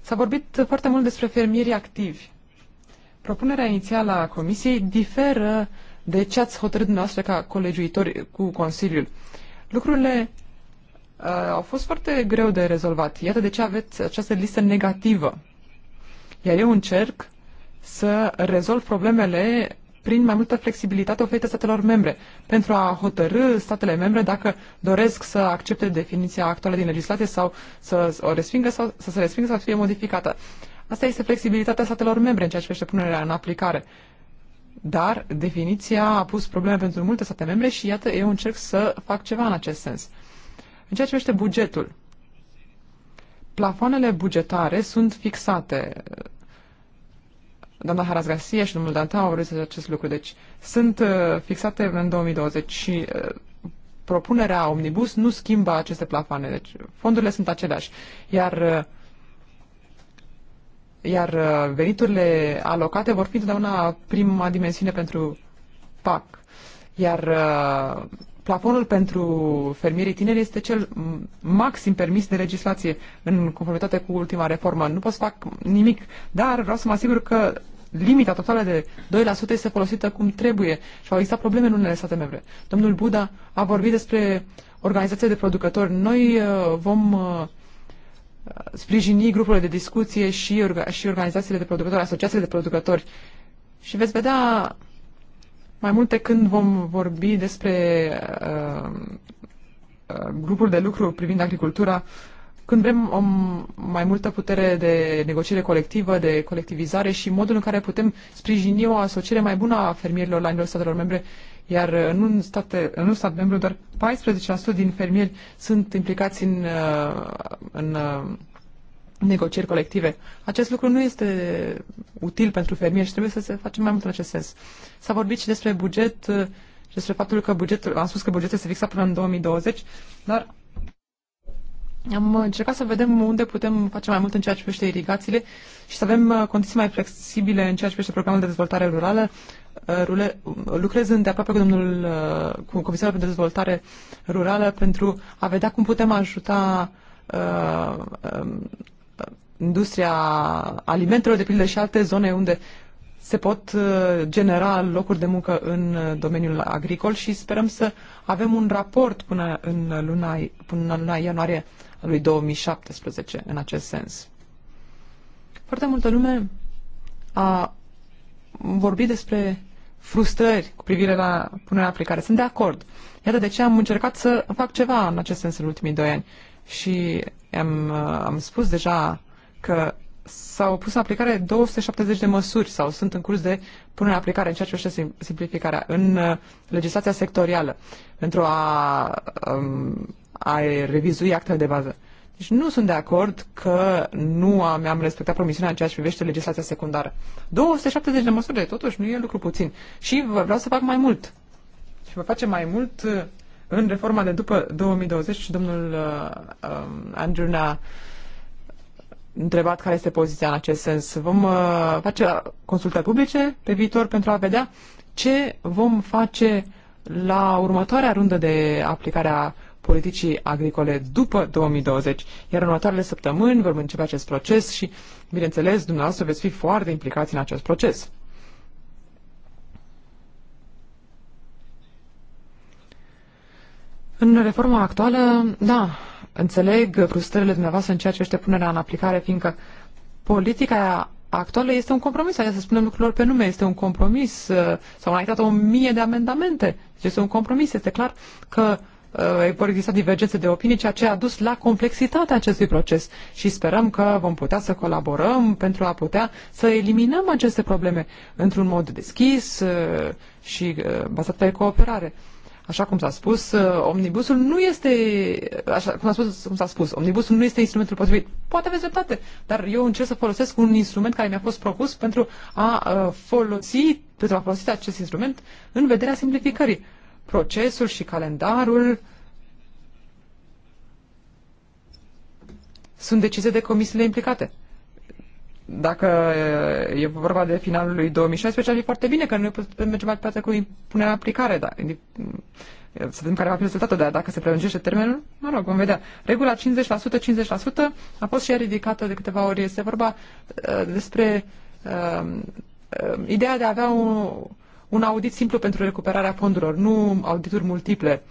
S-a vorbit foarte mult despre fermierii activi. Propunerea inițială a Comisiei diferă de ce ați hotărât dumneavoastră ca colegiuitori cu Consiliul. Lucrurile uh, au fost foarte greu de rezolvat. Iată de ce aveți această listă negativă. Iar eu încerc să rezolv problemele prin mai multă flexibilitate oferită statelor membre, pentru a hotărâ statele membre dacă doresc să accepte definiția actuală din legislație sau să o respingă sau să se respingă sau să fie modificată. Asta este flexibilitatea statelor membre în ceea ce privește punerea în aplicare. Dar definiția a pus probleme pentru multe state membre și iată, eu încerc să fac ceva în acest sens. În ceea ce privește bugetul, plafoanele bugetare sunt fixate. Doamna Haras Garcia și domnul Danta au vrut acest lucru. Deci sunt uh, fixate în 2020 și uh, propunerea Omnibus nu schimbă aceste plafoane. Deci fondurile sunt aceleași. Iar uh, iar uh, veniturile alocate vor fi întotdeauna prima dimensiune pentru PAC. Iar uh, plafonul pentru fermierii tineri este cel maxim permis de legislație în conformitate cu ultima reformă. Nu pot să fac nimic, dar vreau să mă asigur că limita totală de 2% este folosită cum trebuie și au existat probleme în unele state membre. Domnul Buda a vorbit despre organizația de producători. Noi uh, vom sprijini grupurile de discuție și, orga, și organizațiile de producători, asociațiile de producători. Și veți vedea mai multe când vom vorbi despre uh, uh, grupuri de lucru privind agricultura, când vrem o mai multă putere de negociere colectivă, de colectivizare și modul în care putem sprijini o asociere mai bună a fermierilor la nivelul statelor membre iar în un, state, în un stat membru doar 14% din fermieri sunt implicați în, uh, în uh, negocieri colective. Acest lucru nu este util pentru fermieri și trebuie să se facem mai mult în acest sens. S-a vorbit și despre buget uh, și despre faptul că bugetul, am spus că bugetul se fixat până în 2020, dar am încercat să vedem unde putem face mai mult în ceea ce privește irigațiile și să avem condiții mai flexibile în ceea ce privește programul de dezvoltare rurală, rule, lucrez îndeaproape cu domnul, cu Comisarul pentru Dezvoltare Rurală pentru a vedea cum putem ajuta uh, uh, industria alimentelor, de pildă, și alte zone unde se pot uh, genera locuri de muncă în uh, domeniul agricol și sperăm să avem un raport până în luna, până în luna ianuarie a lui 2017 în acest sens. Foarte multă lume a vorbit despre frustrări cu privire la punerea aplicare. Sunt de acord. Iată de ce am încercat să fac ceva în acest sens în ultimii doi ani. Și am, uh, am spus deja că s-au pus în aplicare 270 de măsuri sau sunt în curs de punere în aplicare în ceea ce este simplificarea în uh, legislația sectorială pentru a, um, a revizui actele de bază. Deci nu sunt de acord că nu am, am respectat promisiunea în ceea ce privește legislația secundară. 270 de măsuri, totuși, nu e lucru puțin. Și vreau să fac mai mult. Și vă face mai mult uh, în reforma de după 2020 și domnul uh, um, Andrew ne-a întrebat care este poziția în acest sens. Vom uh, face consultări publice pe viitor pentru a vedea ce vom face la următoarea rundă de aplicare a politicii agricole după 2020, iar în următoarele săptămâni vom începe acest proces și, bineînțeles, dumneavoastră veți fi foarte implicați în acest proces. În reforma actuală, da, înțeleg frustrările dumneavoastră în ceea ce este punerea în aplicare, fiindcă politica actuală este un compromis, adică să spunem lucrurilor pe nume, este un compromis, uh, s-au înaintat o mie de amendamente, deci este un compromis, este clar că Uh, vor exista divergențe de opinii, ceea ce a dus la complexitatea acestui proces și sperăm că vom putea să colaborăm pentru a putea să eliminăm aceste probleme într-un mod deschis uh, și uh, bazat pe cooperare. Așa cum s-a spus, omnibusul nu este, așa cum s-a spus, cum s-a spus, omnibusul nu este instrumentul potrivit. Poate aveți dreptate, dar eu încerc să folosesc un instrument care mi-a fost propus pentru a folosi, pentru a folosi acest instrument în vederea simplificării procesul și calendarul sunt decise de comisiile implicate. Dacă e vorba de finalul lui 2016, ar fi foarte bine că noi putem merge mai departe cu punerea în aplicare. Da. Să vedem care va fi rezultatul, dar dacă se prelungește termenul, mă rog, vom vedea. Regula 50%, 50% a fost și ea ridicată de câteva ori. Este vorba uh, despre uh, uh, ideea de a avea un, un audit simplu pentru recuperarea fondurilor, nu audituri multiple,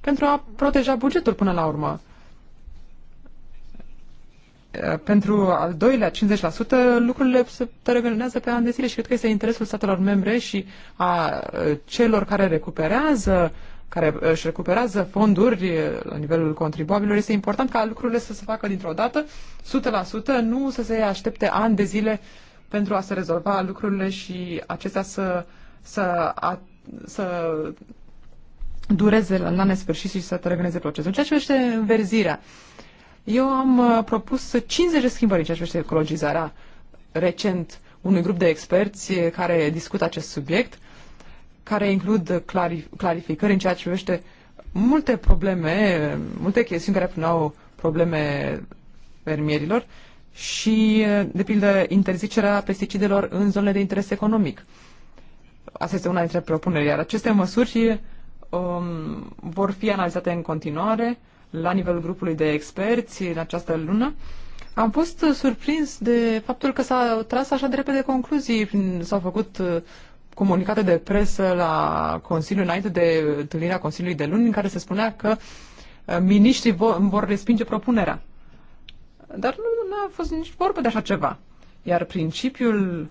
pentru a proteja bugetul până la urmă. Eh, pentru al doilea, 50%, lucrurile se terminează pe ani de zile și cred că este interesul statelor membre și a eh, celor care recuperează care eh, își recuperează fonduri la nivelul contribuabilor, este important ca lucrurile să se facă dintr-o dată, 100%, nu să se aștepte ani de zile pentru a se rezolva lucrurile și acestea să să, a, să dureze la, nesfârșit și să trăgâneze procesul. Ceea ce este înverzirea, eu am uh, propus 50 de schimbări în ceea ce este ecologizarea recent unui grup de experți uh, care discută acest subiect, care includ clarificări în ceea ce privește multe probleme, multe chestiuni care puneau probleme fermierilor și, uh, de pildă, interzicerea pesticidelor în zonele de interes economic. Asta este una dintre propuneri, iar aceste măsuri um, vor fi analizate în continuare la nivelul grupului de experți în această lună. Am fost surprins de faptul că s-a tras așa de repede concluzii. S-au făcut uh, comunicate de presă la Consiliu înainte de întâlnirea Consiliului de luni în care se spunea că uh, miniștrii vor respinge propunerea. Dar nu a fost nici vorbă de așa ceva. Iar principiul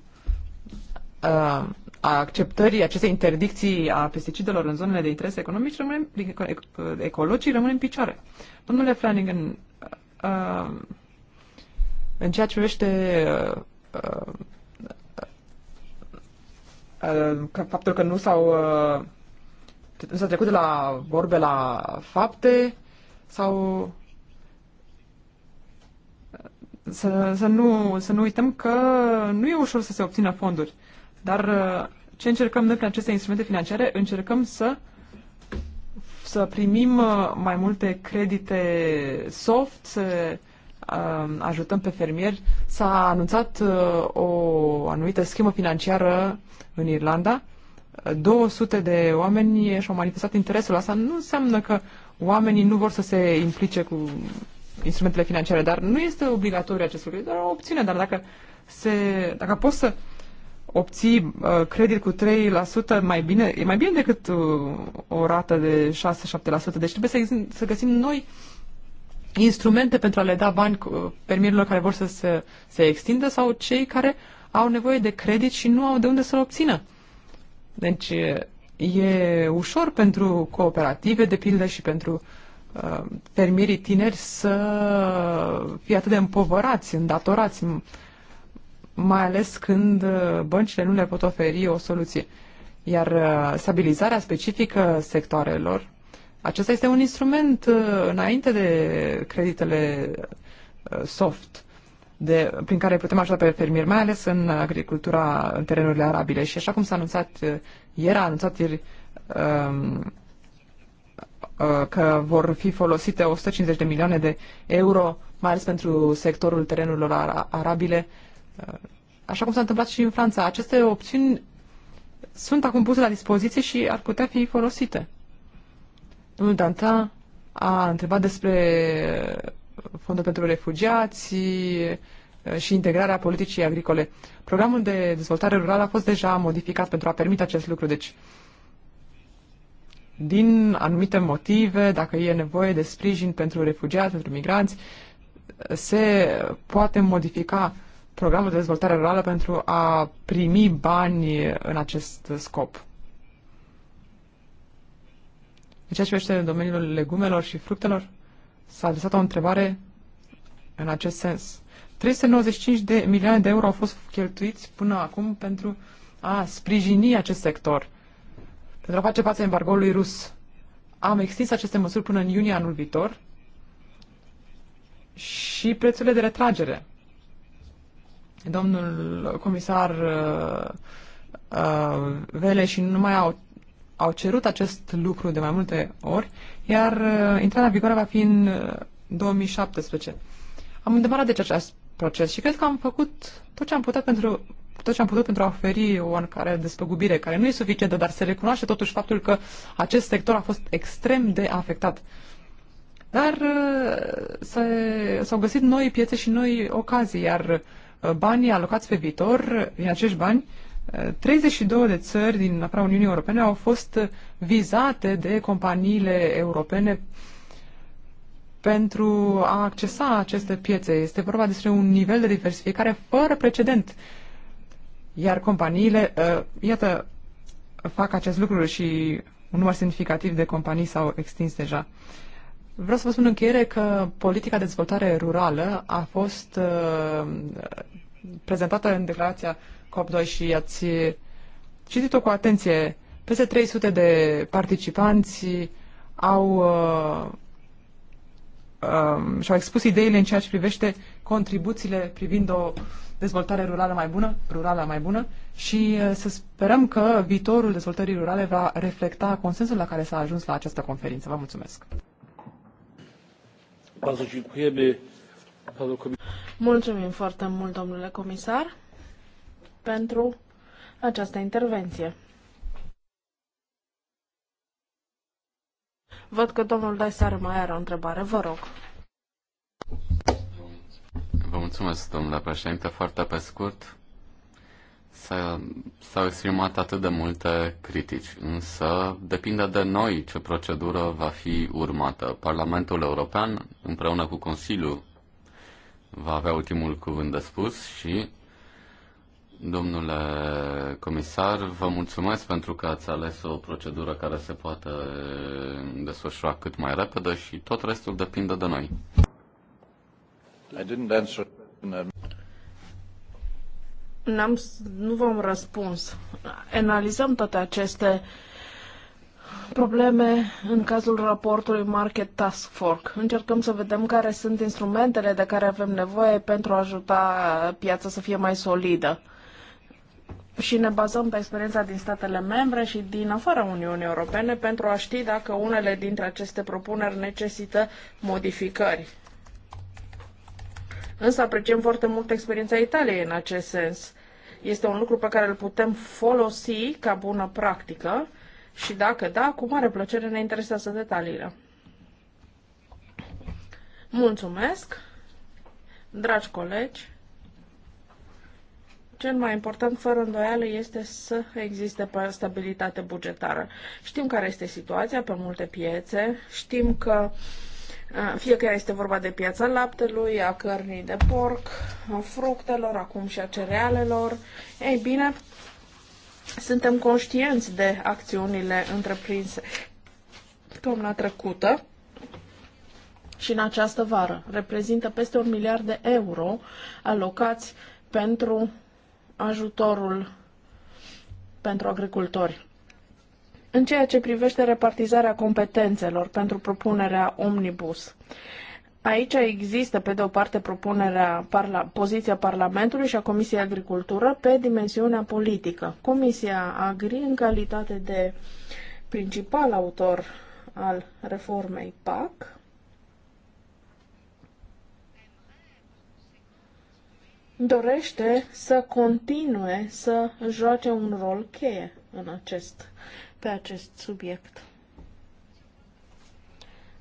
uh, a acceptării acestei interdicții a pesticidelor în zonele de interes economic rămâne, ecologii rămâne în picioare. Domnule Flanagan, uh, în ceea ce privește uh, uh, faptul că nu s-au nu s-a trecut de la vorbe la fapte sau să, să, nu, să nu uităm că nu e ușor să se obțină fonduri. Dar uh, ce încercăm noi prin aceste instrumente financiare? Încercăm să să primim uh, mai multe credite soft, să uh, ajutăm pe fermieri. S-a anunțat o anumită schemă financiară în Irlanda. 200 de oameni și-au manifestat interesul. Asta nu înseamnă că oamenii nu vor să se implice cu instrumentele financiare, dar nu este obligatoriu acest lucru, e doar o opțiune. Dar dacă, se, dacă poți să obții uh, credit cu 3% mai bine, e mai bine decât uh, o rată de 6-7%. Deci trebuie să, să găsim noi instrumente pentru a le da bani permirilor uh, care vor să se, se extindă sau cei care au nevoie de credit și nu au de unde să-l obțină. Deci e ușor pentru cooperative, de pildă, și pentru uh, tineri să fie atât de împovărați, îndatorați mai ales când uh, băncile nu le pot oferi o soluție. Iar uh, stabilizarea specifică sectoarelor, acesta este un instrument uh, înainte de creditele soft, de, prin care putem ajuta pe fermieri, mai ales în agricultura, în terenurile arabile. Și așa cum s-a anunțat ieri, a anunțat ieri um, că vor fi folosite 150 de milioane de euro, mai ales pentru sectorul terenurilor arabile, Uh, așa cum s-a întâmplat și în Franța. Aceste opțiuni sunt acum puse la dispoziție și ar putea fi folosite. Domnul Danta a întrebat despre fondul pentru refugiați uh, și integrarea politicii agricole. Programul de dezvoltare rurală a fost deja modificat pentru a permite acest lucru. Deci, din anumite motive, dacă e nevoie de sprijin pentru refugiați, pentru migranți, se poate modifica uh, programul de dezvoltare rurală pentru a primi bani în acest scop. În ceea ce privește domeniul legumelor și fructelor, s-a adresat o întrebare în acest sens. 395 de milioane de euro au fost cheltuiți până acum pentru a sprijini acest sector, pentru a face față embargoului rus. Am extins aceste măsuri până în iunie anul viitor și prețurile de retragere domnul comisar uh, uh, Vele și nu mai au, au cerut acest lucru de mai multe ori, iar uh, intrarea în vigoare va fi în uh, 2017. Am îndemarat deci acest proces și cred că am făcut tot ce am putut pentru tot ce am putut pentru a oferi o oarecare despăgubire, care nu e suficientă, dar se recunoaște totuși faptul că acest sector a fost extrem de afectat. Dar uh, s-au găsit noi piețe și noi ocazii, iar uh, Uh, banii alocați pe viitor, din acești bani, 32 uh, de țări din afara Uniunii Europene au fost vizate de companiile europene pentru a accesa aceste piețe. Este vorba despre un nivel de diversificare fără precedent. Iar companiile, uh, iată, fac acest lucru și un număr semnificativ de companii s-au extins deja. Vreau să vă spun în încheiere că politica de dezvoltare rurală a fost uh, prezentată în declarația COP2 și ați citit-o cu atenție. Peste 300 de participanți au uh, um, și-au expus ideile în ceea ce privește contribuțiile privind o dezvoltare rurală mai bună, rurală mai bună și uh, să sperăm că viitorul dezvoltării rurale va reflecta consensul la care s-a ajuns la această conferință. Vă mulțumesc! Mulțumim foarte mult, domnule comisar, pentru această intervenție. Văd că domnul Daisar mai are o întrebare. Vă rog. Vă mulțumesc, domnule președinte. Foarte pe scurt, S-au exprimat atât de multe critici, însă depinde de noi ce procedură va fi urmată. Parlamentul European, împreună cu Consiliul, va avea ultimul cuvânt de spus și, domnule comisar, vă mulțumesc pentru că ați ales o procedură care se poate desfășura cât mai repede și tot restul depinde de noi. I didn't answer. N-am, nu v-am răspuns. Analizăm toate aceste probleme în cazul raportului Market Task Force. Încercăm să vedem care sunt instrumentele de care avem nevoie pentru a ajuta piața să fie mai solidă. Și ne bazăm pe experiența din statele membre și din afara Uniunii Europene pentru a ști dacă unele dintre aceste propuneri necesită modificări. Însă apreciem foarte mult experiența Italiei în acest sens este un lucru pe care îl putem folosi ca bună practică și dacă da, cu mare plăcere ne interesează detaliile. Mulțumesc, dragi colegi. Cel mai important, fără îndoială, este să existe stabilitate bugetară. Știm care este situația pe multe piețe, știm că uh, fie că este vorba de piața laptelui, a cărnii de porc, a fructelor, acum și a cerealelor. Ei bine, suntem conștienți de acțiunile întreprinse toamna trecută și în această vară. Reprezintă peste un miliard de euro alocați pentru ajutorul pentru agricultori. În ceea ce privește repartizarea competențelor pentru propunerea omnibus, Aici există, pe de o parte, propunerea, parla, poziția Parlamentului și a Comisiei Agricultură pe dimensiunea politică. Comisia Agri, în calitate de principal autor al reformei PAC, dorește să continue să joace un rol cheie în acest pe acest subiect.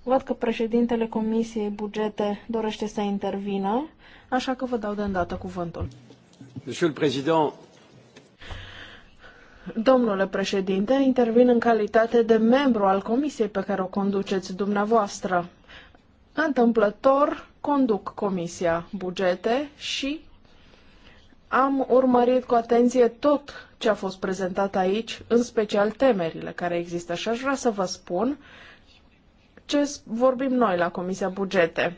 Văd că președintele Comisiei Bugete dorește să intervină, așa că vă dau de îndată cuvântul. Monsieur le Président, Domnule președinte, intervin în calitate de membru al comisiei pe care o conduceți dumneavoastră. Întâmplător, conduc Comisia Bugete și am urmărit cu atenție tot ce a fost prezentat aici, în special temerile care există. Și aș vrea să vă spun ce vorbim noi la Comisia Bugete.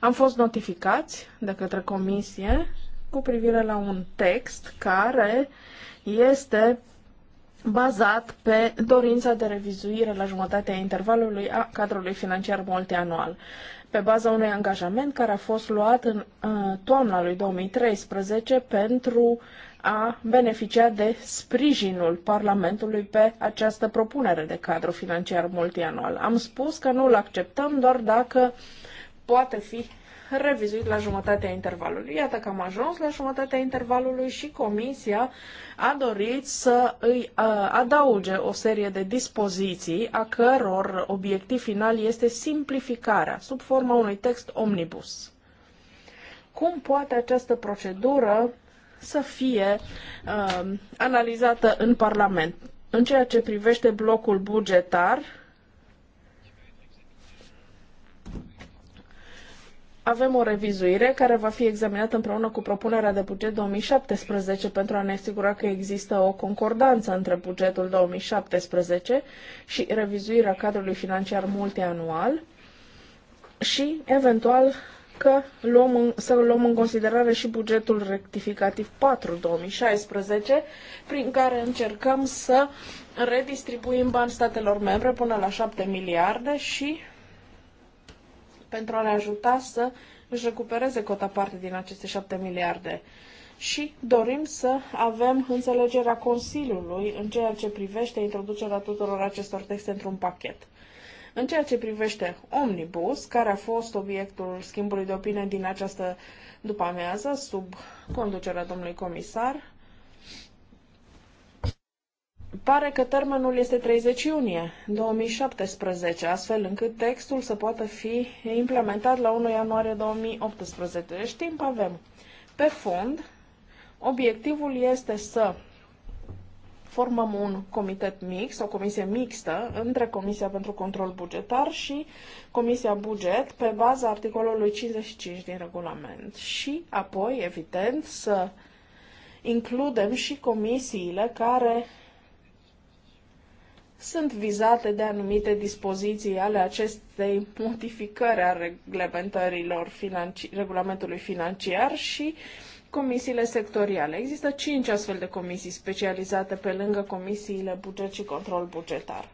Am fost notificați de către Comisie cu privire la un text care este bazat pe dorința de revizuire la jumătatea intervalului a cadrului financiar multianual, pe baza unui angajament care a fost luat în uh, toamna lui 2013 pentru a beneficiat de sprijinul Parlamentului pe această propunere de cadru financiar multianual. Am spus că nu-l acceptăm doar dacă poate fi revizuit la jumătatea intervalului. Iată că am ajuns la jumătatea intervalului și Comisia a dorit să îi adauge o serie de dispoziții a căror obiectiv final este simplificarea sub forma unui text omnibus. Cum poate această procedură să fie uh, analizată în Parlament. În ceea ce privește blocul bugetar, avem o revizuire care va fi examinată împreună cu propunerea de buget 2017 pentru a ne asigura că există o concordanță între bugetul 2017 și revizuirea cadrului financiar multianual și, eventual, că luăm în, să luăm în considerare și bugetul rectificativ 4 2016, prin care încercăm să redistribuim bani statelor membre până la 7 miliarde și pentru a le ajuta să își recupereze cota parte din aceste 7 miliarde. Și dorim să avem înțelegerea Consiliului în ceea ce privește introducerea tuturor acestor texte într-un pachet. În ceea ce privește Omnibus, care a fost obiectul schimbului de opinie din această după amiază, sub conducerea domnului comisar, Pare că termenul este 30 iunie 2017, astfel încât textul să poată fi implementat la 1 ianuarie 2018. Deci timp avem. Pe fond, obiectivul este să formăm un comitet mix, o comisie mixtă între Comisia pentru Control Bugetar și Comisia Buget pe baza articolului 55 din regulament. Și apoi, evident, să includem și comisiile care sunt vizate de anumite dispoziții ale acestei modificări a reglementărilor financi- regulamentului financiar și uh, comisiile sectoriale. Există cinci astfel de comisii specializate pe lângă comisiile buget și control bugetar.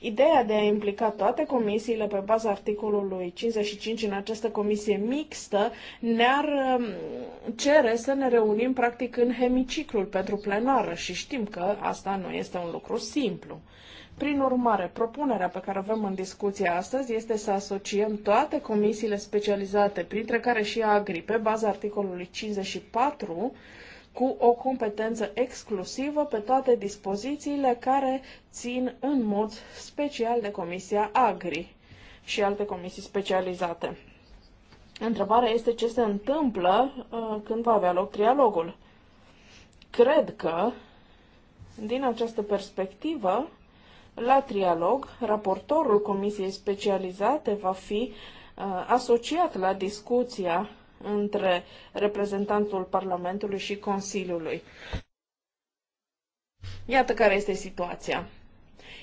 Ideea de a implica toate comisiile pe baza articolului 55 în această comisie mixtă ne-ar um, cere să ne reunim practic în hemiciclul pentru plenară și știm că asta nu este un lucru simplu. Prin urmare, propunerea pe care avem în discuție astăzi este să asociem toate comisiile specializate, printre care și Agri, pe baza articolului 54, cu o competență exclusivă pe toate dispozițiile care țin în mod special de Comisia Agri și alte comisii specializate. Întrebarea este ce se întâmplă uh, când va avea loc trialogul. Cred că, din această perspectivă, la trialog, raportorul Comisiei Specializate va fi uh, asociat la discuția între reprezentantul Parlamentului și Consiliului. Iată care este situația.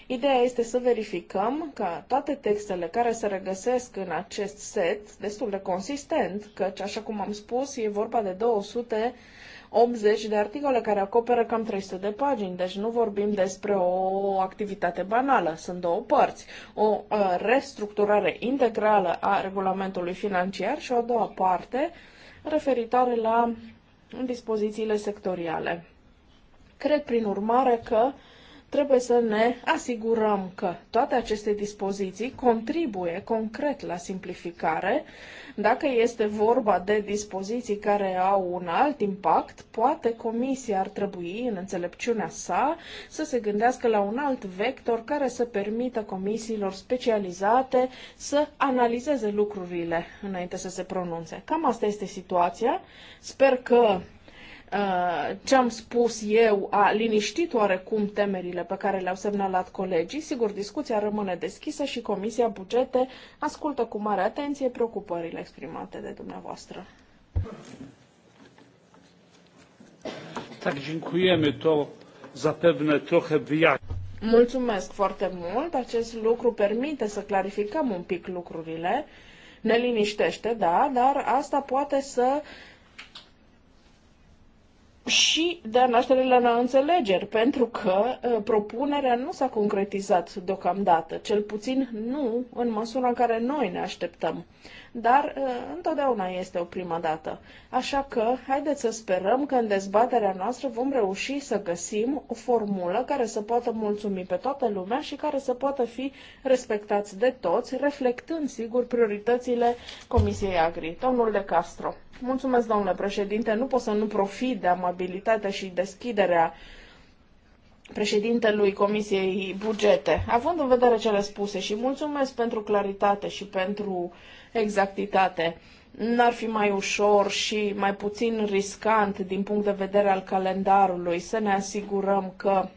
Ideea este să verificăm că toate textele care se regăsesc în acest set, destul de consistent, căci, așa cum am spus, e vorba de 200 80 de articole care acoperă cam 300 de pagini, deci nu vorbim despre o activitate banală, sunt două părți. O uh, restructurare integrală a regulamentului financiar și o a doua parte referitoare la dispozițiile sectoriale. Cred, prin urmare, că Trebuie să ne asigurăm că toate aceste dispoziții contribuie concret la simplificare. Dacă este vorba de dispoziții care au un alt impact, poate Comisia ar trebui, în înțelepciunea sa, să se gândească la un alt vector care să permită comisiilor specializate să analizeze lucrurile înainte să se pronunțe. Cam asta este situația. Sper că Uh, ce am spus eu a liniștit oarecum temerile pe care le-au semnalat colegii. Sigur, discuția rămâne deschisă și Comisia Bugete ascultă cu mare atenție preocupările exprimate de dumneavoastră. Tak, dziękujemy. To zapewne trochę wyjaśni. Mulțumesc foarte mult. Acest lucru permite să clarificăm un pic lucrurile. Ne liniștește, da, dar asta poate să uh, și de naștere la neînțelegeri, pentru că uh, propunerea nu s-a concretizat deocamdată, cel puțin nu în măsura în care noi ne așteptăm dar uh, întotdeauna este o primă dată. Așa că haideți să sperăm că în dezbaterea noastră vom reuși să găsim o formulă care să poată mulțumi pe toată lumea și care să poată fi respectați de toți, reflectând, sigur, prioritățile Comisiei Agri. Domnul De Castro. Mulțumesc, domnule președinte. Nu pot să nu profit de amabilitatea și deschiderea președintelui Comisiei Bugete. Având în vedere cele spuse și mulțumesc pentru claritate și pentru uh, exactitate. N-ar fi mai ușor și mai puțin riscant din punct de vedere al calendarului să ne asigurăm că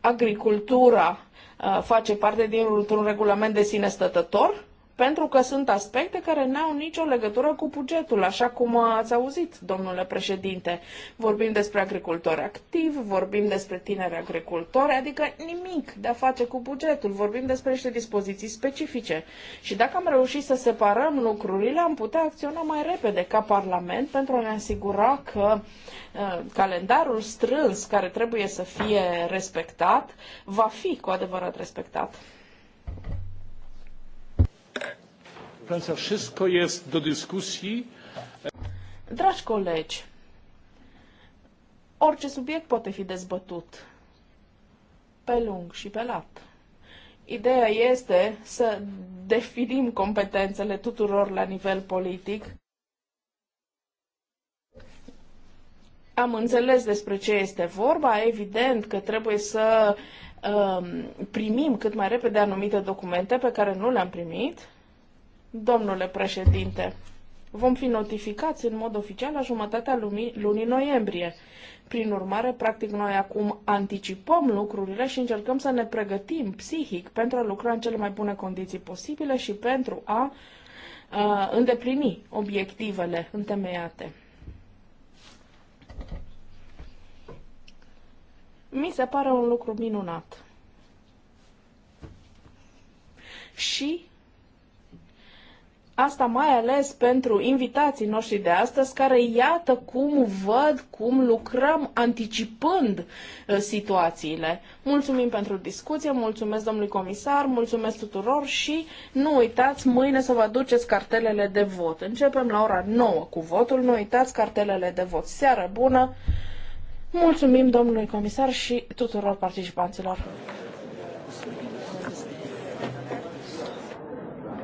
agricultura uh, face parte dintr-un regulament de sine stătător? pentru că sunt aspecte care nu au nicio legătură cu bugetul, așa cum ați auzit, domnule președinte. Vorbim despre agricultori activ, vorbim despre tineri agricultori, adică nimic de a face cu bugetul, vorbim despre niște dispoziții specifice. Și dacă am reușit să separăm lucrurile, am putea acționa mai repede ca Parlament pentru a ne asigura că uh, calendarul strâns care trebuie să fie respectat va fi cu adevărat respectat. Państwa, wszystko jest do dyskusji. Dragi colegi, orice subiect poate fi dezbătut pe lung și pe lat. Ideea este să definim competențele tuturor la nivel politic. Am înțeles despre ce este vorba, evident că trebuie să um, primim cât mai repede anumite documente pe care nu le-am primit Domnule președinte, vom fi notificați în mod oficial la jumătatea lumii, lunii noiembrie. Prin urmare, practic, noi acum anticipăm lucrurile și încercăm să ne pregătim psihic pentru a lucra în cele mai bune condiții posibile și pentru a, a îndeplini obiectivele întemeiate. Mi se pare un lucru minunat. Și Asta mai ales pentru invitații noștri de astăzi, care iată cum văd, cum lucrăm anticipând uh, situațiile. Mulțumim pentru discuție, mulțumesc domnului comisar, mulțumesc tuturor și nu uitați mâine să vă aduceți cartelele de vot. Începem la ora 9 cu votul, nu uitați cartelele de vot. Seară bună! Mulțumim domnului comisar și tuturor participanților.